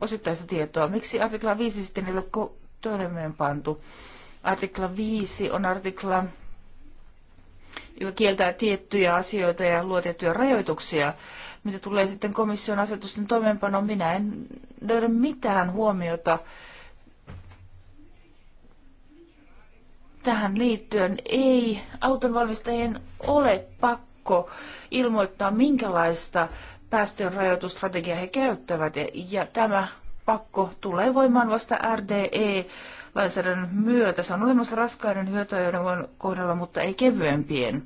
osittaista tietoa. Miksi artikla 5 sitten ei ole toimeenpantu? Artikla 5 on artikla joka kieltää tiettyjä asioita ja luo tiettyjä rajoituksia. Mitä tulee sitten komission asetusten toimeenpanoon, minä en löydä mitään huomiota tähän liittyen. Ei autonvalmistajien ole pakko ilmoittaa, minkälaista päästöjen rajoitusstrategiaa he käyttävät. Ja tämä pakko tulee voimaan vasta RDE lainsäädännön myötä. Se on olemassa raskaiden hyötyajoneuvojen kohdalla, mutta ei kevyempien.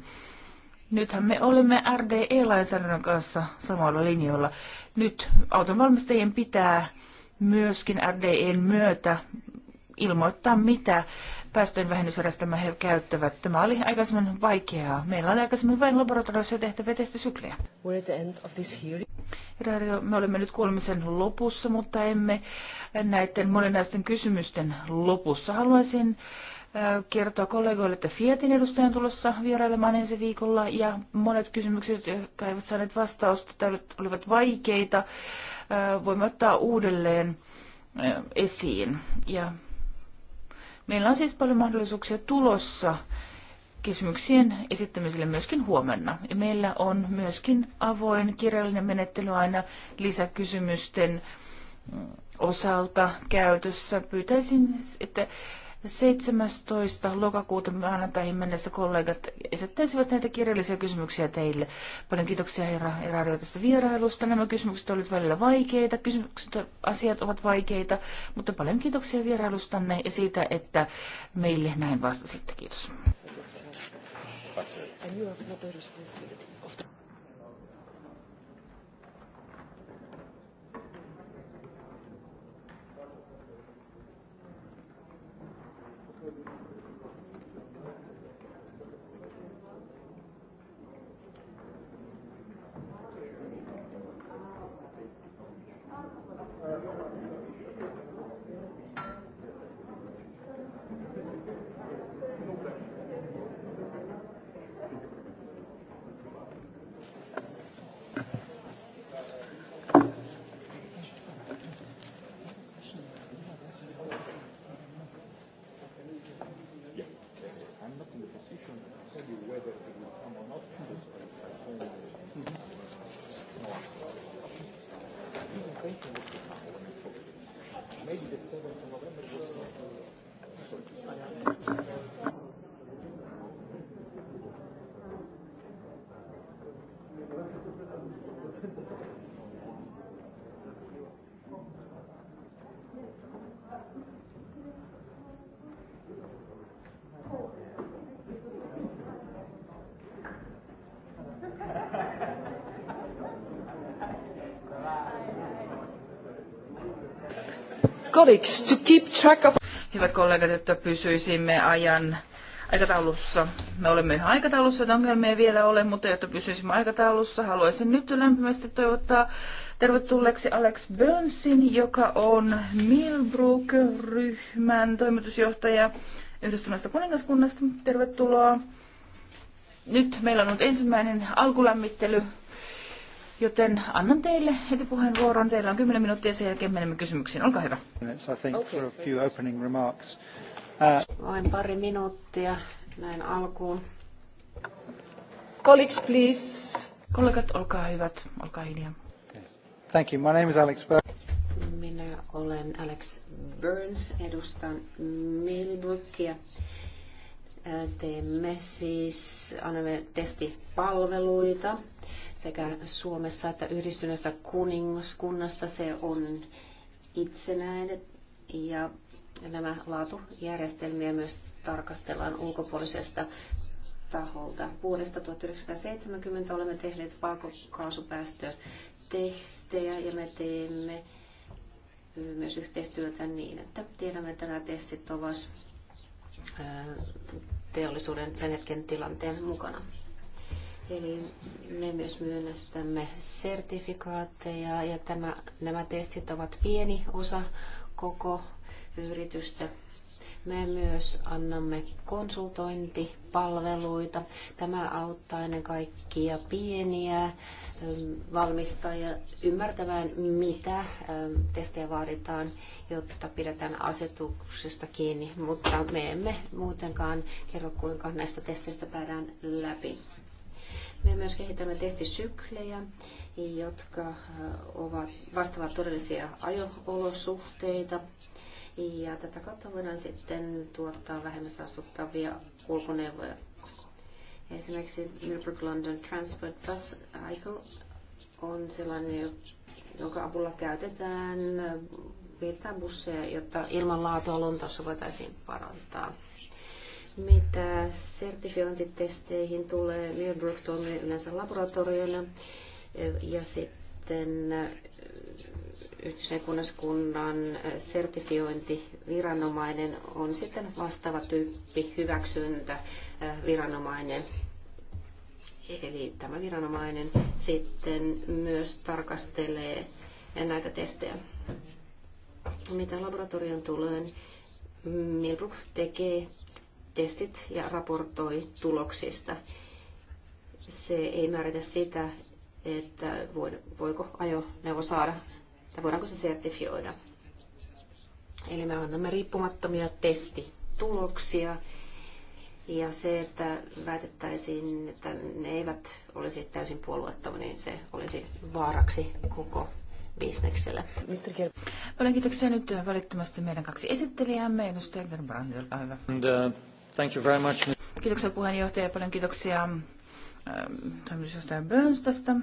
Nythän me olemme RDE-lainsäädännön kanssa samoilla linjoilla. Nyt autonvalmistajien pitää myöskin RDEn myötä ilmoittaa, mitä päästöjen vähennysjärjestelmää he käyttävät. Tämä oli aikaisemmin vaikeaa. Meillä oli aikaisemmin vain laboratoriossa tehtäviä testisykliä. Radio, me olemme nyt kuulemisen lopussa, mutta emme näiden moninaisten kysymysten lopussa. Haluaisin kertoa kollegoille, että Fiatin edustajan tulossa vierailemaan ensi viikolla ja monet kysymykset, jotka eivät saaneet vastausta, olivat vaikeita, voimme ottaa uudelleen esiin. Ja meillä on siis paljon mahdollisuuksia tulossa kysymyksien esittämiselle myöskin huomenna. Ja meillä on myöskin avoin kirjallinen menettely aina lisäkysymysten mm, osalta käytössä. Pyytäisin, että 17. lokakuuta maanantaihin mennessä kollegat esittäisivät näitä kirjallisia kysymyksiä teille. Paljon kiitoksia herra Erario tästä vierailusta. Nämä kysymykset olivat välillä vaikeita, kysymykset, asiat ovat vaikeita, mutta paljon kiitoksia vierailustanne ja siitä, että meille näin vastasitte. Kiitos. And you have no colleagues, to keep track of... Hyvät kollegat, jotta pysyisimme ajan aikataulussa. Me olemme yhä aikataulussa, että ongelmia ei vielä ole, mutta jotta pysyisimme aikataulussa, haluaisin nyt lämpimästi toivottaa tervetulleeksi Alex Burnsin, joka on Millbrook-ryhmän toimitusjohtaja Yhdistyneestä kuningaskunnasta. Tervetuloa. Nyt meillä on ollut ensimmäinen alkulämmittely Joten annan teille heti puheenvuoron. Teillä on 10 minuuttia ja sen jälkeen menemme kysymyksiin. Olkaa hyvä. Uh, Vain pari minuuttia näin alkuun. Colleagues, please. Kollegat, olkaa hyvät. Olkaa hiljaa. Thank you. My name is Alex Burns. Minä olen Alex Burns, edustan Millbrookia. Äh, teemme siis, annamme testipalveluita sekä Suomessa että yhdistyneessä kuningaskunnassa se on itsenäinen ja nämä laatujärjestelmiä myös tarkastellaan ulkopuolisesta taholta. Vuodesta 1970 olemme tehneet pakokaasupäästötestejä ja me teemme myös yhteistyötä niin, että tiedämme, että nämä testit ovat teollisuuden sen hetken tilanteen mukana. Eli me myös myönnästämme sertifikaatteja ja tämä, nämä testit ovat pieni osa koko yritystä. Me myös annamme konsultointipalveluita. Tämä auttaa ennen kaikkia pieniä valmistajia ymmärtämään, mitä testejä vaaditaan, jotta pidetään asetuksesta kiinni, mutta me emme muutenkaan kerro, kuinka näistä testeistä päädään läpi. Me myös kehitämme testisyklejä, jotka äh, ovat, vastaavat todellisia ajoolosuhteita. Ja tätä kautta voidaan sitten tuottaa vähemmän saastuttavia kulkuneuvoja. Esimerkiksi Millbrook London Transport Bus Cycle on sellainen, jonka avulla käytetään äh, virtaa busseja, jotta ilmanlaatua Lontoossa voitaisiin parantaa. Mitä sertifiointitesteihin tulee, Mirbrook toimii yleensä laboratoriona eh, ja sitten eh, yhdistyneen sertifiointiviranomainen on sitten vastaava tyyppi hyväksyntä eh, viranomainen. Eli tämä viranomainen sitten myös tarkastelee näitä testejä. Mitä laboratorion tulee, niin Milbrook tekee testit ja raportoi tuloksista. Se ei määritä sitä, että voiko ajoneuvo saada tai voidaanko se sertifioida. Eli me annamme riippumattomia testituloksia ja se, että väitettäisiin, että ne eivät olisi täysin puolueettomia, niin se olisi vaaraksi koko bisnekselle. Paljon kiitoksia nyt välittömästi meidän kaksi esittelijäämme, edustaja Gerbrandi, olkaa hyvä. And, uh... Thank you very much. Kiitoksia puheenjohtaja paljon kiitoksia ähm, toimitusjohtaja Burns tästä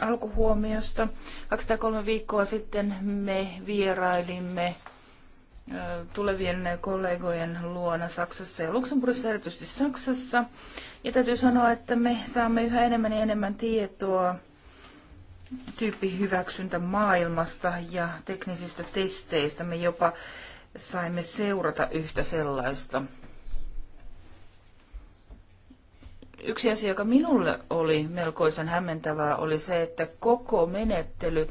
alkuhuomiosta. 203 viikkoa sitten me vierailimme äh, tulevien kollegojen luona Saksassa ja Luxemburgissa, erityisesti Saksassa. Ja täytyy sanoa, että me saamme yhä enemmän ja enemmän tietoa tyyppihyväksyntä maailmasta ja teknisistä testeistä. Me jopa saimme seurata yhtä sellaista. Yksi asia, joka minulle oli melkoisen hämmentävää, oli se, että koko menettely,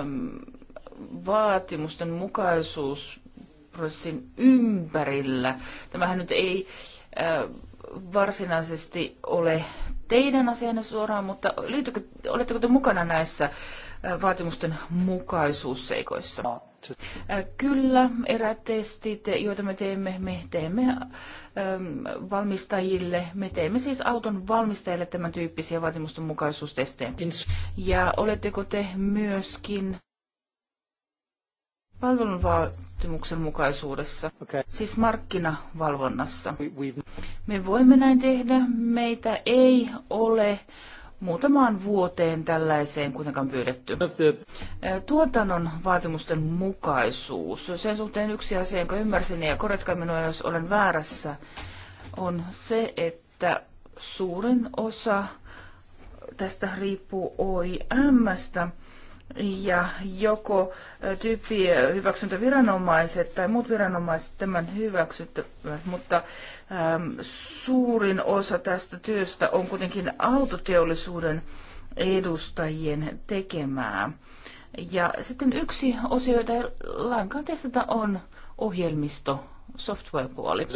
äm, vaatimusten prosessin ympärillä, tämähän nyt ei ä, varsinaisesti ole teidän asianne suoraan, mutta liittykö, oletteko te mukana näissä vaatimusten mukaisuusseikoissa? No, Kyllä, erät testit, joita me teemme, me teemme ähm, valmistajille. Me teemme siis auton valmistajille tämän tyyppisiä vaatimustenmukaisuustestejä. Ja oletteko te myöskin palvelun vaatimuksenmukaisuudessa, okay. siis markkinavalvonnassa? Me voimme näin tehdä. Meitä ei ole muutamaan vuoteen tällaiseen kuitenkaan pyydetty. Tuotannon vaatimusten mukaisuus. Sen suhteen yksi asia, jonka ymmärsin, ja korjatkaa minua, jos olen väärässä, on se, että suurin osa tästä riippuu OIMstä. Ja joko tyyppi hyväksyntäviranomaiset tai muut viranomaiset tämän hyväksyttävät, mutta Ähm, suurin osa tästä työstä on kuitenkin autoteollisuuden edustajien tekemää. Ja sitten yksi osio, jota lainkaan testata, on ohjelmisto, softwarepuoli.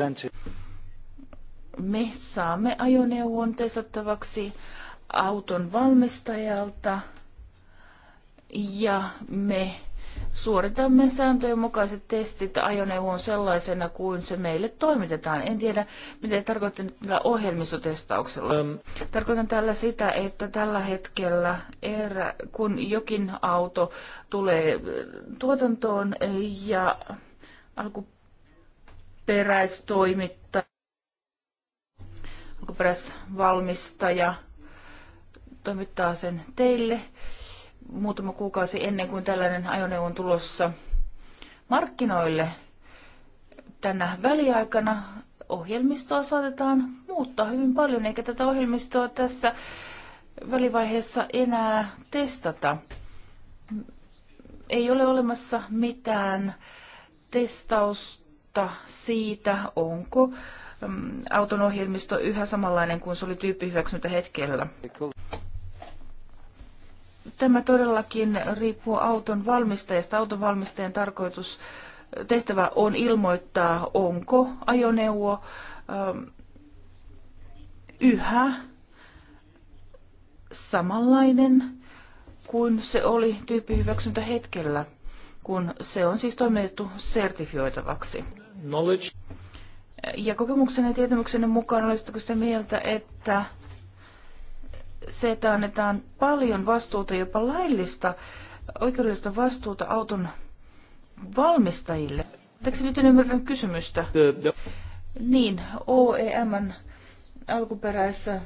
Me saamme ajoneuvon testattavaksi auton valmistajalta ja me suoritamme sääntöjen mukaiset testit ajoneuvon sellaisena kuin se meille toimitetaan. En tiedä, mitä tarkoitan tällä ohjelmistotestauksella. Um. Tarkoitan tällä sitä, että tällä hetkellä erä, kun jokin auto tulee tuotantoon ja alkuperäistoimittaja, alkuperäisvalmistaja toimittaa sen teille, muutama kuukausi ennen kuin tällainen ajoneuvo on tulossa markkinoille. Tänä väliaikana ohjelmistoa saatetaan muuttaa hyvin paljon, eikä tätä ohjelmistoa tässä välivaiheessa enää testata. Ei ole olemassa mitään testausta siitä, onko mm, auton ohjelmisto yhä samanlainen kuin se oli tyyppihyväksyntä hetkellä. Tämä todellakin riippuu auton valmistajasta. Auton valmistajan tarkoitus tehtävä on ilmoittaa, onko ajoneuvo ähm, yhä samanlainen kuin se oli tyyppihyväksyntä hetkellä, kun se on siis toimitettu sertifioitavaksi. Knowledge. Ja kokemuksenne ja tietämyksenne mukaan olisitteko sitä mieltä, että se, että annetaan paljon vastuuta, jopa laillista oikeudellista vastuuta auton valmistajille. Oletteko nyt en ymmärtänyt kysymystä. Niin, OEMn alkuperäisessä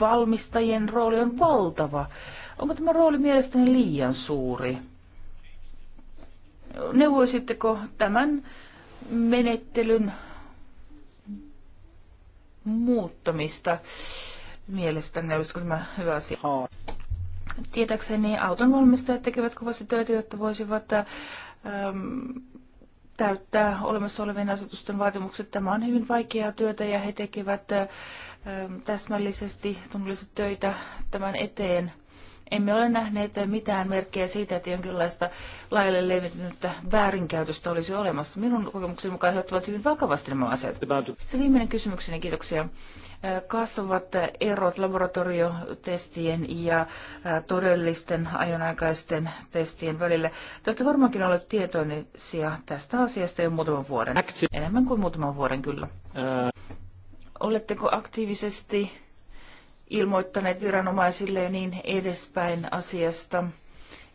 valmistajien rooli on valtava. Onko tämä rooli mielestäni liian suuri? Neuvoisitteko tämän menettelyn muuttamista? Mielestäni Olisiko tämä hyvä asia? Tietääkseni auton valmistajat tekevät kovasti töitä, jotta voisivat äm, täyttää olemassa olevien asetusten vaatimukset. Tämä on hyvin vaikeaa työtä ja he tekevät äm, täsmällisesti tunnulliset töitä tämän eteen. Emme ole nähneet mitään merkkejä siitä, että jonkinlaista laille levinnyttä väärinkäytöstä olisi olemassa. Minun kokemukseni mukaan he ottavat hyvin vakavasti nämä asiat. Se viimeinen kysymykseni, kiitoksia. Äh, kasvavat erot laboratoriotestien ja äh, todellisten ajonaikaisten testien välillä. Te olette varmaankin olleet tietoisia tästä asiasta jo muutaman vuoden. Enemmän kuin muutaman vuoden kyllä. Äh. Oletteko aktiivisesti ilmoittaneet viranomaisille ja niin edespäin asiasta,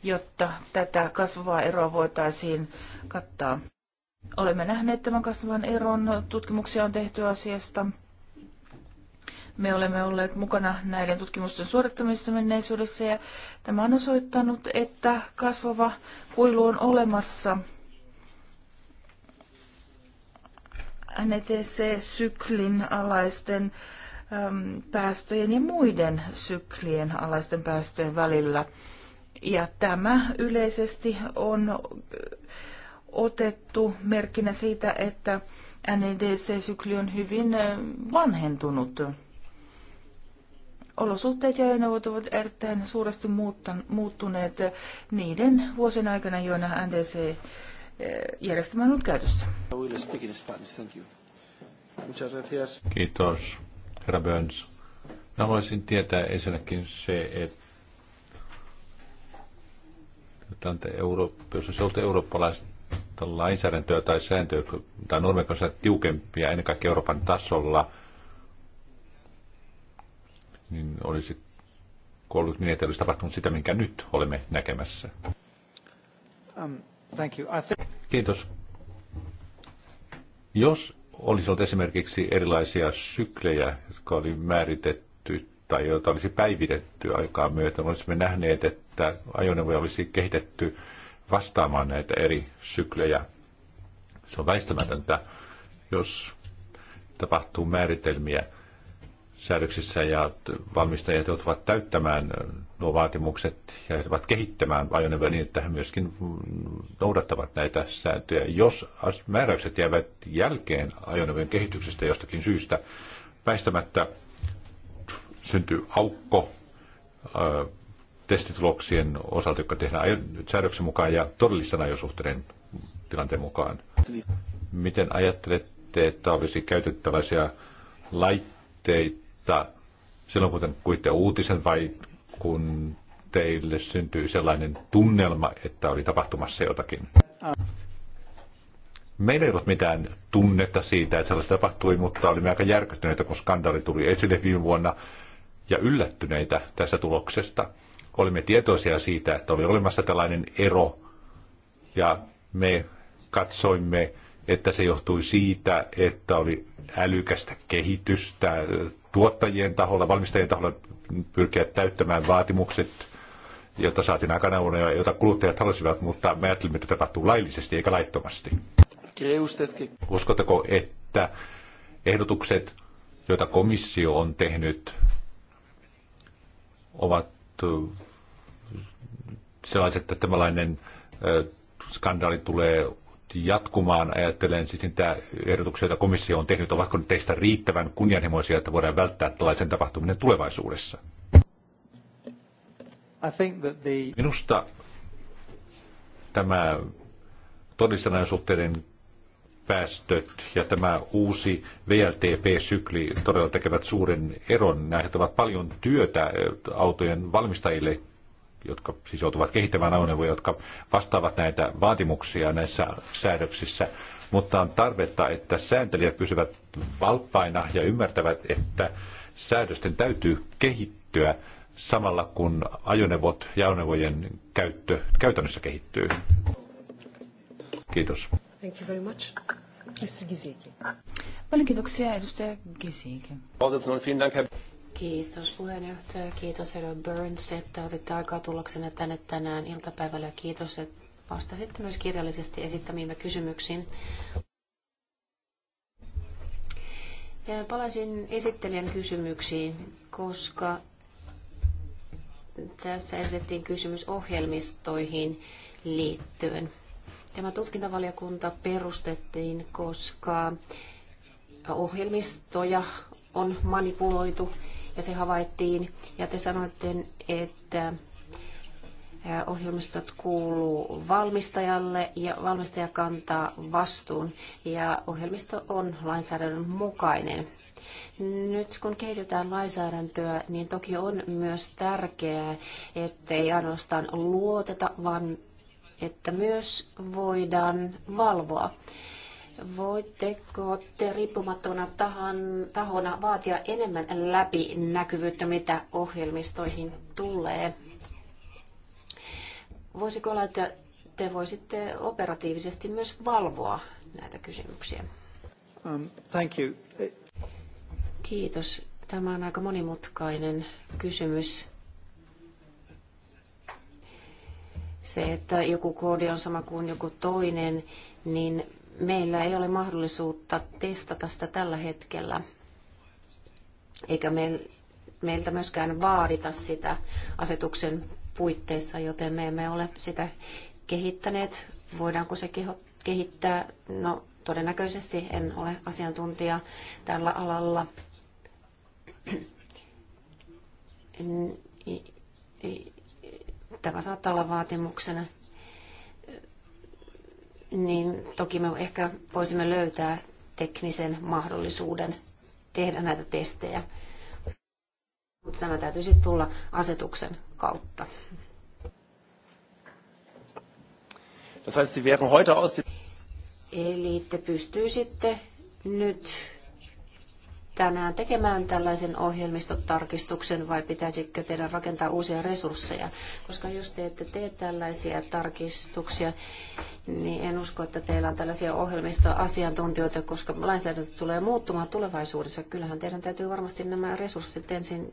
jotta tätä kasvavaa eroa voitaisiin kattaa. Olemme nähneet tämän kasvavan eron, tutkimuksia on tehty asiasta. Me olemme olleet mukana näiden tutkimusten suorittamisessa menneisyydessä ja tämä on osoittanut, että kasvava kuilu on olemassa. ntc e syklin alaisten päästöjen ja muiden syklien alaisten päästöjen välillä. Ja tämä yleisesti on otettu merkkinä siitä, että NEDC-sykli on hyvin vanhentunut. Olosuhteet ja ajoneuvot ovat erittäin suuresti muuttuneet niiden vuosien aikana, joina NDC järjestelmä on ollut käytössä. Kiitos herra Burns. Mä haluaisin tietää ensinnäkin se, että Euroop... jos se on eurooppalaista lainsäädäntöä tai sääntöä tai normeja kanssa tiukempia ennen kaikkea Euroopan tasolla, niin olisi ollut niin, että olisi tapahtunut sitä, minkä nyt olemme näkemässä. Um, thank you. I think... Kiitos. Jos olisi ollut esimerkiksi erilaisia syklejä, jotka oli määritetty tai joita olisi päivitetty aikaa myöten. Olisimme nähneet, että ajoneuvoja olisi kehitetty vastaamaan näitä eri syklejä. Se on väistämätöntä, jos tapahtuu määritelmiä säädöksissä ja valmistajat joutuvat täyttämään nuo vaatimukset ja ovat kehittämään ajoneuvoja niin, että he myöskin noudattavat näitä sääntöjä. Jos määräykset jäävät jälkeen ajoneuvojen kehityksestä jostakin syystä, väistämättä syntyy aukko ää, testituloksien osalta, jotka tehdään säädöksen mukaan ja todellisen ajosuhteiden tilanteen mukaan. Miten ajattelette, että olisi käytettävä laitteita silloin, kuten kuitte uutisen vai kun teille syntyi sellainen tunnelma, että oli tapahtumassa jotakin? Meillä ei ollut mitään tunnetta siitä, että sellaista tapahtui, mutta olimme aika järkyttyneitä, kun skandaali tuli esille viime vuonna ja yllättyneitä tästä tuloksesta. Olimme tietoisia siitä, että oli olemassa tällainen ero ja me katsoimme, että se johtui siitä, että oli älykästä kehitystä tuottajien taholla, valmistajien taholla pyrkiä täyttämään vaatimukset, jotta saatiin aikana ja jota kuluttajat halusivat, mutta me ajattelimme, että tapahtuu laillisesti eikä laittomasti. Uskotteko, että ehdotukset, joita komissio on tehnyt, ovat sellaiset, että tämänlainen skandaali tulee jatkumaan? Ajattelen siis niitä ehdotuksia, joita komissio on tehnyt. Ovatko ne teistä riittävän kunnianhimoisia, että voidaan välttää tällaisen tapahtuminen tulevaisuudessa? I think that the... Minusta tämä todistanajan suhteiden päästöt ja tämä uusi VLTP-sykli todella tekevät suuren eron. Nämä ovat paljon työtä autojen valmistajille jotka siis joutuvat kehittämään ajoneuvoja, jotka vastaavat näitä vaatimuksia näissä säädöksissä, mutta on tarvetta, että sääntelijät pysyvät valppaina ja ymmärtävät, että säädösten täytyy kehittyä samalla kun ajoneuvot ja ajoneuvojen käyttö käytännössä kehittyy. Kiitos. Thank you very much. Mr. Paljon kiitoksia edustaja Gizeki. Kiitos puheenjohtaja, kiitos Elo Burns, että otitte aikaa tullaksenne tänne tänään iltapäivällä ja kiitos, että vastasitte myös kirjallisesti esittämiimme kysymyksiin. Palaisin esittelijän kysymyksiin, koska tässä esitettiin kysymys ohjelmistoihin liittyen. Tämä tutkintavaliokunta perustettiin, koska ohjelmistoja on manipuloitu ja se havaittiin. Ja te sanoitte, että ohjelmistot kuuluu valmistajalle ja valmistaja kantaa vastuun ja ohjelmisto on lainsäädännön mukainen. Nyt kun kehitetään lainsäädäntöä, niin toki on myös tärkeää, ettei ainoastaan luoteta, vaan että myös voidaan valvoa. Voitteko te riippumattomana tahan, tahona vaatia enemmän läpinäkyvyyttä, mitä ohjelmistoihin tulee? Voisiko olla, että te voisitte operatiivisesti myös valvoa näitä kysymyksiä? Um, thank you. Kiitos. Tämä on aika monimutkainen kysymys. Se, että joku koodi on sama kuin joku toinen, niin meillä ei ole mahdollisuutta testata sitä tällä hetkellä, eikä meiltä myöskään vaadita sitä asetuksen puitteissa, joten me emme ole sitä kehittäneet. Voidaanko se kehittää? No, todennäköisesti en ole asiantuntija tällä alalla. Tämä saattaa olla vaatimuksena niin toki me ehkä voisimme löytää teknisen mahdollisuuden tehdä näitä testejä. Mutta tämä täytyisi tulla asetuksen kautta. Das heißt, Sie wären heute aus Eli te pystyisitte nyt tänään tekemään tällaisen ohjelmistotarkistuksen vai pitäisikö teidän rakentaa uusia resursseja? Koska jos te ette tee tällaisia tarkistuksia, niin en usko, että teillä on tällaisia ohjelmistoasiantuntijoita, koska lainsäädäntö tulee muuttumaan tulevaisuudessa. Kyllähän teidän täytyy varmasti nämä resurssit ensin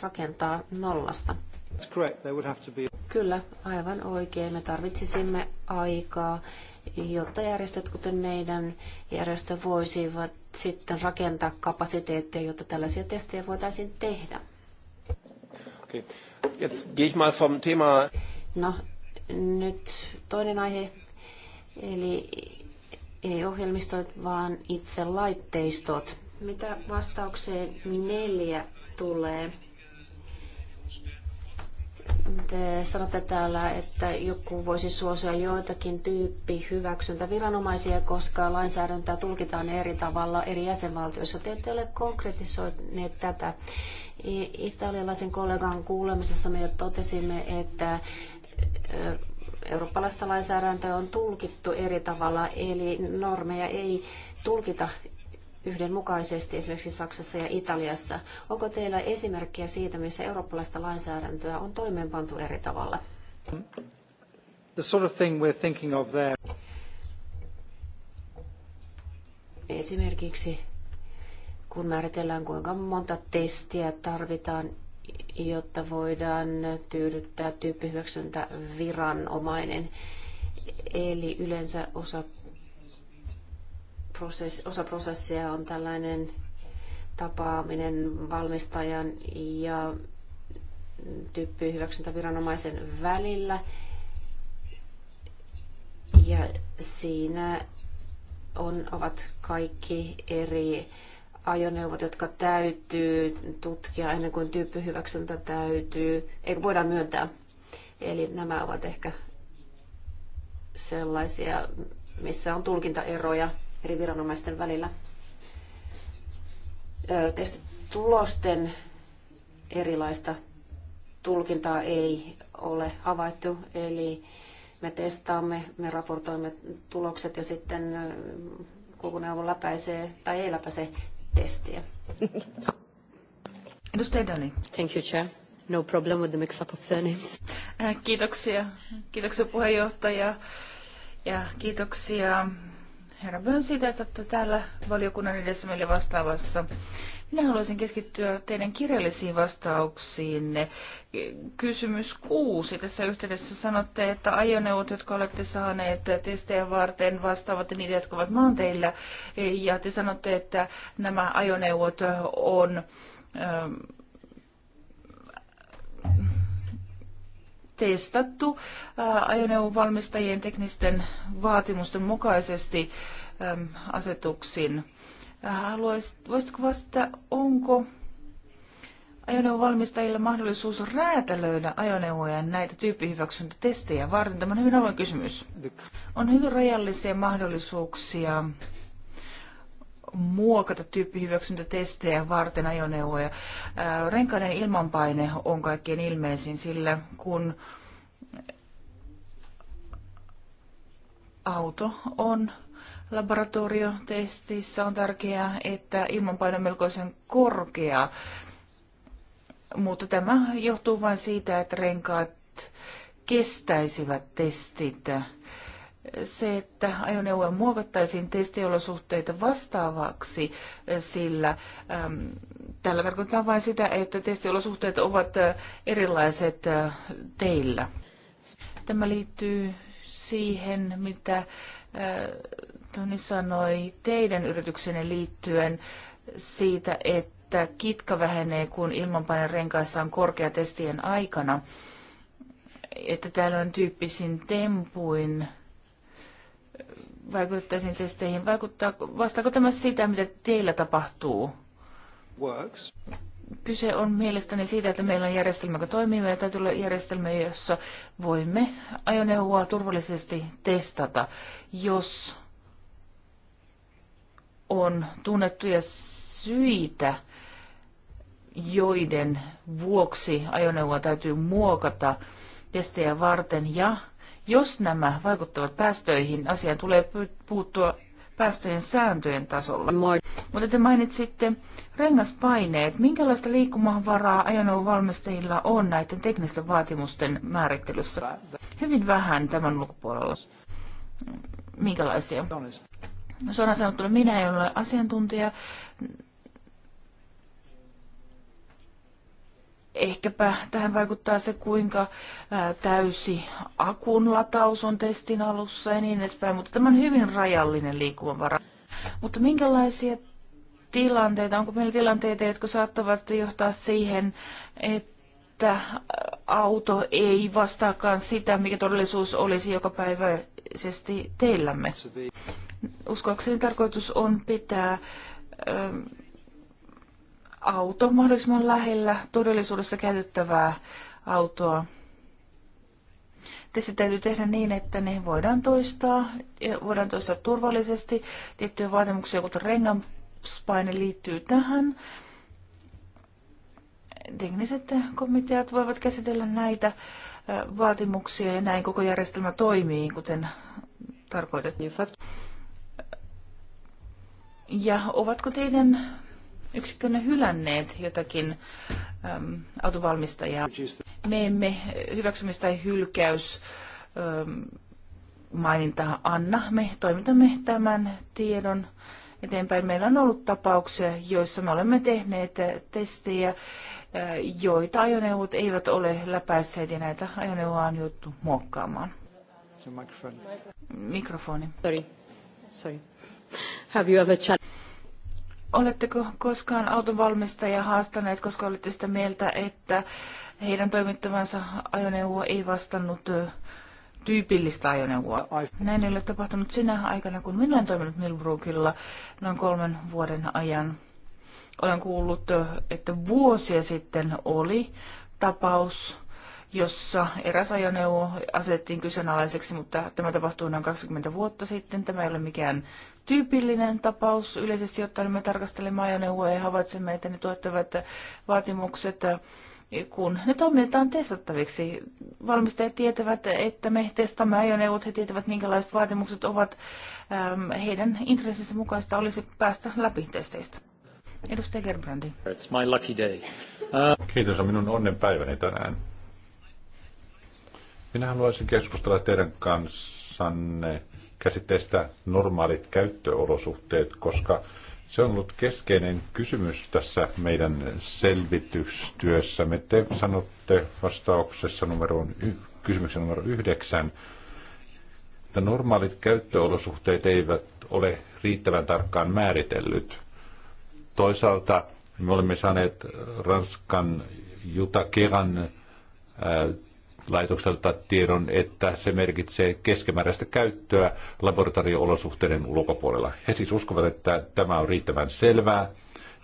rakentaa nollasta. Be... Kyllä, aivan oikein. Me tarvitsisimme aikaa jotta järjestöt, kuten meidän järjestö, voisivat sitten rakentaa kapasiteettia, jotta tällaisia testejä voitaisiin tehdä. Okay. Jetzt gehe ich mal vom Thema... No, nyt toinen aihe, eli ei ohjelmistot, vaan itse laitteistot. Mitä vastaukseen neljä tulee? Te sanotte täällä, että joku voisi suosia joitakin tyyppihyväksyntäviranomaisia, hyväksyntäviranomaisia, koska lainsäädäntöä tulkitaan eri tavalla eri jäsenvaltioissa. Te ette ole konkretisoineet tätä. Italialaisen kollegan kuulemisessa me totesimme, että eurooppalaista lainsäädäntöä on tulkittu eri tavalla, eli normeja ei tulkita yhdenmukaisesti esimerkiksi Saksassa ja Italiassa. Onko teillä esimerkkiä siitä, missä eurooppalaista lainsäädäntöä on toimeenpantu eri tavalla? The sort of thing we're thinking of there. Esimerkiksi kun määritellään kuinka monta testiä tarvitaan, jotta voidaan tyydyttää tyyppihyväksyntä viranomainen. Eli yleensä osa prosess, osa prosessia on tällainen tapaaminen valmistajan ja tyyppihyväksyntäviranomaisen välillä. Ja siinä on, ovat kaikki eri ajoneuvot, jotka täytyy tutkia ennen kuin tyyppihyväksyntä täytyy, ei voidaan myöntää. Eli nämä ovat ehkä sellaisia, missä on tulkintaeroja eri viranomaisten välillä. Testitulosten erilaista tulkintaa ei ole havaittu, eli me testaamme, me raportoimme tulokset ja sitten kulkuneuvo läpäisee tai ei läpäise testiä. Edustaja Dani. Thank you, Chair. No problem with the mix-up of surnames. Äh, kiitoksia. Kiitoksia puheenjohtaja ja kiitoksia herra Bön siitä, että olette täällä valiokunnan edessä meille vastaavassa. Minä haluaisin keskittyä teidän kirjallisiin vastauksiinne. Kysymys kuusi. Tässä yhteydessä sanotte, että ajoneuvot, jotka olette saaneet testejä varten, vastaavat niitä, jotka ovat maanteillä. Ja te sanotte, että nämä ajoneuvot on ähm, testattu äh, ajoneuvon valmistajien teknisten vaatimusten mukaisesti ähm, asetuksin. Äh, voisitko vastata, onko ajoneuvon mahdollisuus räätälöidä ajoneuvoja näitä tyyppihyväksyntätestejä varten? Tämä on hyvin avoin kysymys. On hyvin rajallisia mahdollisuuksia muokata tyyppihyväksyntätestejä varten ajoneuvoja. Renkaiden ilmanpaine on kaikkein ilmeisin, sillä kun auto on laboratoriotestissä, on tärkeää, että ilmanpaine on melkoisen korkea. Mutta tämä johtuu vain siitä, että renkaat kestäisivät testit se, että ajoneuvoja muovattaisiin testiolosuhteita vastaavaksi, eh, sillä äm, tällä tarkoittaa vain sitä, että testiolosuhteet ovat eh, erilaiset eh, teillä. Tämä liittyy siihen, mitä äh, Toni sanoi teidän yrityksenne liittyen siitä, että kitka vähenee, kun ilmanpaine renkaissa on korkea testien aikana. Että tällöin tyyppisin tempuin vaikuttaisiin testeihin. Vaikuttaa, vastaako tämä sitä, mitä teillä tapahtuu? Works. Kyse on mielestäni siitä, että meillä on järjestelmä, joka toimii. Meillä täytyy olla järjestelmä, jossa voimme ajoneuvoa turvallisesti testata, jos on tunnettuja syitä, joiden vuoksi ajoneuvoa täytyy muokata testejä varten ja jos nämä vaikuttavat päästöihin, asiaan tulee puuttua päästöjen sääntöjen tasolla. Moi. Mutta te mainitsitte rengaspaineet. Minkälaista liikkumavaraa ajoneuvovalmistajilla on näiden teknisten vaatimusten määrittelyssä? Hyvin vähän tämän ulkopuolella. Minkälaisia? Suoraan sanottuna minä en ole asiantuntija Ehkäpä tähän vaikuttaa se, kuinka täysi akun lataus on testin alussa ja niin edespäin, mutta tämä on hyvin rajallinen liikkumavara. Mutta minkälaisia tilanteita, onko meillä tilanteita, jotka saattavat johtaa siihen, että auto ei vastaakaan sitä, mikä todellisuus olisi joka päiväisesti teillämme? Uskoakseni tarkoitus on pitää auto mahdollisimman lähellä todellisuudessa käytettävää autoa. Tässä täytyy tehdä niin, että ne voidaan toistaa, voidaan toistaa turvallisesti. Tiettyjä vaatimuksia, kuten rengaspaine liittyy tähän. Tekniset komiteat voivat käsitellä näitä vaatimuksia ja näin koko järjestelmä toimii, kuten tarkoitettiin. Ja ovatko teidän yksikkönne hylänneet jotakin äm, autovalmistajaa. Me emme hyväksymistä tai hylkäys äm, mainintaa anna. Me toimitamme tämän tiedon eteenpäin. Meillä on ollut tapauksia, joissa me olemme tehneet testejä, joita ajoneuvot eivät ole läpäisseet ja näitä ajoneuvoja on joutu muokkaamaan. Mikrofoni. Sorry. Sorry. Have you ever Oletteko koskaan autonvalmistajia haastaneet, koska olette sitä mieltä, että heidän toimittavansa ajoneuvo ei vastannut tyypillistä ajoneuvoa. Näin ei ole tapahtunut sinä aikana, kun minä olen toiminut Milbrookilla noin kolmen vuoden ajan. Olen kuullut, että vuosia sitten oli tapaus, jossa eräs ajoneuvo asettiin kyseenalaiseksi, mutta tämä tapahtui noin 20 vuotta sitten. Tämä ei ole mikään tyypillinen tapaus. Yleisesti ottaen me tarkastelemme ajoneuvoja ja havaitsemme, että ne tuottavat vaatimukset kun ne toimitetaan testattaviksi. Valmistajat tietävät, että me testamme ajoneuvot, he tietävät, minkälaiset vaatimukset ovat. Ähm, heidän intressinsä mukaista olisi päästä läpi testeistä. Edustaja Gerbrandi. It's my lucky day. Uh... Kiitos, on minun onnenpäiväni tänään. Minä haluaisin keskustella teidän kanssanne käsitteestä normaalit käyttöolosuhteet, koska se on ollut keskeinen kysymys tässä meidän selvitystyössämme. Te sanotte vastauksessa numeroon, kysymyksen numero yhdeksän, että normaalit käyttöolosuhteet eivät ole riittävän tarkkaan määritellyt. Toisaalta me olemme saaneet Ranskan Juta Keran laitokselta tiedon, että se merkitsee keskimääräistä käyttöä laboratorioolosuhteiden ulkopuolella. He siis uskovat, että tämä on riittävän selvää,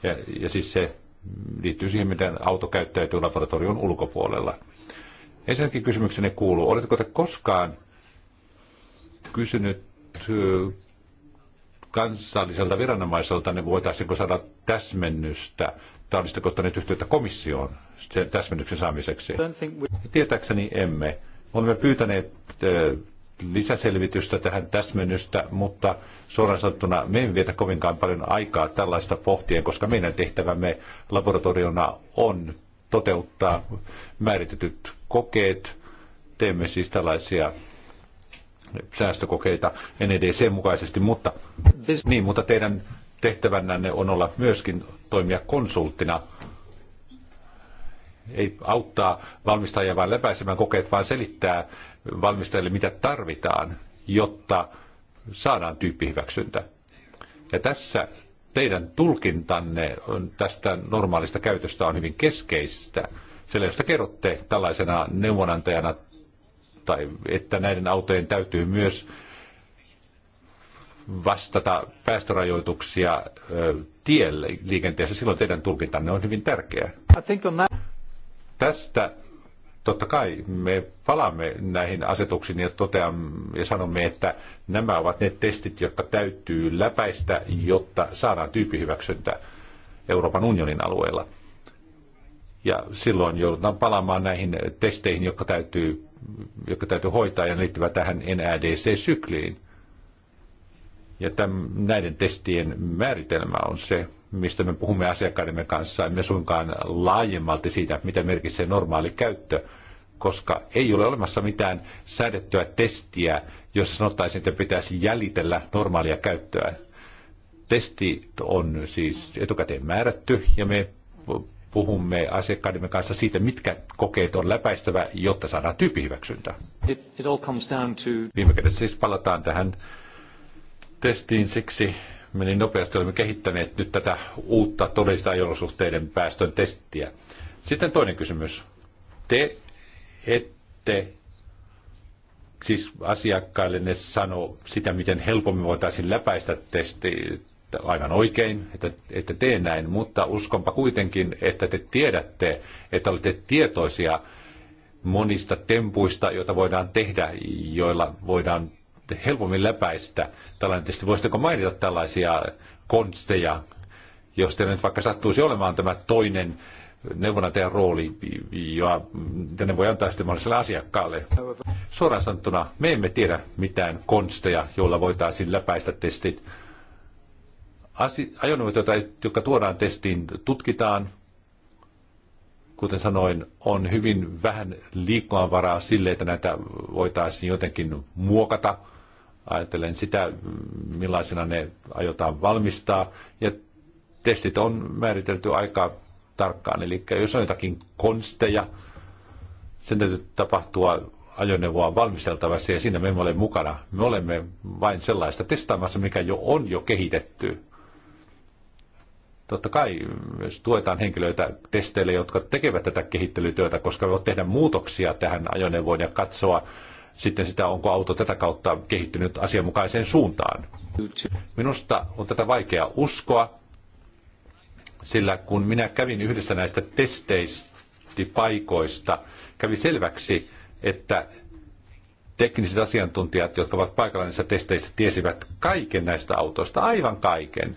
ja, ja siis se liittyy siihen, miten auto käyttäytyy laboratorion ulkopuolella. Ensinnäkin kysymykseni kuuluu, oletko te koskaan kysynyt kansalliselta viranomaiselta, niin voitaisiinko saada täsmennystä olisitteko ottaneet yhteyttä komissioon sen täsmennyksen saamiseksi? Tietääkseni emme. Olemme pyytäneet lisäselvitystä tähän täsmennystä, mutta suoraan sanottuna me emme vietä kovinkaan paljon aikaa tällaista pohtien, koska meidän tehtävämme laboratoriona on toteuttaa määritetyt kokeet. Teemme siis tällaisia säästökokeita NEDC mukaisesti, mutta, niin, mutta teidän tehtävänänne on olla myöskin toimia konsulttina. Ei auttaa valmistajia vain läpäisemään kokeet, vaan selittää valmistajille, mitä tarvitaan, jotta saadaan tyyppihyväksyntä. Ja tässä teidän tulkintanne tästä normaalista käytöstä on hyvin keskeistä. Sillä jos te kerrotte tällaisena neuvonantajana, tai että näiden autojen täytyy myös vastata päästörajoituksia tieliikenteessä, silloin teidän tulkintanne on hyvin tärkeä. Tästä totta kai me palaamme näihin asetuksiin ja toteamme ja sanomme, että nämä ovat ne testit, jotka täytyy läpäistä, jotta saadaan tyyppihyväksyntä Euroopan unionin alueella. Ja silloin joudutaan palaamaan näihin testeihin, jotka täytyy, jotka täytyy hoitaa ja liittyvät tähän NADC-sykliin – ja tämän, näiden testien määritelmä on se, mistä me puhumme asiakkaidemme kanssa, emme suinkaan laajemmalti siitä, mitä merkitsee normaali käyttö, koska ei ole olemassa mitään säädettyä testiä, jossa sanottaisiin, että pitäisi jäljitellä normaalia käyttöä. Testi on siis etukäteen määrätty ja me puhumme asiakkaidemme kanssa siitä, mitkä kokeet on läpäistävä, jotta saadaan tyyppihyväksyntä. It, it all comes down to... Viime kädessä siis palataan tähän testiin siksi meni nopeasti. Olemme kehittäneet nyt tätä uutta todellista ajolosuhteiden päästön testiä. Sitten toinen kysymys. Te ette siis asiakkaille ne sano sitä, miten helpommin voitaisiin läpäistä testi, aivan oikein, että, että tee näin, mutta uskonpa kuitenkin, että te tiedätte, että olette tietoisia monista tempuista, joita voidaan tehdä, joilla voidaan helpommin läpäistä tällainen testi. Voisitteko mainita tällaisia konsteja, jos teillä nyt vaikka sattuisi olemaan tämä toinen neuvonantajan rooli, ja ne voi antaa sitten mahdolliselle asiakkaalle. Suoraan sanottuna me emme tiedä mitään konsteja, joilla voitaisiin läpäistä testit. Asi- ajoneuvot, jotka tuodaan testiin, tutkitaan. Kuten sanoin, on hyvin vähän liikkumavaraa sille, että näitä voitaisiin jotenkin muokata – ajatellen sitä, millaisena ne aiotaan valmistaa. Ja testit on määritelty aika tarkkaan. Eli jos on jotakin konsteja, sen täytyy tapahtua ajoneuvoa valmisteltavassa ja siinä me emme ole mukana. Me olemme vain sellaista testaamassa, mikä jo on jo kehitetty. Totta kai myös tuetaan henkilöitä testeille, jotka tekevät tätä kehittelytyötä, koska voimme tehdä muutoksia tähän ajoneuvoon ja katsoa, sitten sitä, onko auto tätä kautta kehittynyt asianmukaiseen suuntaan. Minusta on tätä vaikea uskoa, sillä kun minä kävin yhdessä näistä testeistipaikoista, kävi selväksi, että tekniset asiantuntijat, jotka ovat paikalla näissä testeissä, tiesivät kaiken näistä autoista, aivan kaiken.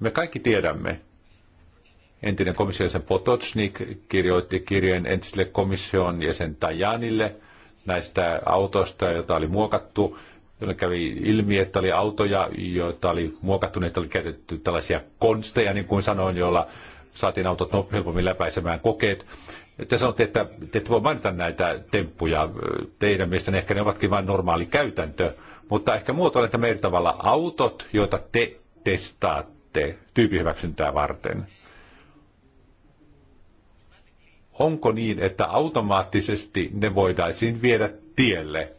Me kaikki tiedämme, Entinen komission jäsen Potocnik kirjoitti kirjeen entiselle komission jäsen Tajanille näistä autoista, joita oli muokattu Jolloin kävi ilmi, että oli autoja, joita oli muokattu, että oli käytetty tällaisia konsteja, niin kuin sanoin, joilla saatiin autot no-, helpommin läpäisemään kokeet. Te sanotte, että te ette voi mainita näitä temppuja. Teidän mielestänne ehkä ne ovatkin vain normaali käytäntö, mutta ehkä muotoilette meidän tavalla autot, joita te testaatte tyypihyväksyntää varten onko niin, että automaattisesti ne voitaisiin viedä tielle?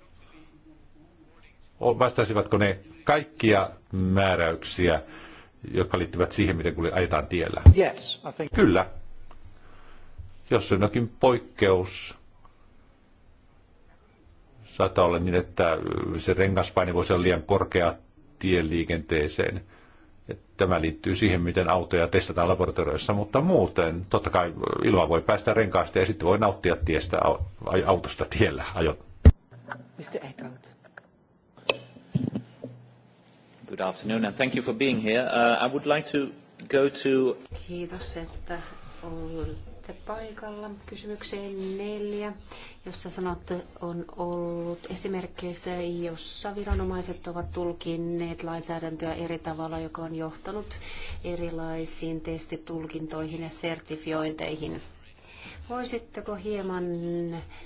Vastaisivatko ne kaikkia määräyksiä, jotka liittyvät siihen, miten kuli ajetaan tiellä? Yes, I think... Kyllä. Jos on jokin poikkeus, saattaa olla niin, että se rengaspaine voisi olla liian korkea tieliikenteeseen – Tämä liittyy siihen, miten autoja testataan laboratorioissa, mutta muuten totta kai ilman voi päästä renkaasta ja sitten voi nauttia tiestä autosta tiellä ajot. Mr. Eckhout. Good afternoon and thank you for being here. Uh, I would like to go to... Kiitos, että olet olette paikalla. Kysymykseen neljä, jossa sanottu on ollut esimerkkeissä, jossa viranomaiset ovat tulkinneet lainsäädäntöä eri tavalla, joka on johtanut erilaisiin testitulkintoihin ja sertifiointeihin. Voisitteko hieman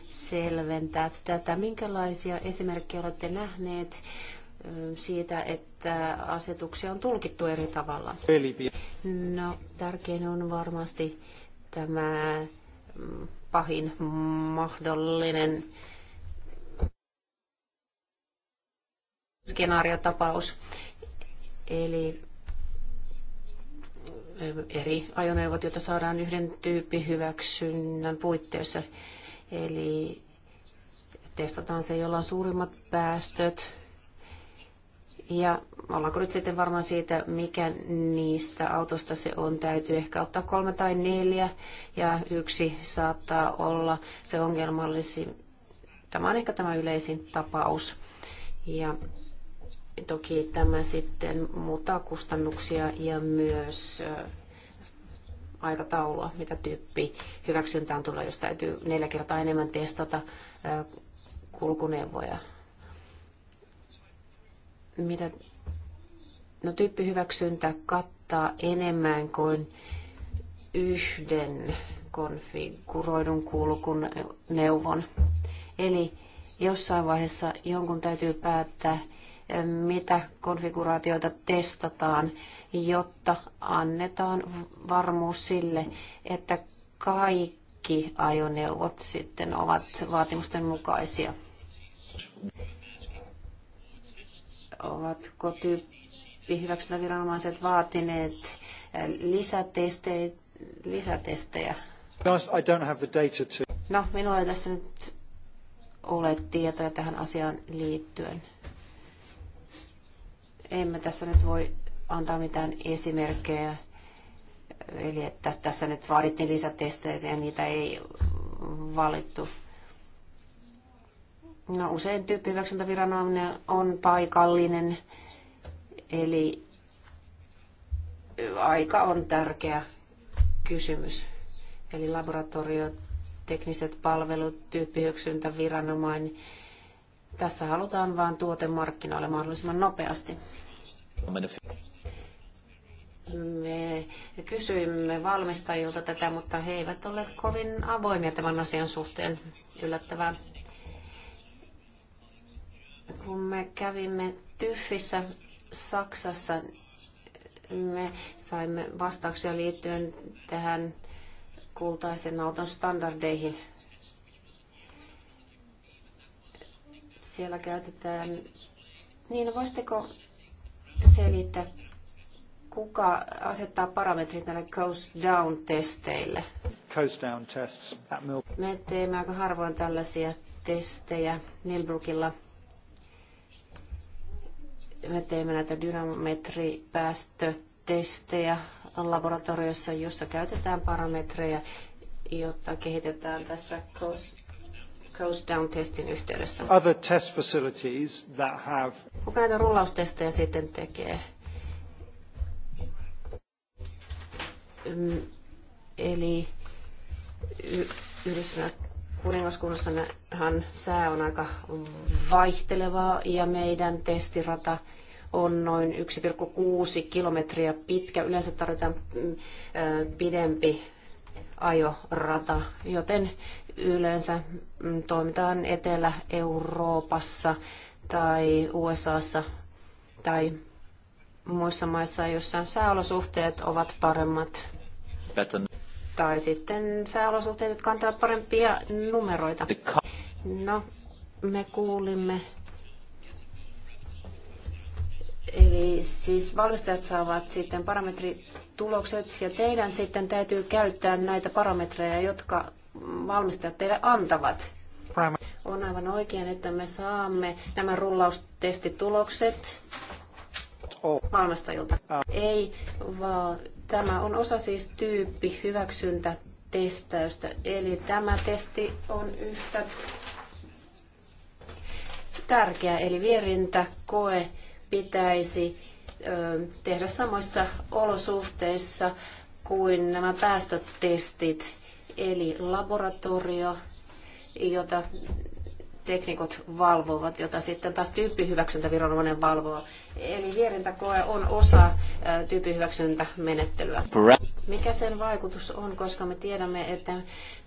selventää tätä? Minkälaisia esimerkkejä olette nähneet siitä, että asetuksia on tulkittu eri tavalla? No, tärkein on varmasti tämä mm, pahin mahdollinen skenaariotapaus. Eli eh, eri ajoneuvot, joita saadaan yhden hyväksynnän puitteissa. Eli testataan se, jolla on suurimmat päästöt ja ollaanko nyt sitten varmaan siitä, mikä niistä autosta se on. Täytyy ehkä ottaa kolme tai neljä ja yksi saattaa olla se ongelmallisin. Tämä on ehkä tämä yleisin tapaus. Ja toki tämä sitten muuttaa kustannuksia ja myös aikataulua, mitä tyyppi hyväksyntään tulee, jos täytyy neljä kertaa enemmän testata kulkuneuvoja mitä, no tyyppihyväksyntä kattaa enemmän kuin yhden konfiguroidun kulkun neuvon. Eli jossain vaiheessa jonkun täytyy päättää, mitä konfiguraatioita testataan, jotta annetaan varmuus sille, että kaikki ajoneuvot sitten ovat vaatimusten mukaisia. Ovatko tyyppihyväksyntäviranomaiset vaatineet eh, lisätestejä? lisätestejä? No, minulla ei tässä nyt ole tietoja tähän asiaan liittyen. Emme tässä nyt voi antaa mitään esimerkkejä. Eli että tässä nyt vaadittiin lisätestejä ja niitä ei valittu. No usein tyyppihyväksyntäviranomainen on paikallinen, eli aika on tärkeä kysymys. Eli laboratorio, tekniset palvelut, tyyppihyväksyntäviranomainen. Tässä halutaan vain tuote markkinoille mahdollisimman nopeasti. Me kysyimme valmistajilta tätä, mutta he eivät ole kovin avoimia tämän asian suhteen. Yllättävää. Kun me kävimme Tyffissä Saksassa, me saimme vastauksia liittyen tähän kultaisen auton standardeihin. Siellä käytetään... Niin, no voisitteko selittää, kuka asettaa parametrit näille coast down testeille? Coast down tests at Mil- Me teemme aika harvoin tällaisia testejä Milbrookilla me teemme näitä dynamometripäästötestejä laboratoriossa, jossa käytetään parametreja, jotta kehitetään tässä coast down testin yhteydessä. Other test facilities that have... Kuka näitä rullaustestejä sitten tekee? Mm, eli Yhdysvallat kuningaskunnassahan sää on aika vaihtelevaa ja meidän testirata on noin 1,6 kilometriä pitkä. Yleensä tarvitaan mm, pidempi ajorata, joten yleensä mm, toimitaan Etelä-Euroopassa tai USAssa tai muissa maissa, joissa sääolosuhteet ovat paremmat. Better tai sitten sääolosuhteet, jotka antavat parempia numeroita. No, me kuulimme. Eli siis valmistajat saavat sitten parametritulokset ja teidän sitten täytyy käyttää näitä parametreja, jotka valmistajat teille antavat. On aivan oikein, että me saamme nämä rullaustestitulokset oh. valmistajilta. Ei, vaan Tämä on osa siis tyyppi hyväksyntätestausta. Eli tämä testi on yhtä tärkeä, eli koe pitäisi tehdä samoissa olosuhteissa kuin nämä päästötestit, eli laboratorio, jota teknikot valvovat, jota sitten taas tyyppihyväksyntäviranomainen valvoo. Eli vierintäkoe on osa tyyppihyväksyntämenettelyä. Mikä sen vaikutus on, koska me tiedämme, että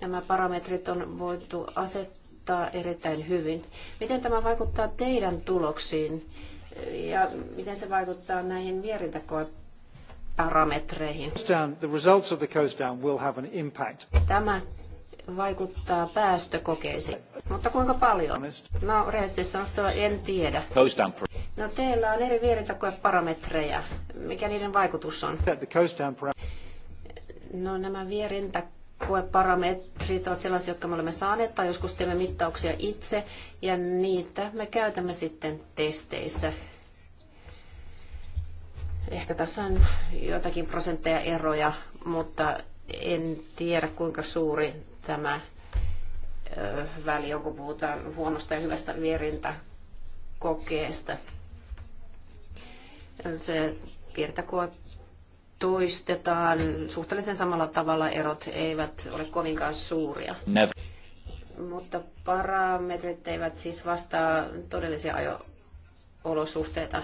nämä parametrit on voitu asettaa erittäin hyvin. Miten tämä vaikuttaa teidän tuloksiin ja miten se vaikuttaa näihin vierintäkoe parametreihin. Tämä vaikuttaa päästökokeisiin. Mutta kuinka paljon? No rehellisesti sanottuna en tiedä. No teillä on eri vierintäkoeparametreja. Mikä niiden vaikutus on? No nämä vierintäkoeparametrit ovat sellaisia, jotka me olemme saaneet tai joskus teemme mittauksia itse ja niitä me käytämme sitten testeissä ehkä tässä on joitakin prosentteja eroja, mutta en tiedä kuinka suuri tämä väli, jonka puhutaan huonosta ja hyvästä vierintäkokeesta. Se virtakoe toistetaan suhteellisen samalla tavalla, erot eivät ole kovinkaan suuria. Never. Mutta parametrit eivät siis vastaa todellisia ajo-olosuhteita.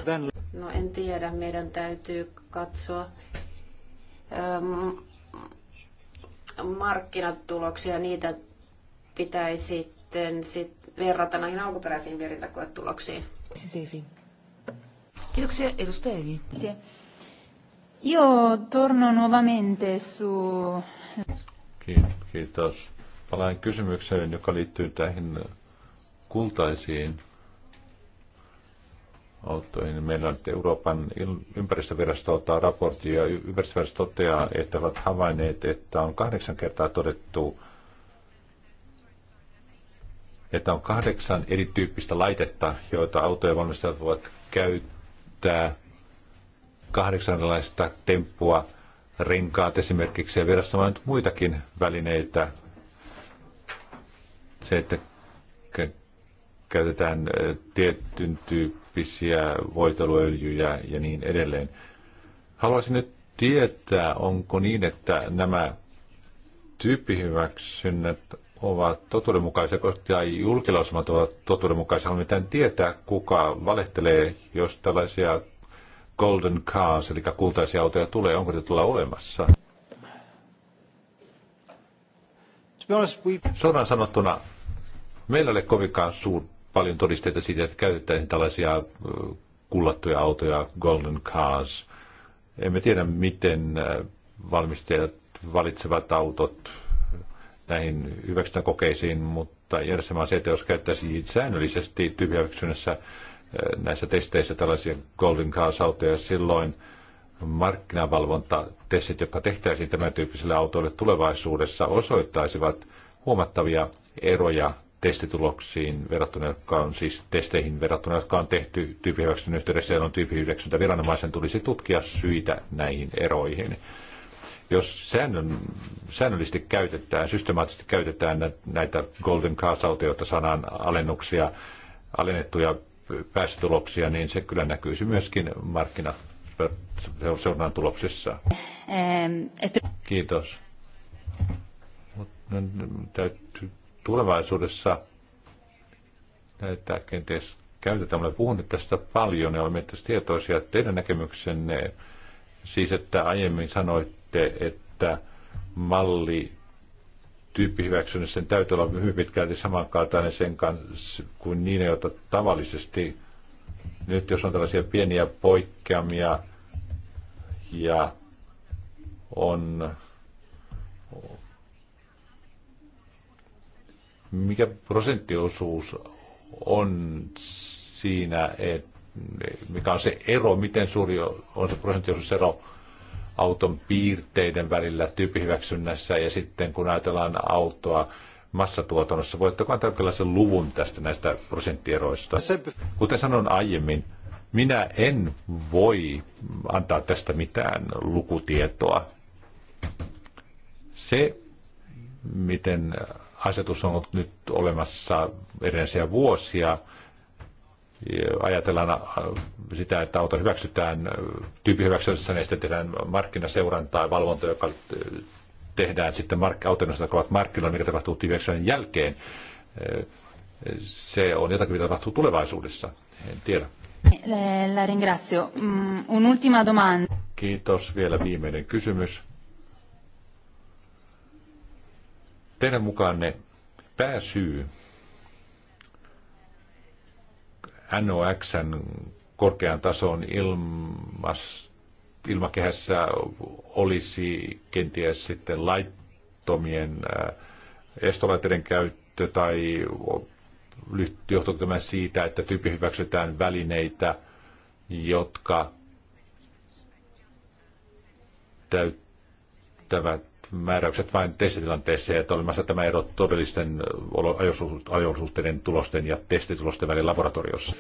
No en tiedä, meidän täytyy katsoa markkinatuloksia, niitä pitäisi sitten sit verrata näihin alkuperäisiin virintäkoetuloksiin. Sisevi. Kiitoksia, edustaja Evi. Io torno nuovamente su... Kiitos. Palaan kysymykseen, joka liittyy tähän kultaisiin autoihin. Niin meillä on Euroopan ympäristövirasto ottaa raportti ja ympäristövirasto toteaa, että ovat havainneet, että on kahdeksan kertaa todettu, että on kahdeksan erityyppistä laitetta, joita autoja valmistajat voivat käyttää kahdeksanlaista temppua, renkaat esimerkiksi ja virasto on muitakin välineitä. Se, että käytetään tietyn tyyppi samantyyppisiä voiteluöljyjä ja niin edelleen. Haluaisin nyt tietää, onko niin, että nämä tyyppihyväksynnät ovat totuudenmukaisia, koska julkilausumat ovat totuudenmukaisia. Haluan mitään tietää, kuka valehtelee, jos tällaisia golden cars, eli kultaisia autoja tulee. Onko ne tulla olemassa? Suoraan sanottuna, meillä ei ole kovinkaan suurta paljon todisteita siitä, että käytetään tällaisia kullattuja autoja, golden cars. Emme tiedä, miten valmistajat valitsevat autot näihin hyväksytään kokeisiin, mutta järjestelmä on se, että jos käyttäisiin säännöllisesti tyhjäyksynnässä näissä testeissä tällaisia golden cars-autoja, silloin markkinavalvontatestit, jotka tehtäisiin tämän tyyppisille autoille tulevaisuudessa, osoittaisivat huomattavia eroja testituloksiin verrattuna, jotka on siis testeihin verrattuna, jotka on tehty tyyppihyväksytyn yhteydessä, jolloin tyyppihyväksyntä viranomaisen tulisi tutkia syitä näihin eroihin. Jos säännön, säännöllisesti käytetään, systemaattisesti käytetään näitä golden cars-autioita sanan alennuksia, alennettuja päästötuloksia, niin se kyllä näkyisi myöskin markkina seurannan tuloksissa. Ähm, Kiitos. Mut, täytyy tulevaisuudessa näyttää kenties käytetään. Olen puhunut tästä paljon ja olemme tästä tietoisia. Teidän näkemyksenne siis, että aiemmin sanoitte, että malli tyyppihyväksynnässä sen täytyy olla hyvin pitkälti samankaltainen sen kanssa kuin niin, joita tavallisesti nyt jos on tällaisia pieniä poikkeamia ja on mikä prosenttiosuus on siinä, että mikä on se ero, miten suuri on se prosenttiosuusero auton piirteiden välillä tyyppihyväksynnässä ja sitten kun ajatellaan autoa massatuotannossa. Voitteko antaa jonkinlaisen luvun tästä näistä prosenttieroista? Kuten sanon aiemmin, minä en voi antaa tästä mitään lukutietoa. Se, miten asetus on ollut nyt olemassa edellisiä vuosia. Ajatellaan äh, sitä, että auto hyväksytään, äh, tyyppi hyväksytään, ja niin sitten tehdään markkinaseurantaa ja valvontaa, joka äh, tehdään sitten mark- autojen osalta, ovat markkinoilla, mikä tapahtuu tyyppi jälkeen. Se on jotakin, mitä tapahtuu tulevaisuudessa. En tiedä. Eh, la ringrazio. Mm, un'ultima domanda. Kiitos. Vielä viimeinen kysymys. Teidän mukaanne pääsyy NOXn korkean tason ilmas, ilmakehässä olisi kenties sitten laittomien äh, estolaitteiden käyttö tai johtuuko tämä siitä, että tyyppi hyväksytään välineitä, jotka täyttävät määräykset vain testitilanteessa ja olemassa tämä ero todellisten ajolosuhteiden tulosten ja testitulosten välillä laboratoriossa.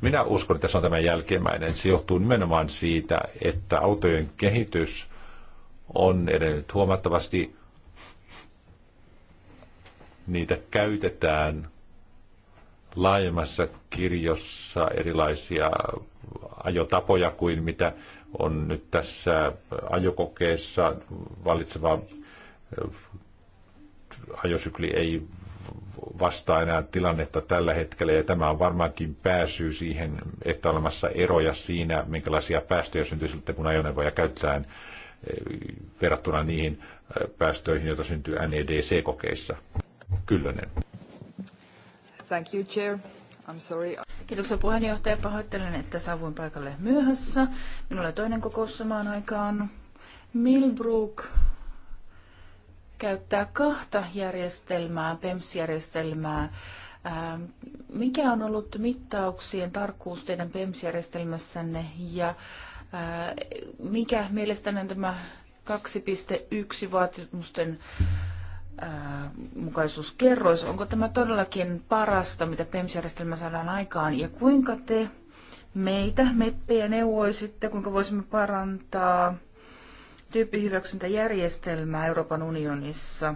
Minä uskon, että se on tämä jälkimmäinen. Se johtuu nimenomaan siitä, että autojen kehitys on edennyt huomattavasti. Niitä käytetään laajemmassa kirjossa erilaisia ajotapoja kuin mitä on nyt tässä ajokokeessa valitseva äh, ajosykli ei vastaa enää tilannetta tällä hetkellä, ja tämä on varmaankin pääsy siihen, että olemassa eroja siinä, minkälaisia päästöjä syntyy sitten, kun ajoneuvoja käytetään äh, verrattuna niihin äh, päästöihin, joita syntyy NEDC-kokeissa. Kyllönen. Thank you, Chair. I'm sorry. Kiitoksia puheenjohtaja. Pahoittelen, että saavuin paikalle myöhässä. Minulla on toinen kokous samaan aikaan. Milbrook käyttää kahta järjestelmää, PEMS-järjestelmää. Ähm, mikä on ollut mittauksien tarkkuus teidän PEMS-järjestelmässänne ja äh, mikä mielestäni on tämä 2.1 vaatimusten mukaisuuskerroissa. Onko tämä todellakin parasta, mitä PEMS-järjestelmä saadaan aikaan ja kuinka te meitä, meppejä neuvoisitte, kuinka voisimme parantaa tyyppihyväksyntäjärjestelmää Euroopan unionissa?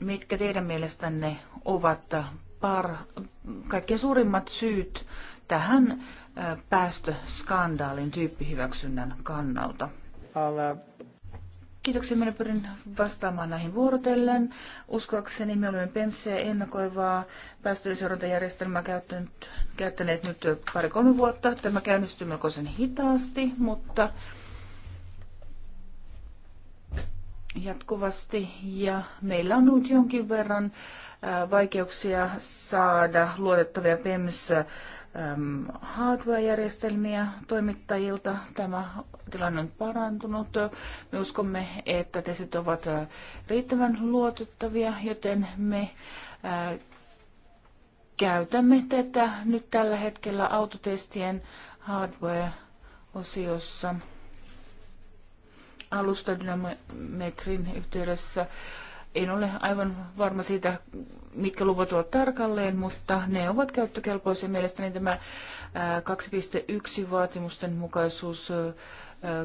Mitkä teidän mielestänne ovat par, kaikkein suurimmat syyt tähän päästöskandaalin tyyppihyväksynnän kannalta? I'll, uh, Kiitoksia. Minä pyrin vastaamaan näihin vuorotellen. Uskoakseni me olemme PEMSEä ennakoivaa päästöliseurantajärjestelmää käyttänyt, käyttäneet nyt pari-kolme vuotta. Tämä käynnistyy melkoisen hitaasti, mutta jatkuvasti ja meillä on nyt jonkin verran vaikeuksia saada luotettavia PEMS Ähm, hardware-järjestelmiä toimittajilta. Tämä tilanne on parantunut. Me uskomme, että testit ovat äh, riittävän luotettavia, joten me äh, käytämme tätä nyt tällä hetkellä autotestien hardware-osiossa alustadynametrin yhteydessä. En ole aivan varma siitä, mitkä luvut ovat tarkalleen, mutta ne ovat käyttökelpoisia. Mielestäni tämä 2.1 vaatimusten mukaisuus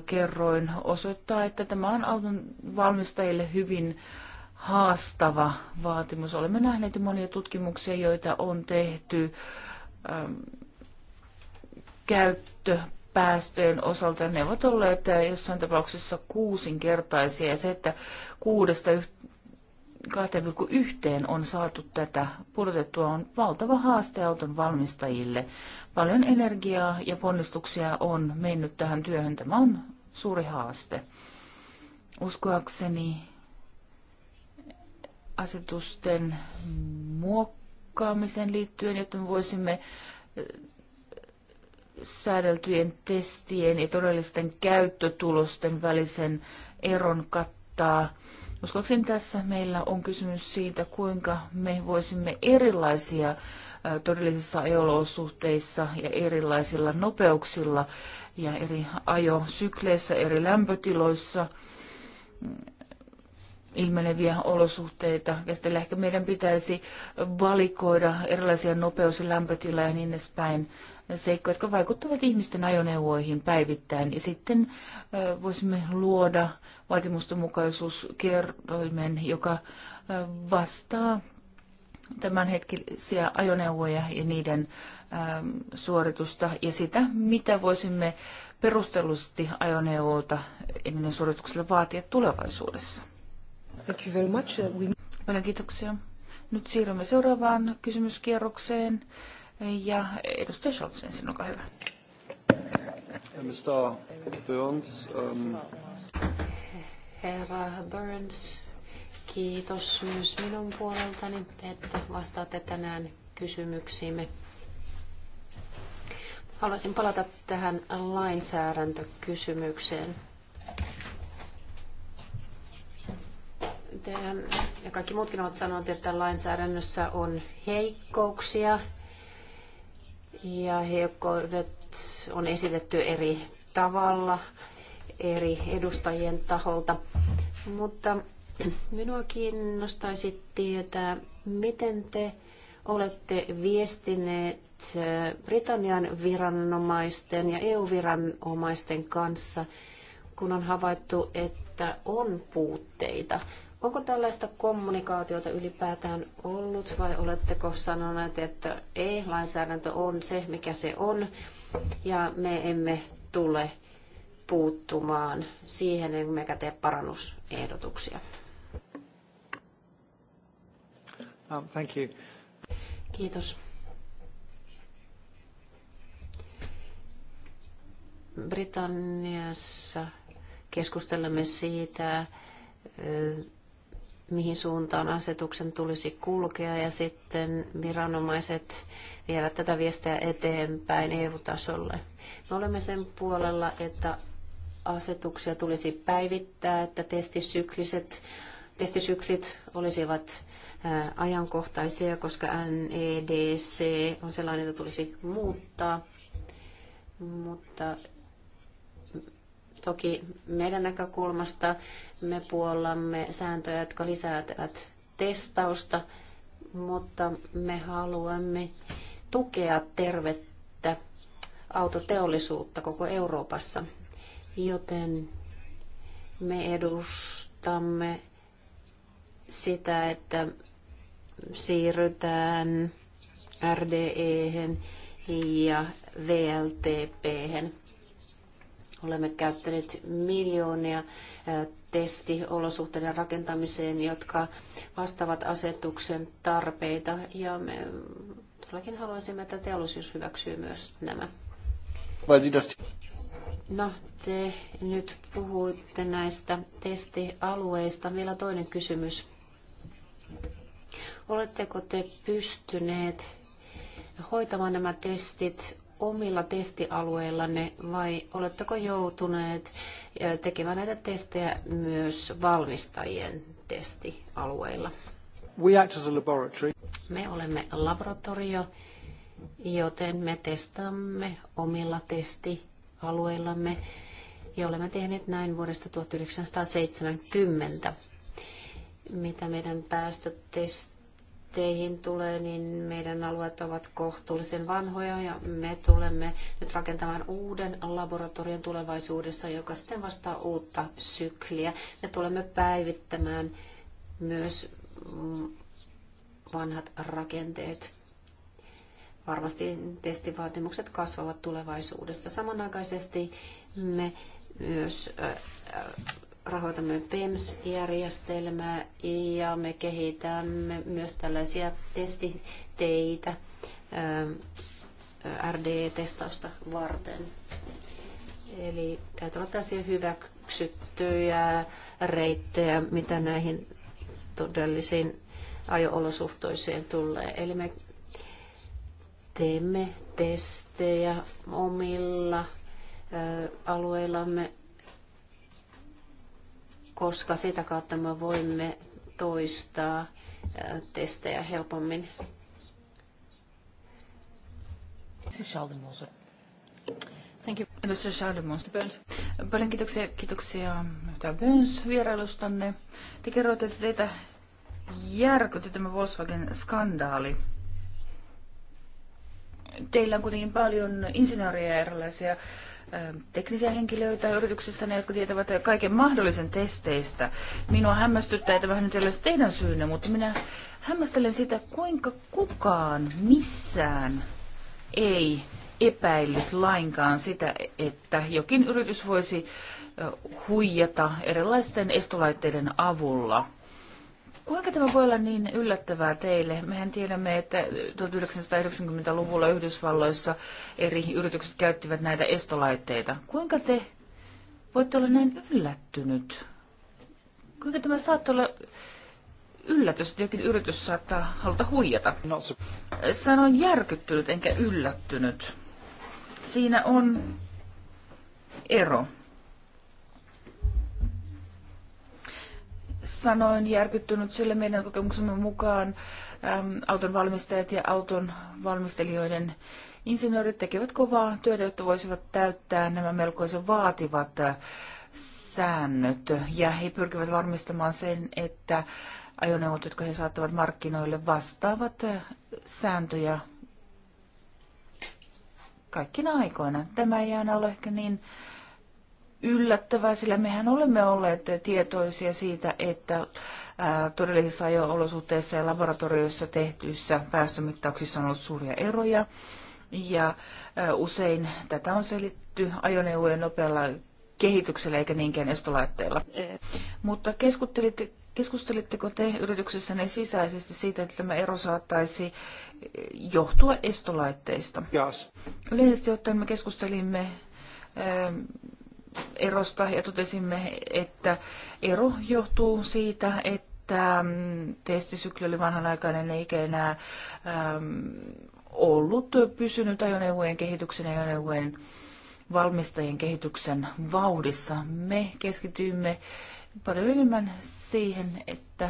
kerroin osoittaa, että tämä on auton valmistajille hyvin haastava vaatimus. Olemme nähneet monia tutkimuksia, joita on tehty käyttöpäästöjen osalta. Ne ovat olleet jossain tapauksessa kuusinkertaisia ja se, että kuudesta 2,1 on saatu tätä pudotettua, on valtava haaste auton valmistajille. Paljon energiaa ja ponnistuksia on mennyt tähän työhön. Tämä on suuri haaste. Uskoakseni asetusten muokkaamiseen liittyen, jotta me voisimme säädeltyjen testien ja todellisten käyttötulosten välisen eron kattaa Uskoakseni tässä meillä on kysymys siitä, kuinka me voisimme erilaisia todellisissa ajolosuhteissa ja erilaisilla nopeuksilla ja eri ajosykleissä, eri lämpötiloissa mm, ilmeneviä olosuhteita. Ja sitten ehkä meidän pitäisi valikoida erilaisia nopeus- ja lämpötiloja ja niin edespäin seikkoja, jotka vaikuttavat ihmisten ajoneuvoihin päivittäin. Ja sitten voisimme luoda vaatimustenmukaisuuskertoimen, joka vastaa tämänhetkisiä ajoneuvoja ja niiden suoritusta ja sitä, mitä voisimme perustellusti ajoneuvolta ennen suorituksella vaatia tulevaisuudessa. Thank you very much. Paljon kiitoksia. Nyt siirrymme seuraavaan kysymyskierrokseen. Ja edustaja Scholz ensin, olkaa hyvä. Mr. Burns, um... Herra Burns, kiitos myös minun puoleltani, että vastaatte tänään kysymyksiimme. Haluaisin palata tähän lainsäädäntökysymykseen. Tehän ja kaikki muutkin ovat sanoneet, että lainsäädännössä on heikkouksia ja heikkoudet on esitetty eri tavalla eri edustajien taholta. Mutta minua kiinnostaisi tietää, miten te olette viestineet äh, Britannian viranomaisten ja EU-viranomaisten kanssa, kun on havaittu, että on puutteita Onko tällaista kommunikaatiota ylipäätään ollut vai oletteko sanoneet, että ei, lainsäädäntö on se, mikä se on ja me emme tule puuttumaan siihen, emmekä tee parannusehdotuksia? Um, thank you. Kiitos. Britanniassa keskustelemme siitä, mihin suuntaan asetuksen tulisi kulkea ja sitten viranomaiset vievät tätä viestiä eteenpäin EU-tasolle. Me olemme sen puolella, että asetuksia tulisi päivittää, että testisykliset, testisyklit olisivat ajankohtaisia, koska NEDC on sellainen, että tulisi muuttaa. Mutta Toki meidän näkökulmasta me puollamme sääntöjä, jotka lisäävät testausta, mutta me haluamme tukea tervettä autoteollisuutta koko Euroopassa, joten me edustamme sitä, että siirrytään RDE ja VLTP. -hän. Olemme käyttäneet miljoonia testiolosuhteiden rakentamiseen, jotka vastaavat asetuksen tarpeita ja me todellakin haluaisimme, että teollisuus hyväksyy myös nämä. No, te nyt puhuitte näistä testialueista. Vielä toinen kysymys. Oletteko te pystyneet hoitamaan nämä testit omilla testialueillanne vai oletteko joutuneet eh, tekemään näitä testejä myös valmistajien testialueilla? We act as a laboratory. Me olemme laboratorio, joten me testaamme omilla testialueillamme ja olemme tehneet näin vuodesta 1970 mitä meidän päästötest teihin tulee, niin meidän alueet ovat kohtuullisen vanhoja ja me tulemme nyt rakentamaan uuden laboratorion tulevaisuudessa, joka sitten vastaa uutta sykliä. Me tulemme päivittämään myös vanhat rakenteet. Varmasti testivaatimukset kasvavat tulevaisuudessa. Samanaikaisesti me myös rahoitamme PEMS-järjestelmää ja me kehitämme myös tällaisia testiteitä RDE-testausta varten. Eli täytyy olla tällaisia hyväksyttyjä reittejä, mitä näihin todellisiin ajo-olosuhteisiin tulee. Eli me teemme testejä omilla alueillamme koska sitä kautta me voimme toistaa testejä helpommin. Thank you. paljon kiitoksia, kiitoksia Böns vierailustanne. Te kerroitte, että teitä järkytti tämä Volkswagen-skandaali. Teillä on kuitenkin paljon insinöörejä ja erilaisia teknisiä henkilöitä yrityksessä, ne, jotka tietävät kaiken mahdollisen testeistä. Minua hämmästyttää, että vähän nyt ei ole teidän syynne, mutta minä hämmästelen sitä, kuinka kukaan missään ei epäillyt lainkaan sitä, että jokin yritys voisi huijata erilaisten estolaitteiden avulla Kuinka tämä voi olla niin yllättävää teille? Mehän tiedämme, että 1990-luvulla Yhdysvalloissa eri yritykset käyttivät näitä estolaitteita. Kuinka te voitte olla näin yllättynyt? Kuinka tämä saattaa olla yllätys, että jokin yritys saattaa haluta huijata? Sanoin järkyttynyt enkä yllättynyt. Siinä on ero. sanoin järkyttynyt, sillä meidän kokemuksemme mukaan äm, auton valmistajat ja auton valmistelijoiden insinöörit tekevät kovaa työtä, jotta voisivat täyttää nämä melkoisen vaativat äh, säännöt. Ja he pyrkivät varmistamaan sen, että ajoneuvot, jotka he saattavat markkinoille, vastaavat äh, sääntöjä kaikkina aikoina. Tämä ei aina ole ehkä niin yllättävää, sillä mehän olemme olleet tietoisia siitä, että todellisissa ajo-olosuhteissa ja laboratorioissa tehtyissä päästömittauksissa on ollut suuria eroja. Ja usein tätä on selitty ajoneuvojen nopealla kehityksellä eikä niinkään estolaitteilla. Mutta keskustelitte, keskustelitteko te yrityksessänne sisäisesti siitä, että tämä ero saattaisi johtua estolaitteista? Yes. Yleisesti ottaen me keskustelimme erosta ja totesimme, että ero johtuu siitä, että mm, testisykli oli vanhanaikainen eikä enää äm, mm, ollut pysynyt ajoneuvojen kehityksen ajoneuvojen valmistajien kehityksen vauhdissa. Me keskityimme paljon enemmän siihen, että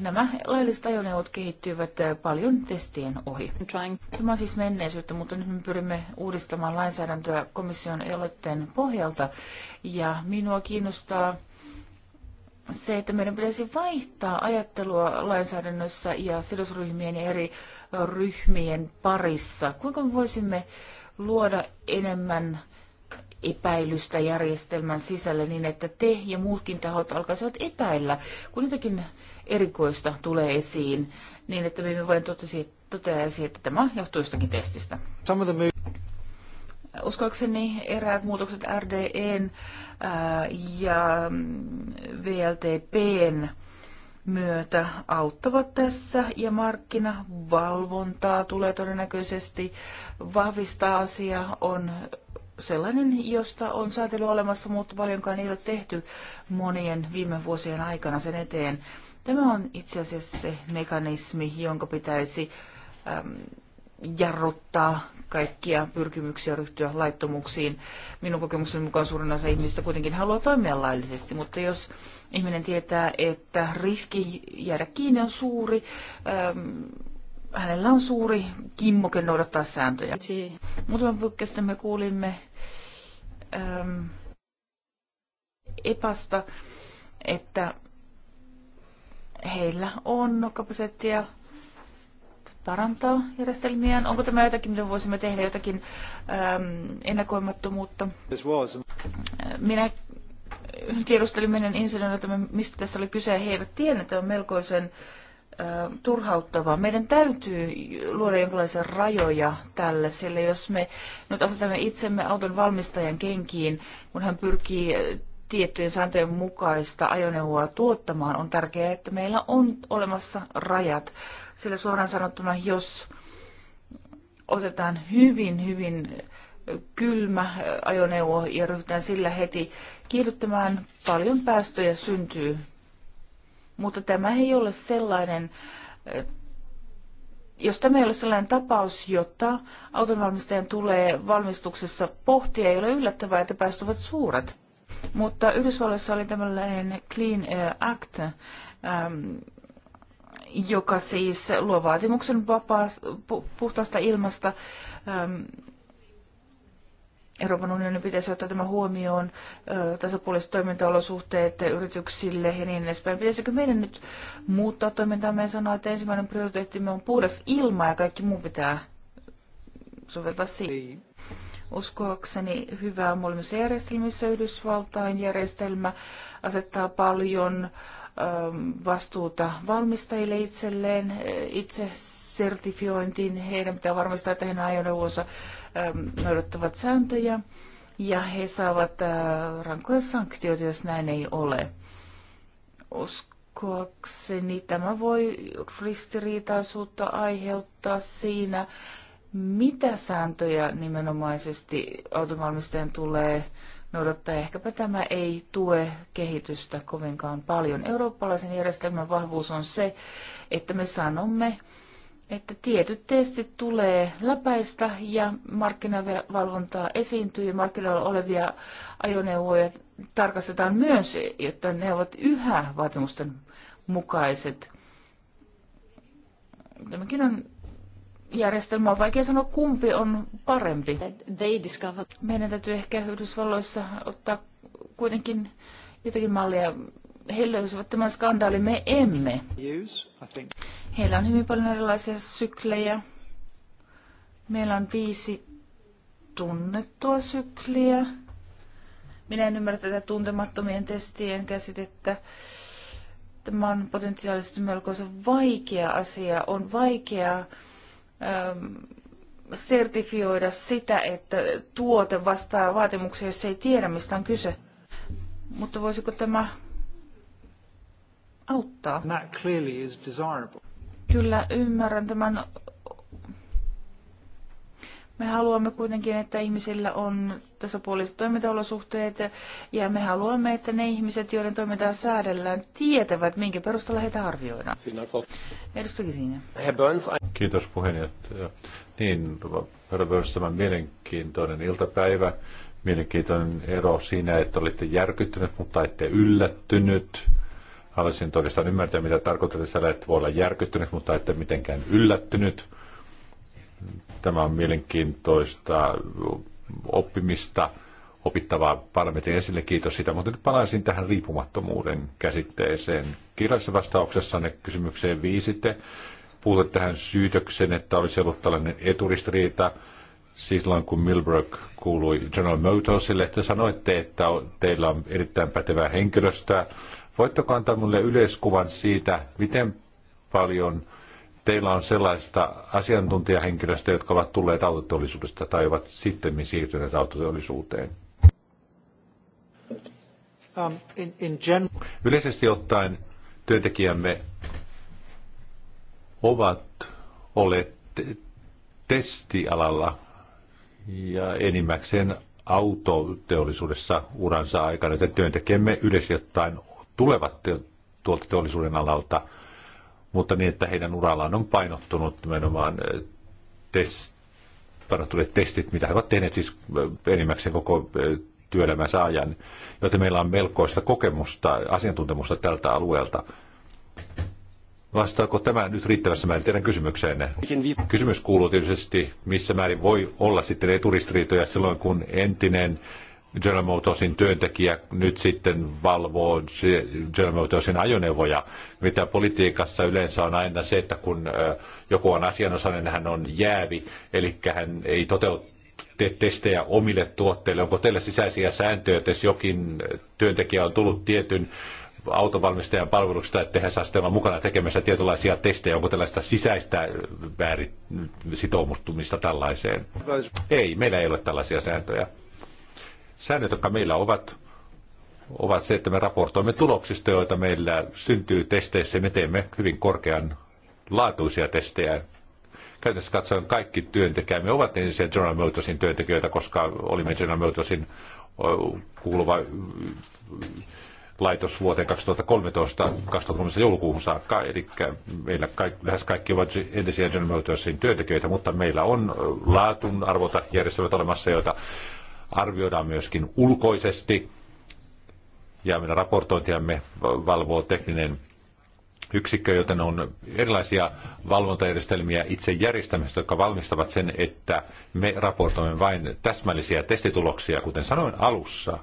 nämä lailliset ajoneuvot kehittyivät eh, paljon testien ohi. Tämä on siis menneisyyttä, mutta nyt me pyrimme uudistamaan lainsäädäntöä komission aloitteen pohjalta. Ja minua kiinnostaa se, että meidän pitäisi vaihtaa ajattelua lainsäädännössä ja sidosryhmien ja eri ryhmien parissa. Kuinka me voisimme luoda enemmän epäilystä järjestelmän sisälle niin, että te ja muutkin tahot alkaisivat epäillä, kun jotakin erikoista tulee esiin, niin että viime vuoden totesi, toteaisi, että tämä johtuu jostakin testistä. Uskoakseni eräät muutokset RDEn ja VLTPn myötä auttavat tässä ja markkinavalvontaa tulee todennäköisesti vahvistaa asia on sellainen, josta on säätely olemassa, mutta paljonkaan ei ole tehty monien viime vuosien aikana sen eteen. Tämä on itse asiassa se mekanismi, jonka pitäisi äm, jarruttaa kaikkia pyrkimyksiä ryhtyä laittomuksiin. Minun kokemukseni mukaan suurin osa ihmistä kuitenkin haluaa toimia laillisesti, mutta jos ihminen tietää, että riski jäädä kiinni on suuri, äm, hänellä on suuri kimmoke noudattaa sääntöjä. Si- Muutaman me kuulimme äm, epasta, että heillä on kapasiteettia parantaa järjestelmiään? Onko tämä jotakin, mitä voisimme tehdä, jotakin äm, ennakoimattomuutta? Minä tiedustelin meidän insinööriltä, mistä tässä oli kyse. He eivät tienneet, että on melkoisen äh, turhauttavaa. Meidän täytyy luoda jonkinlaisia rajoja tälle, sillä jos me nyt asetamme itsemme auton valmistajan kenkiin, kun hän pyrkii äh, tiettyjen sääntöjen mukaista ajoneuvoa tuottamaan, on tärkeää, että meillä on olemassa rajat. Sillä suoraan sanottuna, jos otetaan hyvin, hyvin kylmä ajoneuvo ja ryhdytään sillä heti kiihdyttämään, paljon päästöjä syntyy. Mutta tämä ei ole sellainen, jos tämä ei ole sellainen tapaus, jotta autonvalmistajan tulee valmistuksessa pohtia, ei ole yllättävää, että päästöt ovat suuret. Mutta Yhdysvalloissa oli tämmöinen Clean Air Act, ähm, joka siis luo vaatimuksen vapaas, pu, puhtaasta ilmasta. Ähm, Euroopan unionin pitäisi ottaa tämä huomioon, äh, tasapuoliset toimintaolosuhteet yrityksille ja niin edespäin. Pitäisikö meidän nyt muuttaa toimintaa? me sanoa, että ensimmäinen prioriteettimme on puhdas ilma ja kaikki muu pitää soveltaa siihen? Niin uskoakseni hyvää molemmissa järjestelmissä. Yhdysvaltain järjestelmä asettaa paljon ähm, vastuuta valmistajille itselleen, äh, itse sertifiointiin. Heidän pitää varmistaa, että heidän ajoneuvonsa ähm, noudattavat sääntöjä ja he saavat äh, rankoja sanktioita, jos näin ei ole. Uskoakseni tämä voi ristiriitaisuutta aiheuttaa siinä, mitä sääntöjä nimenomaisesti autonvalmistajan tulee noudattaa. Ehkäpä tämä ei tue kehitystä kovinkaan paljon. Eurooppalaisen järjestelmän vahvuus on se, että me sanomme, että tietyt testit tulee läpäistä ja markkinavalvontaa esiintyy ja markkinoilla olevia ajoneuvoja tarkastetaan myös, jotta ne ovat yhä vaatimusten mukaiset. Tämäkin on järjestelmä on vaikea sanoa, kumpi on parempi. Meidän täytyy ehkä Yhdysvalloissa ottaa kuitenkin jotakin mallia. He löysivät tämän skandaalin, me emme. Heillä on hyvin paljon erilaisia syklejä. Meillä on viisi tunnettua sykliä. Minä en ymmärrä tätä tuntemattomien testien käsitettä. Tämä on potentiaalisesti melkoisen vaikea asia. On vaikeaa. Ähm, sertifioida sitä, että tuote vastaa vaatimuksia, jos ei tiedä, mistä on kyse. Mutta voisiko tämä auttaa? Kyllä ymmärrän tämän me haluamme kuitenkin, että ihmisillä on tasapuoliset toimintaolosuhteet ja me haluamme, että ne ihmiset, joiden toimintaa säädellään, tietävät, minkä perusteella heitä arvioidaan. Edustakin Kiitos puheenjohtaja. Niin, herra Burns, tämä mielenkiintoinen iltapäivä. Mielenkiintoinen ero siinä, että olitte järkyttynyt, mutta ette yllättynyt. Haluaisin todistaa ymmärtää, mitä tarkoitat, että voi olla järkyttynyt, mutta ette mitenkään yllättynyt Tämä on mielenkiintoista oppimista, opittavaa parlamentin esille. Kiitos sitä. Mutta nyt palaisin tähän riippumattomuuden käsitteeseen. Kirjallisessa vastauksessanne kysymykseen viisitte puhutte tähän syytöksen, että olisi ollut tällainen eturistiriita silloin, kun Milbrook kuului General Motorsille. Te sanoitte, että teillä on erittäin pätevää henkilöstöä. Voitteko antaa minulle yleiskuvan siitä, miten paljon teillä on sellaista asiantuntijahenkilöstä, jotka ovat tulleet autoteollisuudesta tai ovat sitten siirtyneet autoteollisuuteen? Um, in, in gen- Yleisesti ottaen työntekijämme ovat olleet testialalla ja enimmäkseen autoteollisuudessa uransa aikana, joten työntekijämme yleisesti ottaen tulevat tuolta teollisuuden alalta – mutta niin, että heidän urallaan on painottunut nimenomaan eh, test, testit, mitä he ovat tehneet siis eh, enimmäkseen koko eh, työelämänsä ajan, joten meillä on melkoista kokemusta, asiantuntemusta tältä alueelta. Vastaako tämä nyt riittävässä määrin teidän kysymykseenne? Kysymys kuuluu tietysti, missä määrin voi olla sitten eturistiriitoja silloin, kun entinen General Motorsin työntekijä nyt sitten valvoo General Motorsin ajoneuvoja. Mitä politiikassa yleensä on aina se, että kun joku on asianosainen, niin hän on jäävi, eli hän ei toteuttaa te- testejä omille tuotteille. Onko teillä sisäisiä sääntöjä, että jos jokin työntekijä on tullut tietyn autovalmistajan palveluksesta, että he saa sitten mukana tekemässä tietynlaisia testejä. Onko tällaista sisäistä väärin sitoumustumista tällaiseen? Ei, meillä ei ole tällaisia sääntöjä. Säännöt, jotka meillä ovat, ovat se, että me raportoimme tuloksista, joita meillä syntyy testeissä. Me teemme hyvin korkean laatuisia testejä. Käytännössä katsoen kaikki työntekijämme ovat ensin General Motorsin työntekijöitä, koska olimme General Motorsin kuuluva laitos vuoteen 2013, 2013 joulukuuhun saakka. Eli meillä kaikki, lähes kaikki ovat entisiä General Motorsin työntekijöitä, mutta meillä on laatun arvota järjestelmät olemassa, joita arvioidaan myöskin ulkoisesti ja meidän raportointiamme valvoo tekninen yksikkö, joten on erilaisia valvontajärjestelmiä itse järjestämistä, jotka valmistavat sen, että me raportoimme vain täsmällisiä testituloksia. Kuten sanoin alussa,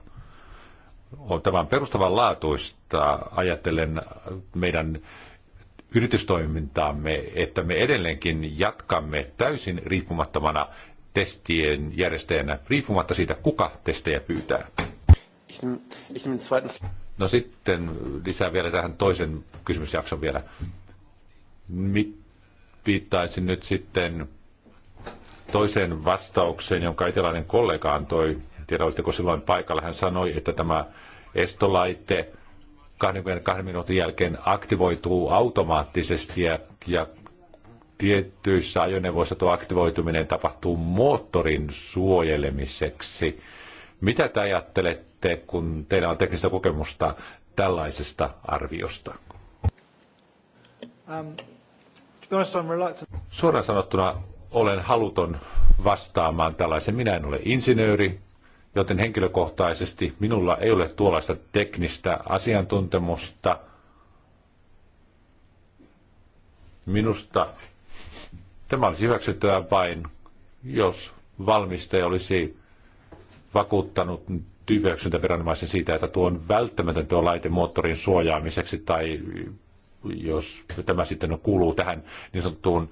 on tämän perustavanlaatuista ajatellen meidän yritystoimintaamme, että me edelleenkin jatkamme täysin riippumattomana testien järjestäjänä, riippumatta siitä, kuka testejä pyytää? No sitten lisää vielä tähän toisen kysymysjakson vielä. Mi- viittaisin nyt sitten toiseen vastaukseen, jonka italainen kollega antoi. En tiedä, olitteko silloin paikalla. Hän sanoi, että tämä estolaite 22 minuutin jälkeen aktivoituu automaattisesti ja, ja tiettyissä ajoneuvoissa tuo aktivoituminen tapahtuu moottorin suojelemiseksi. Mitä te ajattelette, kun teillä on teknistä kokemusta tällaisesta arviosta? Um, Suoraan sanottuna olen haluton vastaamaan tällaisen. Minä en ole insinööri, joten henkilökohtaisesti minulla ei ole tuollaista teknistä asiantuntemusta. Minusta Tämä olisi hyväksyttävää vain, jos valmistaja olisi vakuuttanut tyyppihyväksyntäviranomaisen siitä, että tuo on välttämätön tuo laite moottorin suojaamiseksi tai jos tämä sitten kuuluu tähän niin sanottuun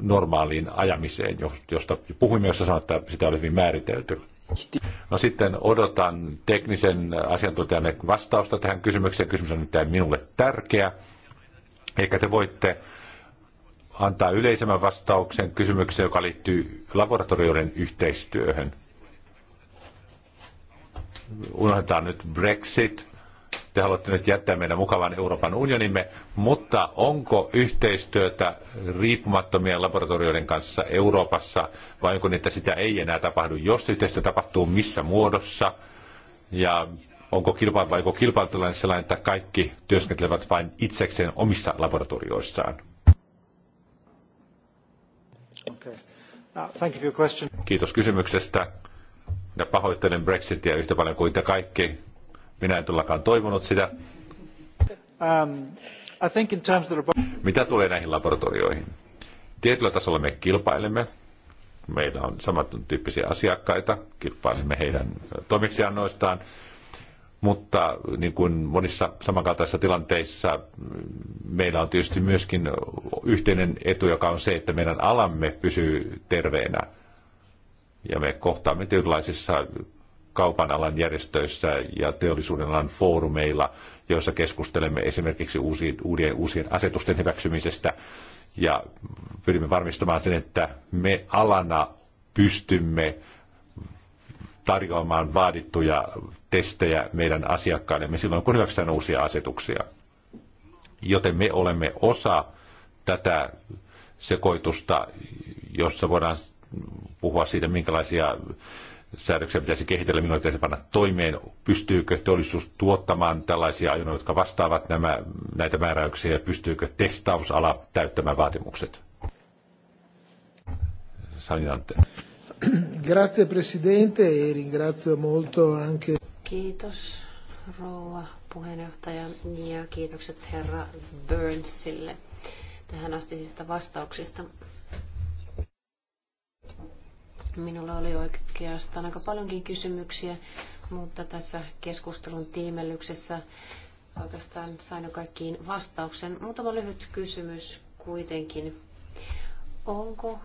normaaliin ajamiseen, josta puhuin myös sanoa, että sitä oli hyvin määritelty. No sitten odotan teknisen asiantuntijan vastausta tähän kysymykseen. Kysymys on nyt minulle tärkeä. eikä te voitte antaa yleisemmän vastauksen kysymykseen, joka liittyy laboratorioiden yhteistyöhön. Unohdetaan nyt Brexit. Te haluatte nyt jättää meidän mukavan Euroopan unionimme, mutta onko yhteistyötä riippumattomien laboratorioiden kanssa Euroopassa vai onko niitä sitä ei enää tapahdu? Jos yhteistyö tapahtuu, missä muodossa? Ja onko kilpailu vai onko kilpailutilanne sellainen, että kaikki työskentelevät vain itsekseen omissa laboratorioissaan? Kiitos kysymyksestä. Ja pahoittelen Brexitia yhtä paljon kuin te kaikki. Minä en tullakaan toivonut sitä. Um, I think in terms of the... Mitä tulee näihin laboratorioihin? Tietyllä tasolla me kilpailemme. Meillä on samat tyyppisiä asiakkaita. Kilpailemme heidän toimeksiannoistaan mutta niin kuin monissa samankaltaisissa tilanteissa meillä on tietysti myöskin yhteinen etu, joka on se, että meidän alamme pysyy terveenä. Ja me kohtaamme tietynlaisissa kaupan alan järjestöissä ja teollisuuden alan foorumeilla, joissa keskustelemme esimerkiksi uusien, uudien, uusien asetusten hyväksymisestä ja pyrimme varmistamaan sen, että me alana pystymme tarjoamaan vaadittuja testejä meidän asiakkaillemme silloin, kun hyväksytään uusia asetuksia. Joten me olemme osa tätä sekoitusta, jossa voidaan puhua siitä, minkälaisia säädöksiä pitäisi kehitellä, minua pitäisi panna toimeen, pystyykö teollisuus tuottamaan tällaisia ajoneuvoja, jotka vastaavat nämä, näitä määräyksiä, ja pystyykö testausala täyttämään vaatimukset. Sanin Grazie Presidente e ringrazio molto anche... Kiitos rouva puheenjohtaja ja kiitokset herra Burnsille tähän astisista vastauksista. Minulla oli oikeastaan aika paljonkin kysymyksiä, mutta tässä keskustelun tiimellyksessä oikeastaan sain jo kaikkiin vastauksen. Muutama lyhyt kysymys kuitenkin. Onko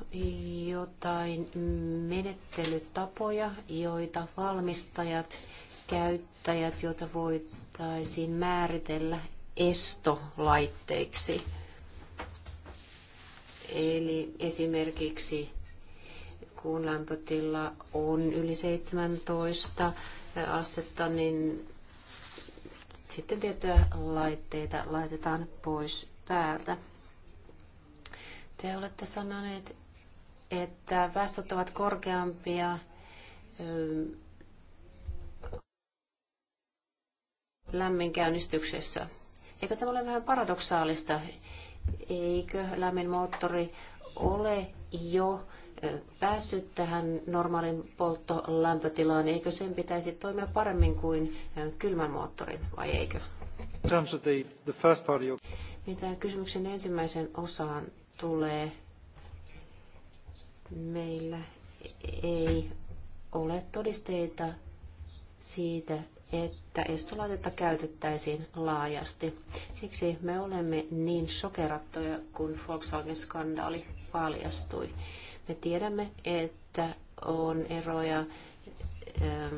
jotain menettelytapoja, joita valmistajat käyttäjät, joita voitaisiin määritellä estolaitteiksi. Eli esimerkiksi kun lämpötila on yli 17 astetta, niin sitten tiettyjä laitteita laitetaan pois päältä. Te olette sanoneet, että päästöt ovat korkeampia lämmin käynnistyksessä. Eikö tämä ole vähän paradoksaalista? Eikö lämmin moottori ole jo päässyt tähän normaalin polttolämpötilaan? Eikö sen pitäisi toimia paremmin kuin kylmän moottorin vai eikö? Mitä kysymyksen ensimmäisen osaan tulee, meillä ei ole todisteita siitä, että estolaitetta käytettäisiin laajasti. Siksi me olemme niin shokerattuja, kun Volkswagen-skandaali paljastui. Me tiedämme, että on eroja ähm,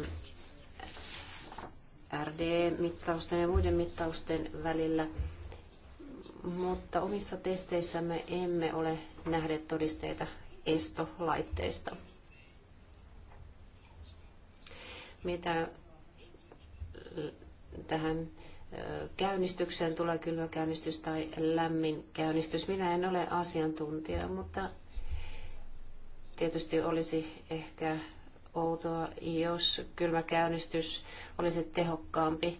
RD-mittausten ja muiden mittausten välillä, mutta omissa testeissämme emme ole nähneet todisteita estolaitteista. Mitä tähän käynnistykseen, tulee kylmä käynnistys tai lämmin käynnistys. Minä en ole asiantuntija, mutta tietysti olisi ehkä outoa, jos kylmä käynnistys olisi tehokkaampi.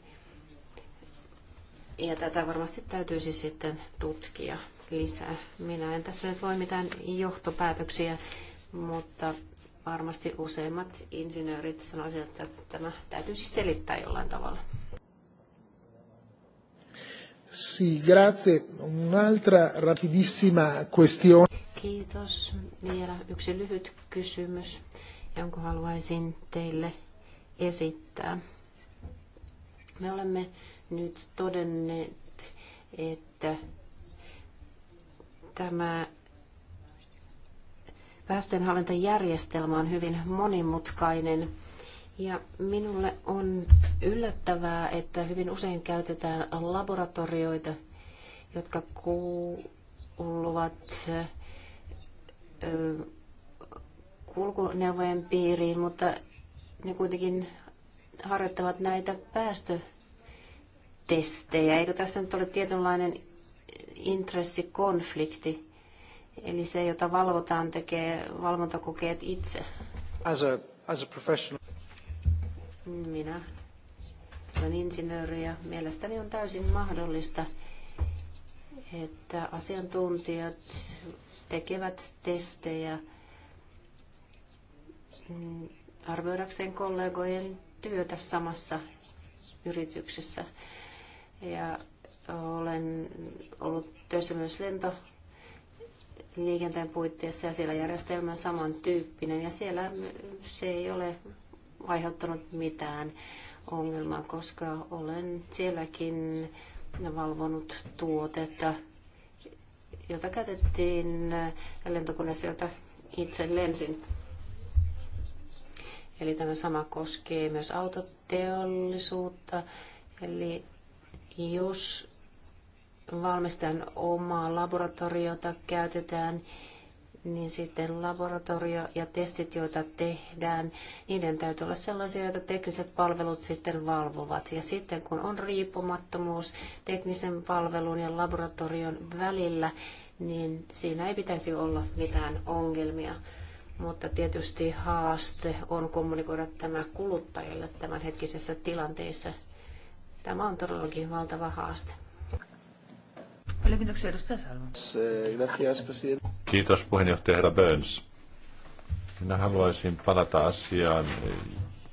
Ja tätä varmasti täytyisi sitten tutkia lisää. Minä en tässä nyt voi mitään johtopäätöksiä, mutta varmasti useimmat insinöörit sanoisivat, että tämä täytyy siis selittää jollain tavalla. Sì, grazie. Un'altra rapidissima questione. Kiitos. Vielä yksi lyhyt kysymys, jonka haluaisin teille esittää. Me olemme nyt todenneet, että tämä Päästöjenhallintajärjestelmä on hyvin monimutkainen ja minulle on yllättävää, että hyvin usein käytetään laboratorioita, jotka kuuluvat kulkuneuvojen piiriin, mutta ne kuitenkin harjoittavat näitä päästötestejä. Eikö tässä nyt ole tietynlainen intressikonflikti? Eli se, jota valvotaan, tekee valvontakokeet itse. As a, as a professional. Minä olen insinööri ja mielestäni on täysin mahdollista, että asiantuntijat tekevät testejä mm, arvioidakseen kollegojen työtä samassa yrityksessä. Ja olen ollut töissä myös lento liikenteen puitteissa ja siellä järjestelmä on samantyyppinen ja siellä se ei ole aiheuttanut mitään ongelmaa, koska olen sielläkin valvonut tuotetta, jota käytettiin lentokoneessa, jota itse lensin. Eli tämä sama koskee myös autoteollisuutta. Eli jos valmistajan omaa laboratoriota käytetään, niin sitten laboratorio ja testit, joita tehdään, niiden täytyy olla sellaisia, joita tekniset palvelut sitten valvovat. Ja sitten kun on riippumattomuus teknisen palvelun ja laboratorion välillä, niin siinä ei pitäisi olla mitään ongelmia. Mutta tietysti haaste on kommunikoida tämä kuluttajille tämänhetkisessä tilanteessa. Tämä on todellakin valtava haaste. Kiitos puheenjohtaja herra Burns. Minä haluaisin palata asiaan,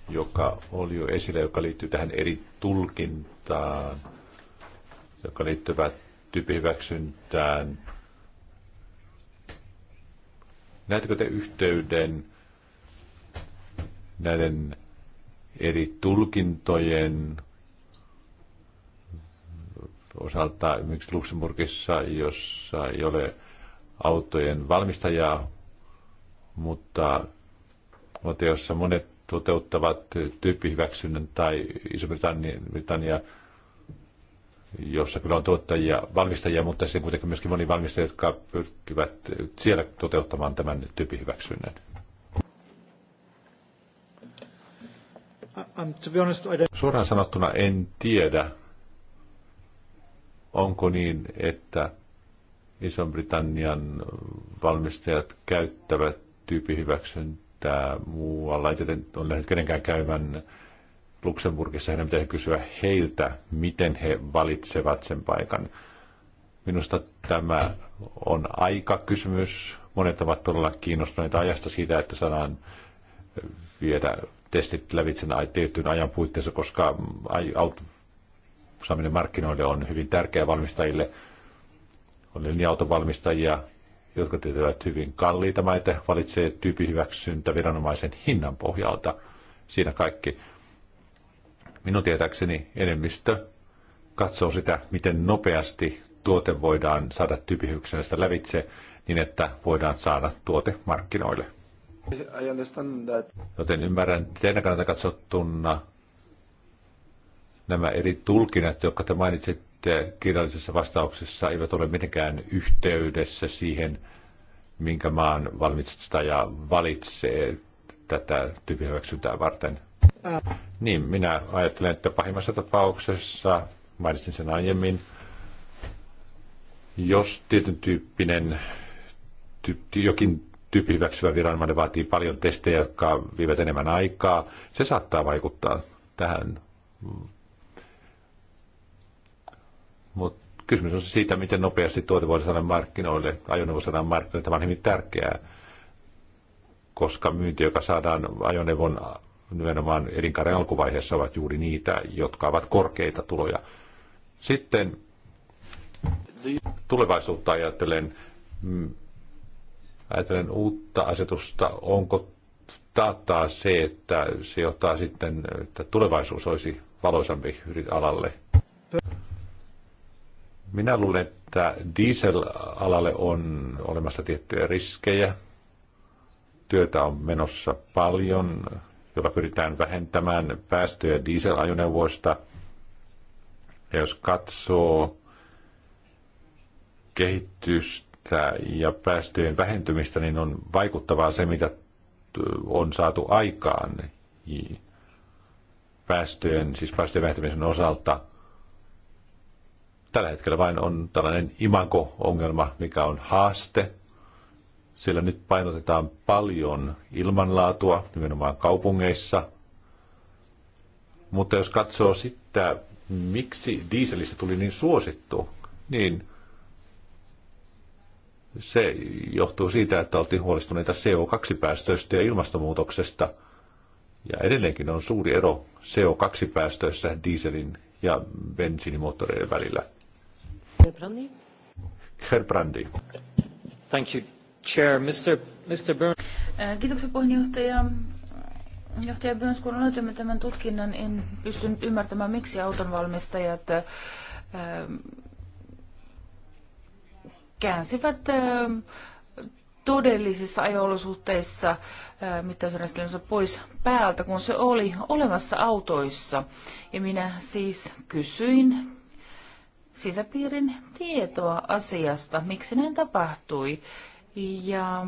joka oli jo esillä, joka liittyy tähän eri tulkintaan, joka liittyvät tyyppihyväksyntään. Näettekö te yhteyden näiden eri tulkintojen osalta esimerkiksi Luxemburgissa, jossa ei ole autojen valmistajaa, mutta, jossa monet toteuttavat tyyppihyväksynnän tai Iso-Britannia, jossa kyllä on tuottajia, valmistajia, mutta sitten kuitenkin myöskin moni valmistajia, jotka pyrkivät siellä toteuttamaan tämän tyyppihyväksynnän. Um, Suoraan sanottuna en tiedä, Onko niin, että iso britannian valmistajat käyttävät tyyppihyväksyntää muualla, joten on lähdet kenenkään käymään Luxemburgissa, heidän pitäisi kysyä heiltä, miten he valitsevat sen paikan. Minusta tämä on aika kysymys. Monet ovat todella kiinnostuneita ajasta siitä, että saadaan viedä testit lävitse tietyn ajan puitteissa, koska saaminen markkinoille on hyvin tärkeää valmistajille. On linja-autovalmistajia, jotka tekevät hyvin kalliita maita, valitsee tyypihyväksyntä viranomaisen hinnan pohjalta. Siinä kaikki. Minun tietääkseni enemmistö katsoo sitä, miten nopeasti tuote voidaan saada tyyppihyväksynnästä lävitse niin, että voidaan saada tuote markkinoille. Joten ymmärrän teidän kannalta katsottuna nämä eri tulkinnat, jotka te mainitsitte kirjallisessa vastauksessa, eivät ole mitenkään yhteydessä siihen, minkä maan valmistaja valitsee tätä tyyppihyväksyntää varten. Niin, minä ajattelen, että pahimmassa tapauksessa, mainitsin sen aiemmin, jos tietyn tyyppinen, ty, jokin tyyppihyväksyvä viranomainen vaatii paljon testejä, jotka vievät enemmän aikaa, se saattaa vaikuttaa tähän mutta kysymys on siis siitä, miten nopeasti tuote voidaan saada markkinoille, ajoneuvo saadaan markkinoille. Tämä on hyvin tärkeää, koska myynti, joka saadaan ajoneuvon nimenomaan elinkaaren alkuvaiheessa, ovat juuri niitä, jotka ovat korkeita tuloja. Sitten tulevaisuutta ajatellen, mm, ajatellen uutta asetusta, onko taattaa se, että se johtaa sitten, että tulevaisuus olisi valoisampi alalle minä luulen, että dieselalalle on olemassa tiettyjä riskejä. Työtä on menossa paljon, jolla pyritään vähentämään päästöjä dieselajoneuvoista. Ja jos katsoo kehitystä ja päästöjen vähentymistä, niin on vaikuttavaa se, mitä on saatu aikaan päästöjen, siis päästöjen vähentämisen osalta – Tällä hetkellä vain on tällainen imago ongelma mikä on haaste, sillä nyt painotetaan paljon ilmanlaatua, nimenomaan kaupungeissa. Mutta jos katsoo sitten, miksi dieselistä tuli niin suosittu, niin se johtuu siitä, että oltiin huolestuneita CO2-päästöistä ja ilmastonmuutoksesta. Ja edelleenkin on suuri ero CO2-päästöissä dieselin ja bensiinimoottoreiden välillä. Herbrandi. Herbrandi. Thank you, Chair. Mr. Mr. Burns. Äh, Kiitoksia puheenjohtaja. Johtaja Burns, kun aloitimme tämän tutkinnan, en pystynyt ymmärtämään, miksi autonvalmistajat äh, käänsivät äh, todellisissa ajolosuhteissa mittausjärjestelmänsä pois päältä, kun se oli olemassa autoissa. Ja minä siis kysyin sisäpiirin tietoa asiasta, miksi näin tapahtui. Ja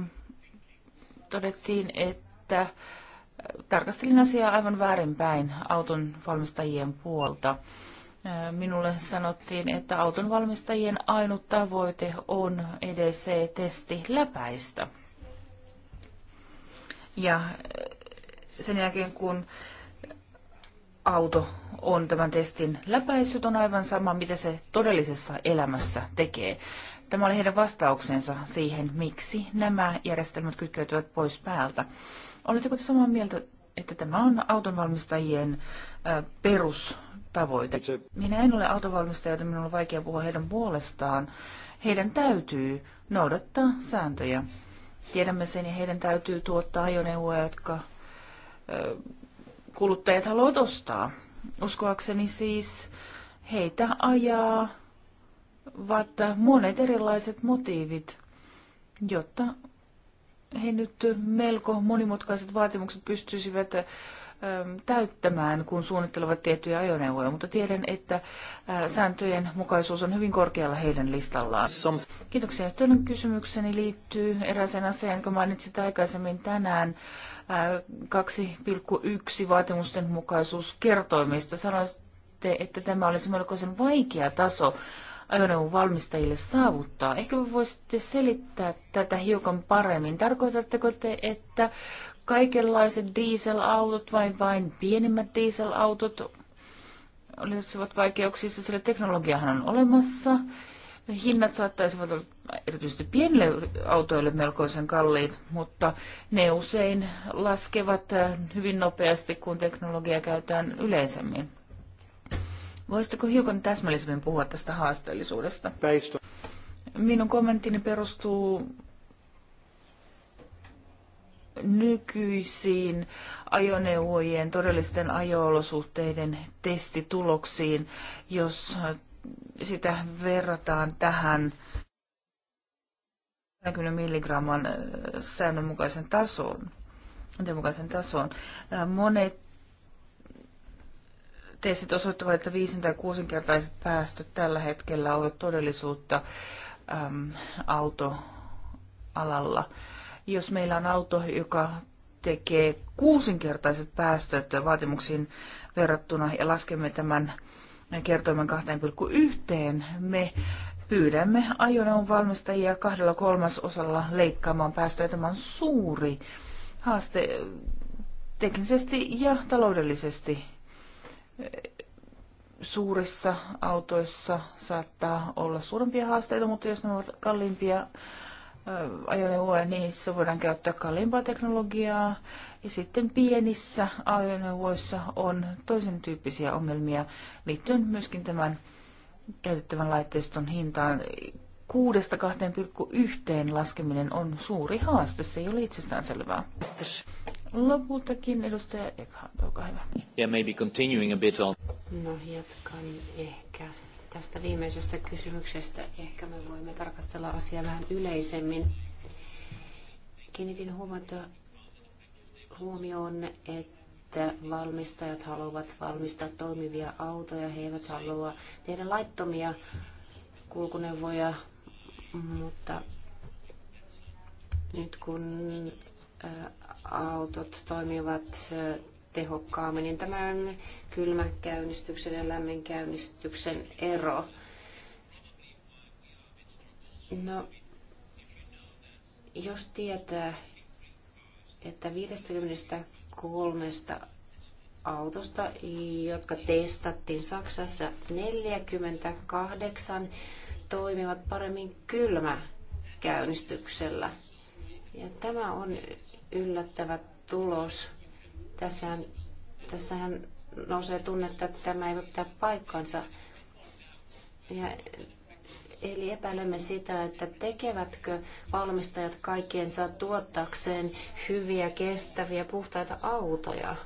todettiin, että äh, tarkastelin asiaa aivan väärinpäin auton valmistajien puolta. Äh, minulle sanottiin, että auton valmistajien ainut tavoite on EDC-testi läpäistä. Ja äh, sen jälkeen kun auto on tämän testin läpäissyt, on aivan sama, mitä se todellisessa elämässä tekee. Tämä oli heidän vastauksensa siihen, miksi nämä järjestelmät kytkeytyvät pois päältä. Oletteko te samaa mieltä, että tämä on autonvalmistajien perustavoite? Minä en ole autonvalmistaja, joten minulla on vaikea puhua heidän puolestaan. Heidän täytyy noudattaa sääntöjä. Tiedämme sen ja heidän täytyy tuottaa ajoneuvoja, jotka kuluttajat haluavat ostaa. Uskoakseni siis heitä ajaa vaikka monet erilaiset motiivit, jotta he nyt melko monimutkaiset vaatimukset pystyisivät Ähm, täyttämään, kun suunnittelevat tiettyjä ajoneuvoja, mutta tiedän, että äh, sääntöjen mukaisuus on hyvin korkealla heidän listallaan. Kiitoksia. Toinen kysymykseni liittyy eräseen asiaan, jonka mainitsit aikaisemmin tänään. 2,1 äh, vaatimusten mukaisuus kertoimista. Sanoitte, että tämä olisi melkoisen vaikea taso ajoneuvon valmistajille saavuttaa. Ehkä voisitte selittää tätä hiukan paremmin. Tarkoitatteko te, että kaikenlaiset dieselautot vai vain pienemmät dieselautot olisivat vaikeuksissa, sillä teknologiahan on olemassa. Hinnat saattaisivat olla erityisesti pienille autoille melkoisen kalliit, mutta ne usein laskevat äh, hyvin nopeasti, kun teknologiaa käytetään yleisemmin. Voisitko hiukan täsmällisemmin puhua tästä haasteellisuudesta? Minun kommenttini perustuu nykyisiin ajoneuvojen todellisten ajoolosuhteiden testituloksiin, jos sitä verrataan tähän 40 milligramman äh, säännönmukaisen tasoon. Mukaisen tasoon. Äh, monet testit osoittavat, että viisin tai kuusinkertaiset päästöt tällä hetkellä ovat todellisuutta äm, autoalalla. Jos meillä on auto, joka tekee kuusinkertaiset päästöt vaatimuksiin verrattuna ja laskemme tämän kertoimen 2,1, me pyydämme ajoneuvon valmistajia kahdella kolmasosalla leikkaamaan päästöjä. Tämä on suuri haaste teknisesti ja taloudellisesti. Suurissa autoissa saattaa olla suurempia haasteita, mutta jos ne ovat kalliimpia ajoneuvoja, se voidaan käyttää kalliimpaa teknologiaa. Ja sitten pienissä ajoneuvoissa on toisen tyyppisiä ongelmia liittyen myöskin tämän käytettävän laitteiston hintaan. 6-2,1 laskeminen on suuri haaste, se ei ole itsestään selvää. Lopultakin edustaja Eckhardt, olkaa hyvä. Yeah, maybe continuing a bit on. No jatkan ehkä tästä viimeisestä kysymyksestä. Ehkä me voimme tarkastella asiaa vähän yleisemmin. Kiinnitin huomata huomioon, että valmistajat haluavat valmistaa toimivia autoja. He eivät halua tehdä laittomia kulkuneuvoja, mutta nyt kun autot toimivat tehokkaammin, niin tämä on kylmäkäynnistyksen ja lämminkäynnistyksen ero. No, jos tietää, että 53 autosta, jotka testattiin Saksassa, 48 toimivat paremmin kylmäkäynnistyksellä. Ja tämä on yllättävä tulos. Tässähän, tässähän nousee tunne, että tämä ei voi pitää paikkansa. Ja, eli epäilemme sitä, että tekevätkö valmistajat kaikkiensa tuottakseen hyviä, kestäviä, puhtaita autoja.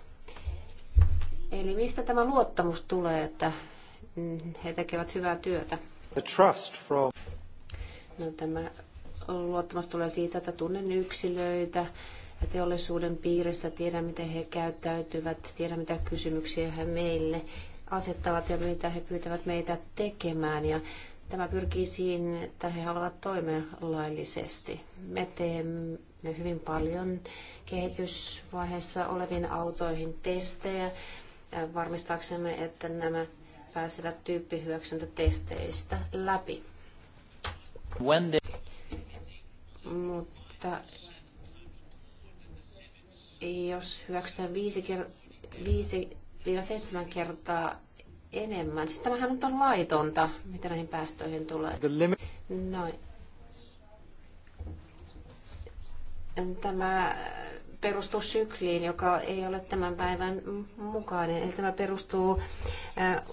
Eli mistä tämä luottamus tulee, että mm, he tekevät hyvää työtä? The trust from... No, tämä luottamus tulee siitä, että tunnen yksilöitä, teollisuuden piirissä, tiedä miten he käyttäytyvät, tiedä mitä kysymyksiä he meille asettavat ja mitä he pyytävät meitä tekemään. Ja tämä pyrkii siihen, että he haluavat toimia laillisesti. Me teemme hyvin paljon kehitysvaiheessa oleviin autoihin testejä varmistaaksemme, että nämä pääsevät tyyppihyväksyntätesteistä läpi. When they... Mutta jos hyväksytään 5-7 kertaa enemmän. Siis tämähän nyt on laitonta, mitä näihin päästöihin tulee. Noin. Tämä perustuu sykliin, joka ei ole tämän päivän mukainen. Eli tämä perustuu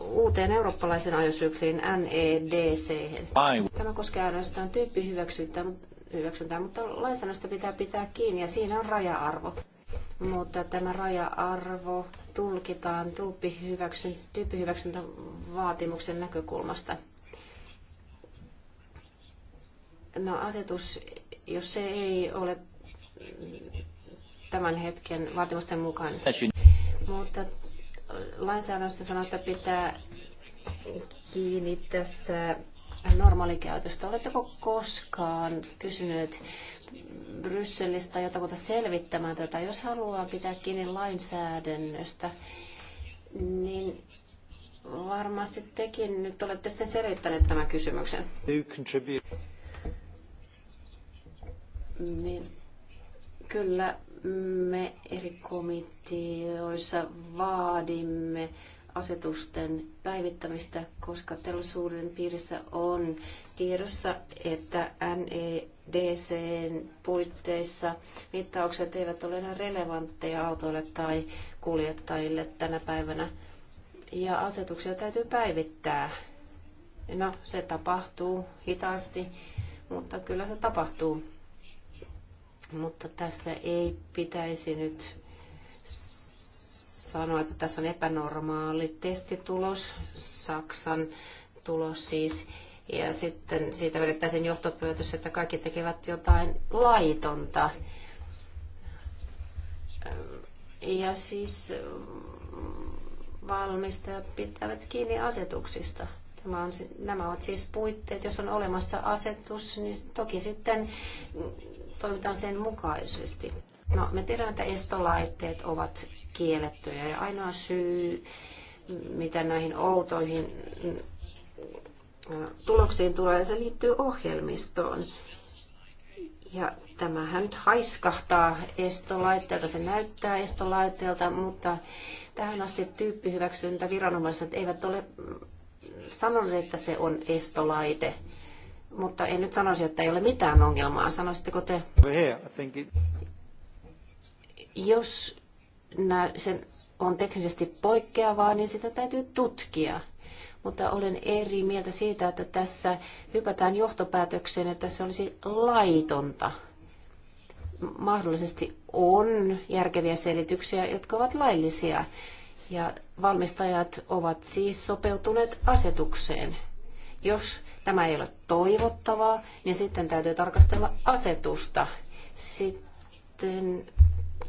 uuteen eurooppalaisen ajosykliin e NEDC. Tämä koskee ainoastaan tyyppihyväksyntää, mutta lainsäädännöstä pitää pitää kiinni ja siinä on raja-arvo mutta tämä raja-arvo tulkitaan tyyppihyväksyntävaatimuksen näkökulmasta. No asetus, jos se ei ole tämän hetken vaatimusten mukaan, mutta lainsäädännössä sanotaan, että pitää kiinni tästä normaalikäytöstä. Oletteko koskaan kysyneet Brysselistä jotakuta selvittämään tätä. Jos haluaa pitää kiinni lainsäädännöstä, niin varmasti tekin nyt olette sitten selvittäneet tämän kysymyksen. Me, kyllä me eri komiteoissa vaadimme asetusten päivittämistä, koska teollisuuden piirissä on tiedossa, että NE dc puitteissa mittaukset eivät ole enää relevantteja autoille tai kuljettajille tänä päivänä. Ja asetuksia täytyy päivittää. No, se tapahtuu hitaasti, mutta kyllä se tapahtuu. Mutta tässä ei pitäisi nyt sanoa, että tässä on epänormaali testitulos, Saksan tulos siis ja sitten siitä vedettäisiin johtopäätös, että kaikki tekevät jotain laitonta. Ja siis valmistajat pitävät kiinni asetuksista. Tämä on, nämä ovat siis puitteet. Jos on olemassa asetus, niin toki sitten mm, toimitaan sen mukaisesti. No, me tiedämme, että estolaitteet ovat kiellettyjä ja ainoa syy, mitä näihin outoihin mm, tuloksiin tulee, se liittyy ohjelmistoon. Ja tämähän nyt haiskahtaa estolaitteelta, se näyttää estolaitteelta, mutta tähän asti tyyppihyväksyntä viranomaiset eivät ole sanoneet, että se on estolaite. Mutta en nyt sanoisi, että ei ole mitään ongelmaa. Sanoisitteko te? Jos sen on teknisesti poikkeavaa, niin sitä täytyy tutkia mutta olen eri mieltä siitä, että tässä hypätään johtopäätökseen, että se olisi laitonta. Mahdollisesti on järkeviä selityksiä, jotka ovat laillisia, ja valmistajat ovat siis sopeutuneet asetukseen. Jos tämä ei ole toivottavaa, niin sitten täytyy tarkastella asetusta. Sitten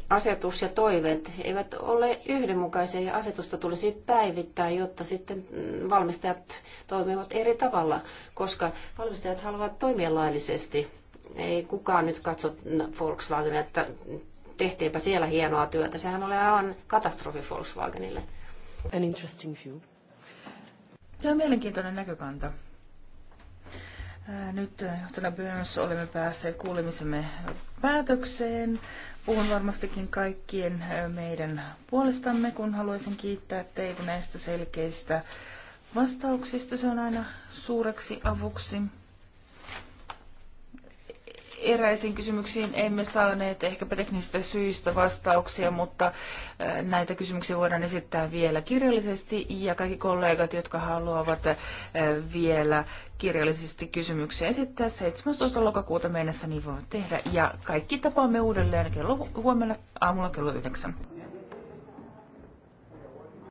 asetus ja toiveet eivät ole yhdenmukaisia ja asetusta tulisi päivittää, jotta sitten valmistajat toimivat eri tavalla, koska valmistajat haluavat toimia laillisesti. Ei kukaan nyt katso Volkswagen, että tehtiinpä siellä hienoa työtä. Sehän oli aivan katastrofi Volkswagenille. An interesting view. Tämä on mielenkiintoinen näkökanta. Nyt eh, johtona Byrns olemme päässeet kuulemisemme päätökseen. Puhun varmastikin kaikkien meidän puolestamme, kun haluaisin kiittää teitä näistä selkeistä vastauksista. Se on aina suureksi avuksi eräisiin kysymyksiin emme saaneet ehkäpä teknisistä syistä vastauksia, mutta äh, näitä kysymyksiä voidaan esittää vielä kirjallisesti ja kaikki kollegat, jotka haluavat äh, vielä kirjallisesti kysymyksiä esittää 17. lokakuuta mennessä, niin voivat tehdä. Ja kaikki tapaamme uudelleen kello, huomenna aamulla kello 9.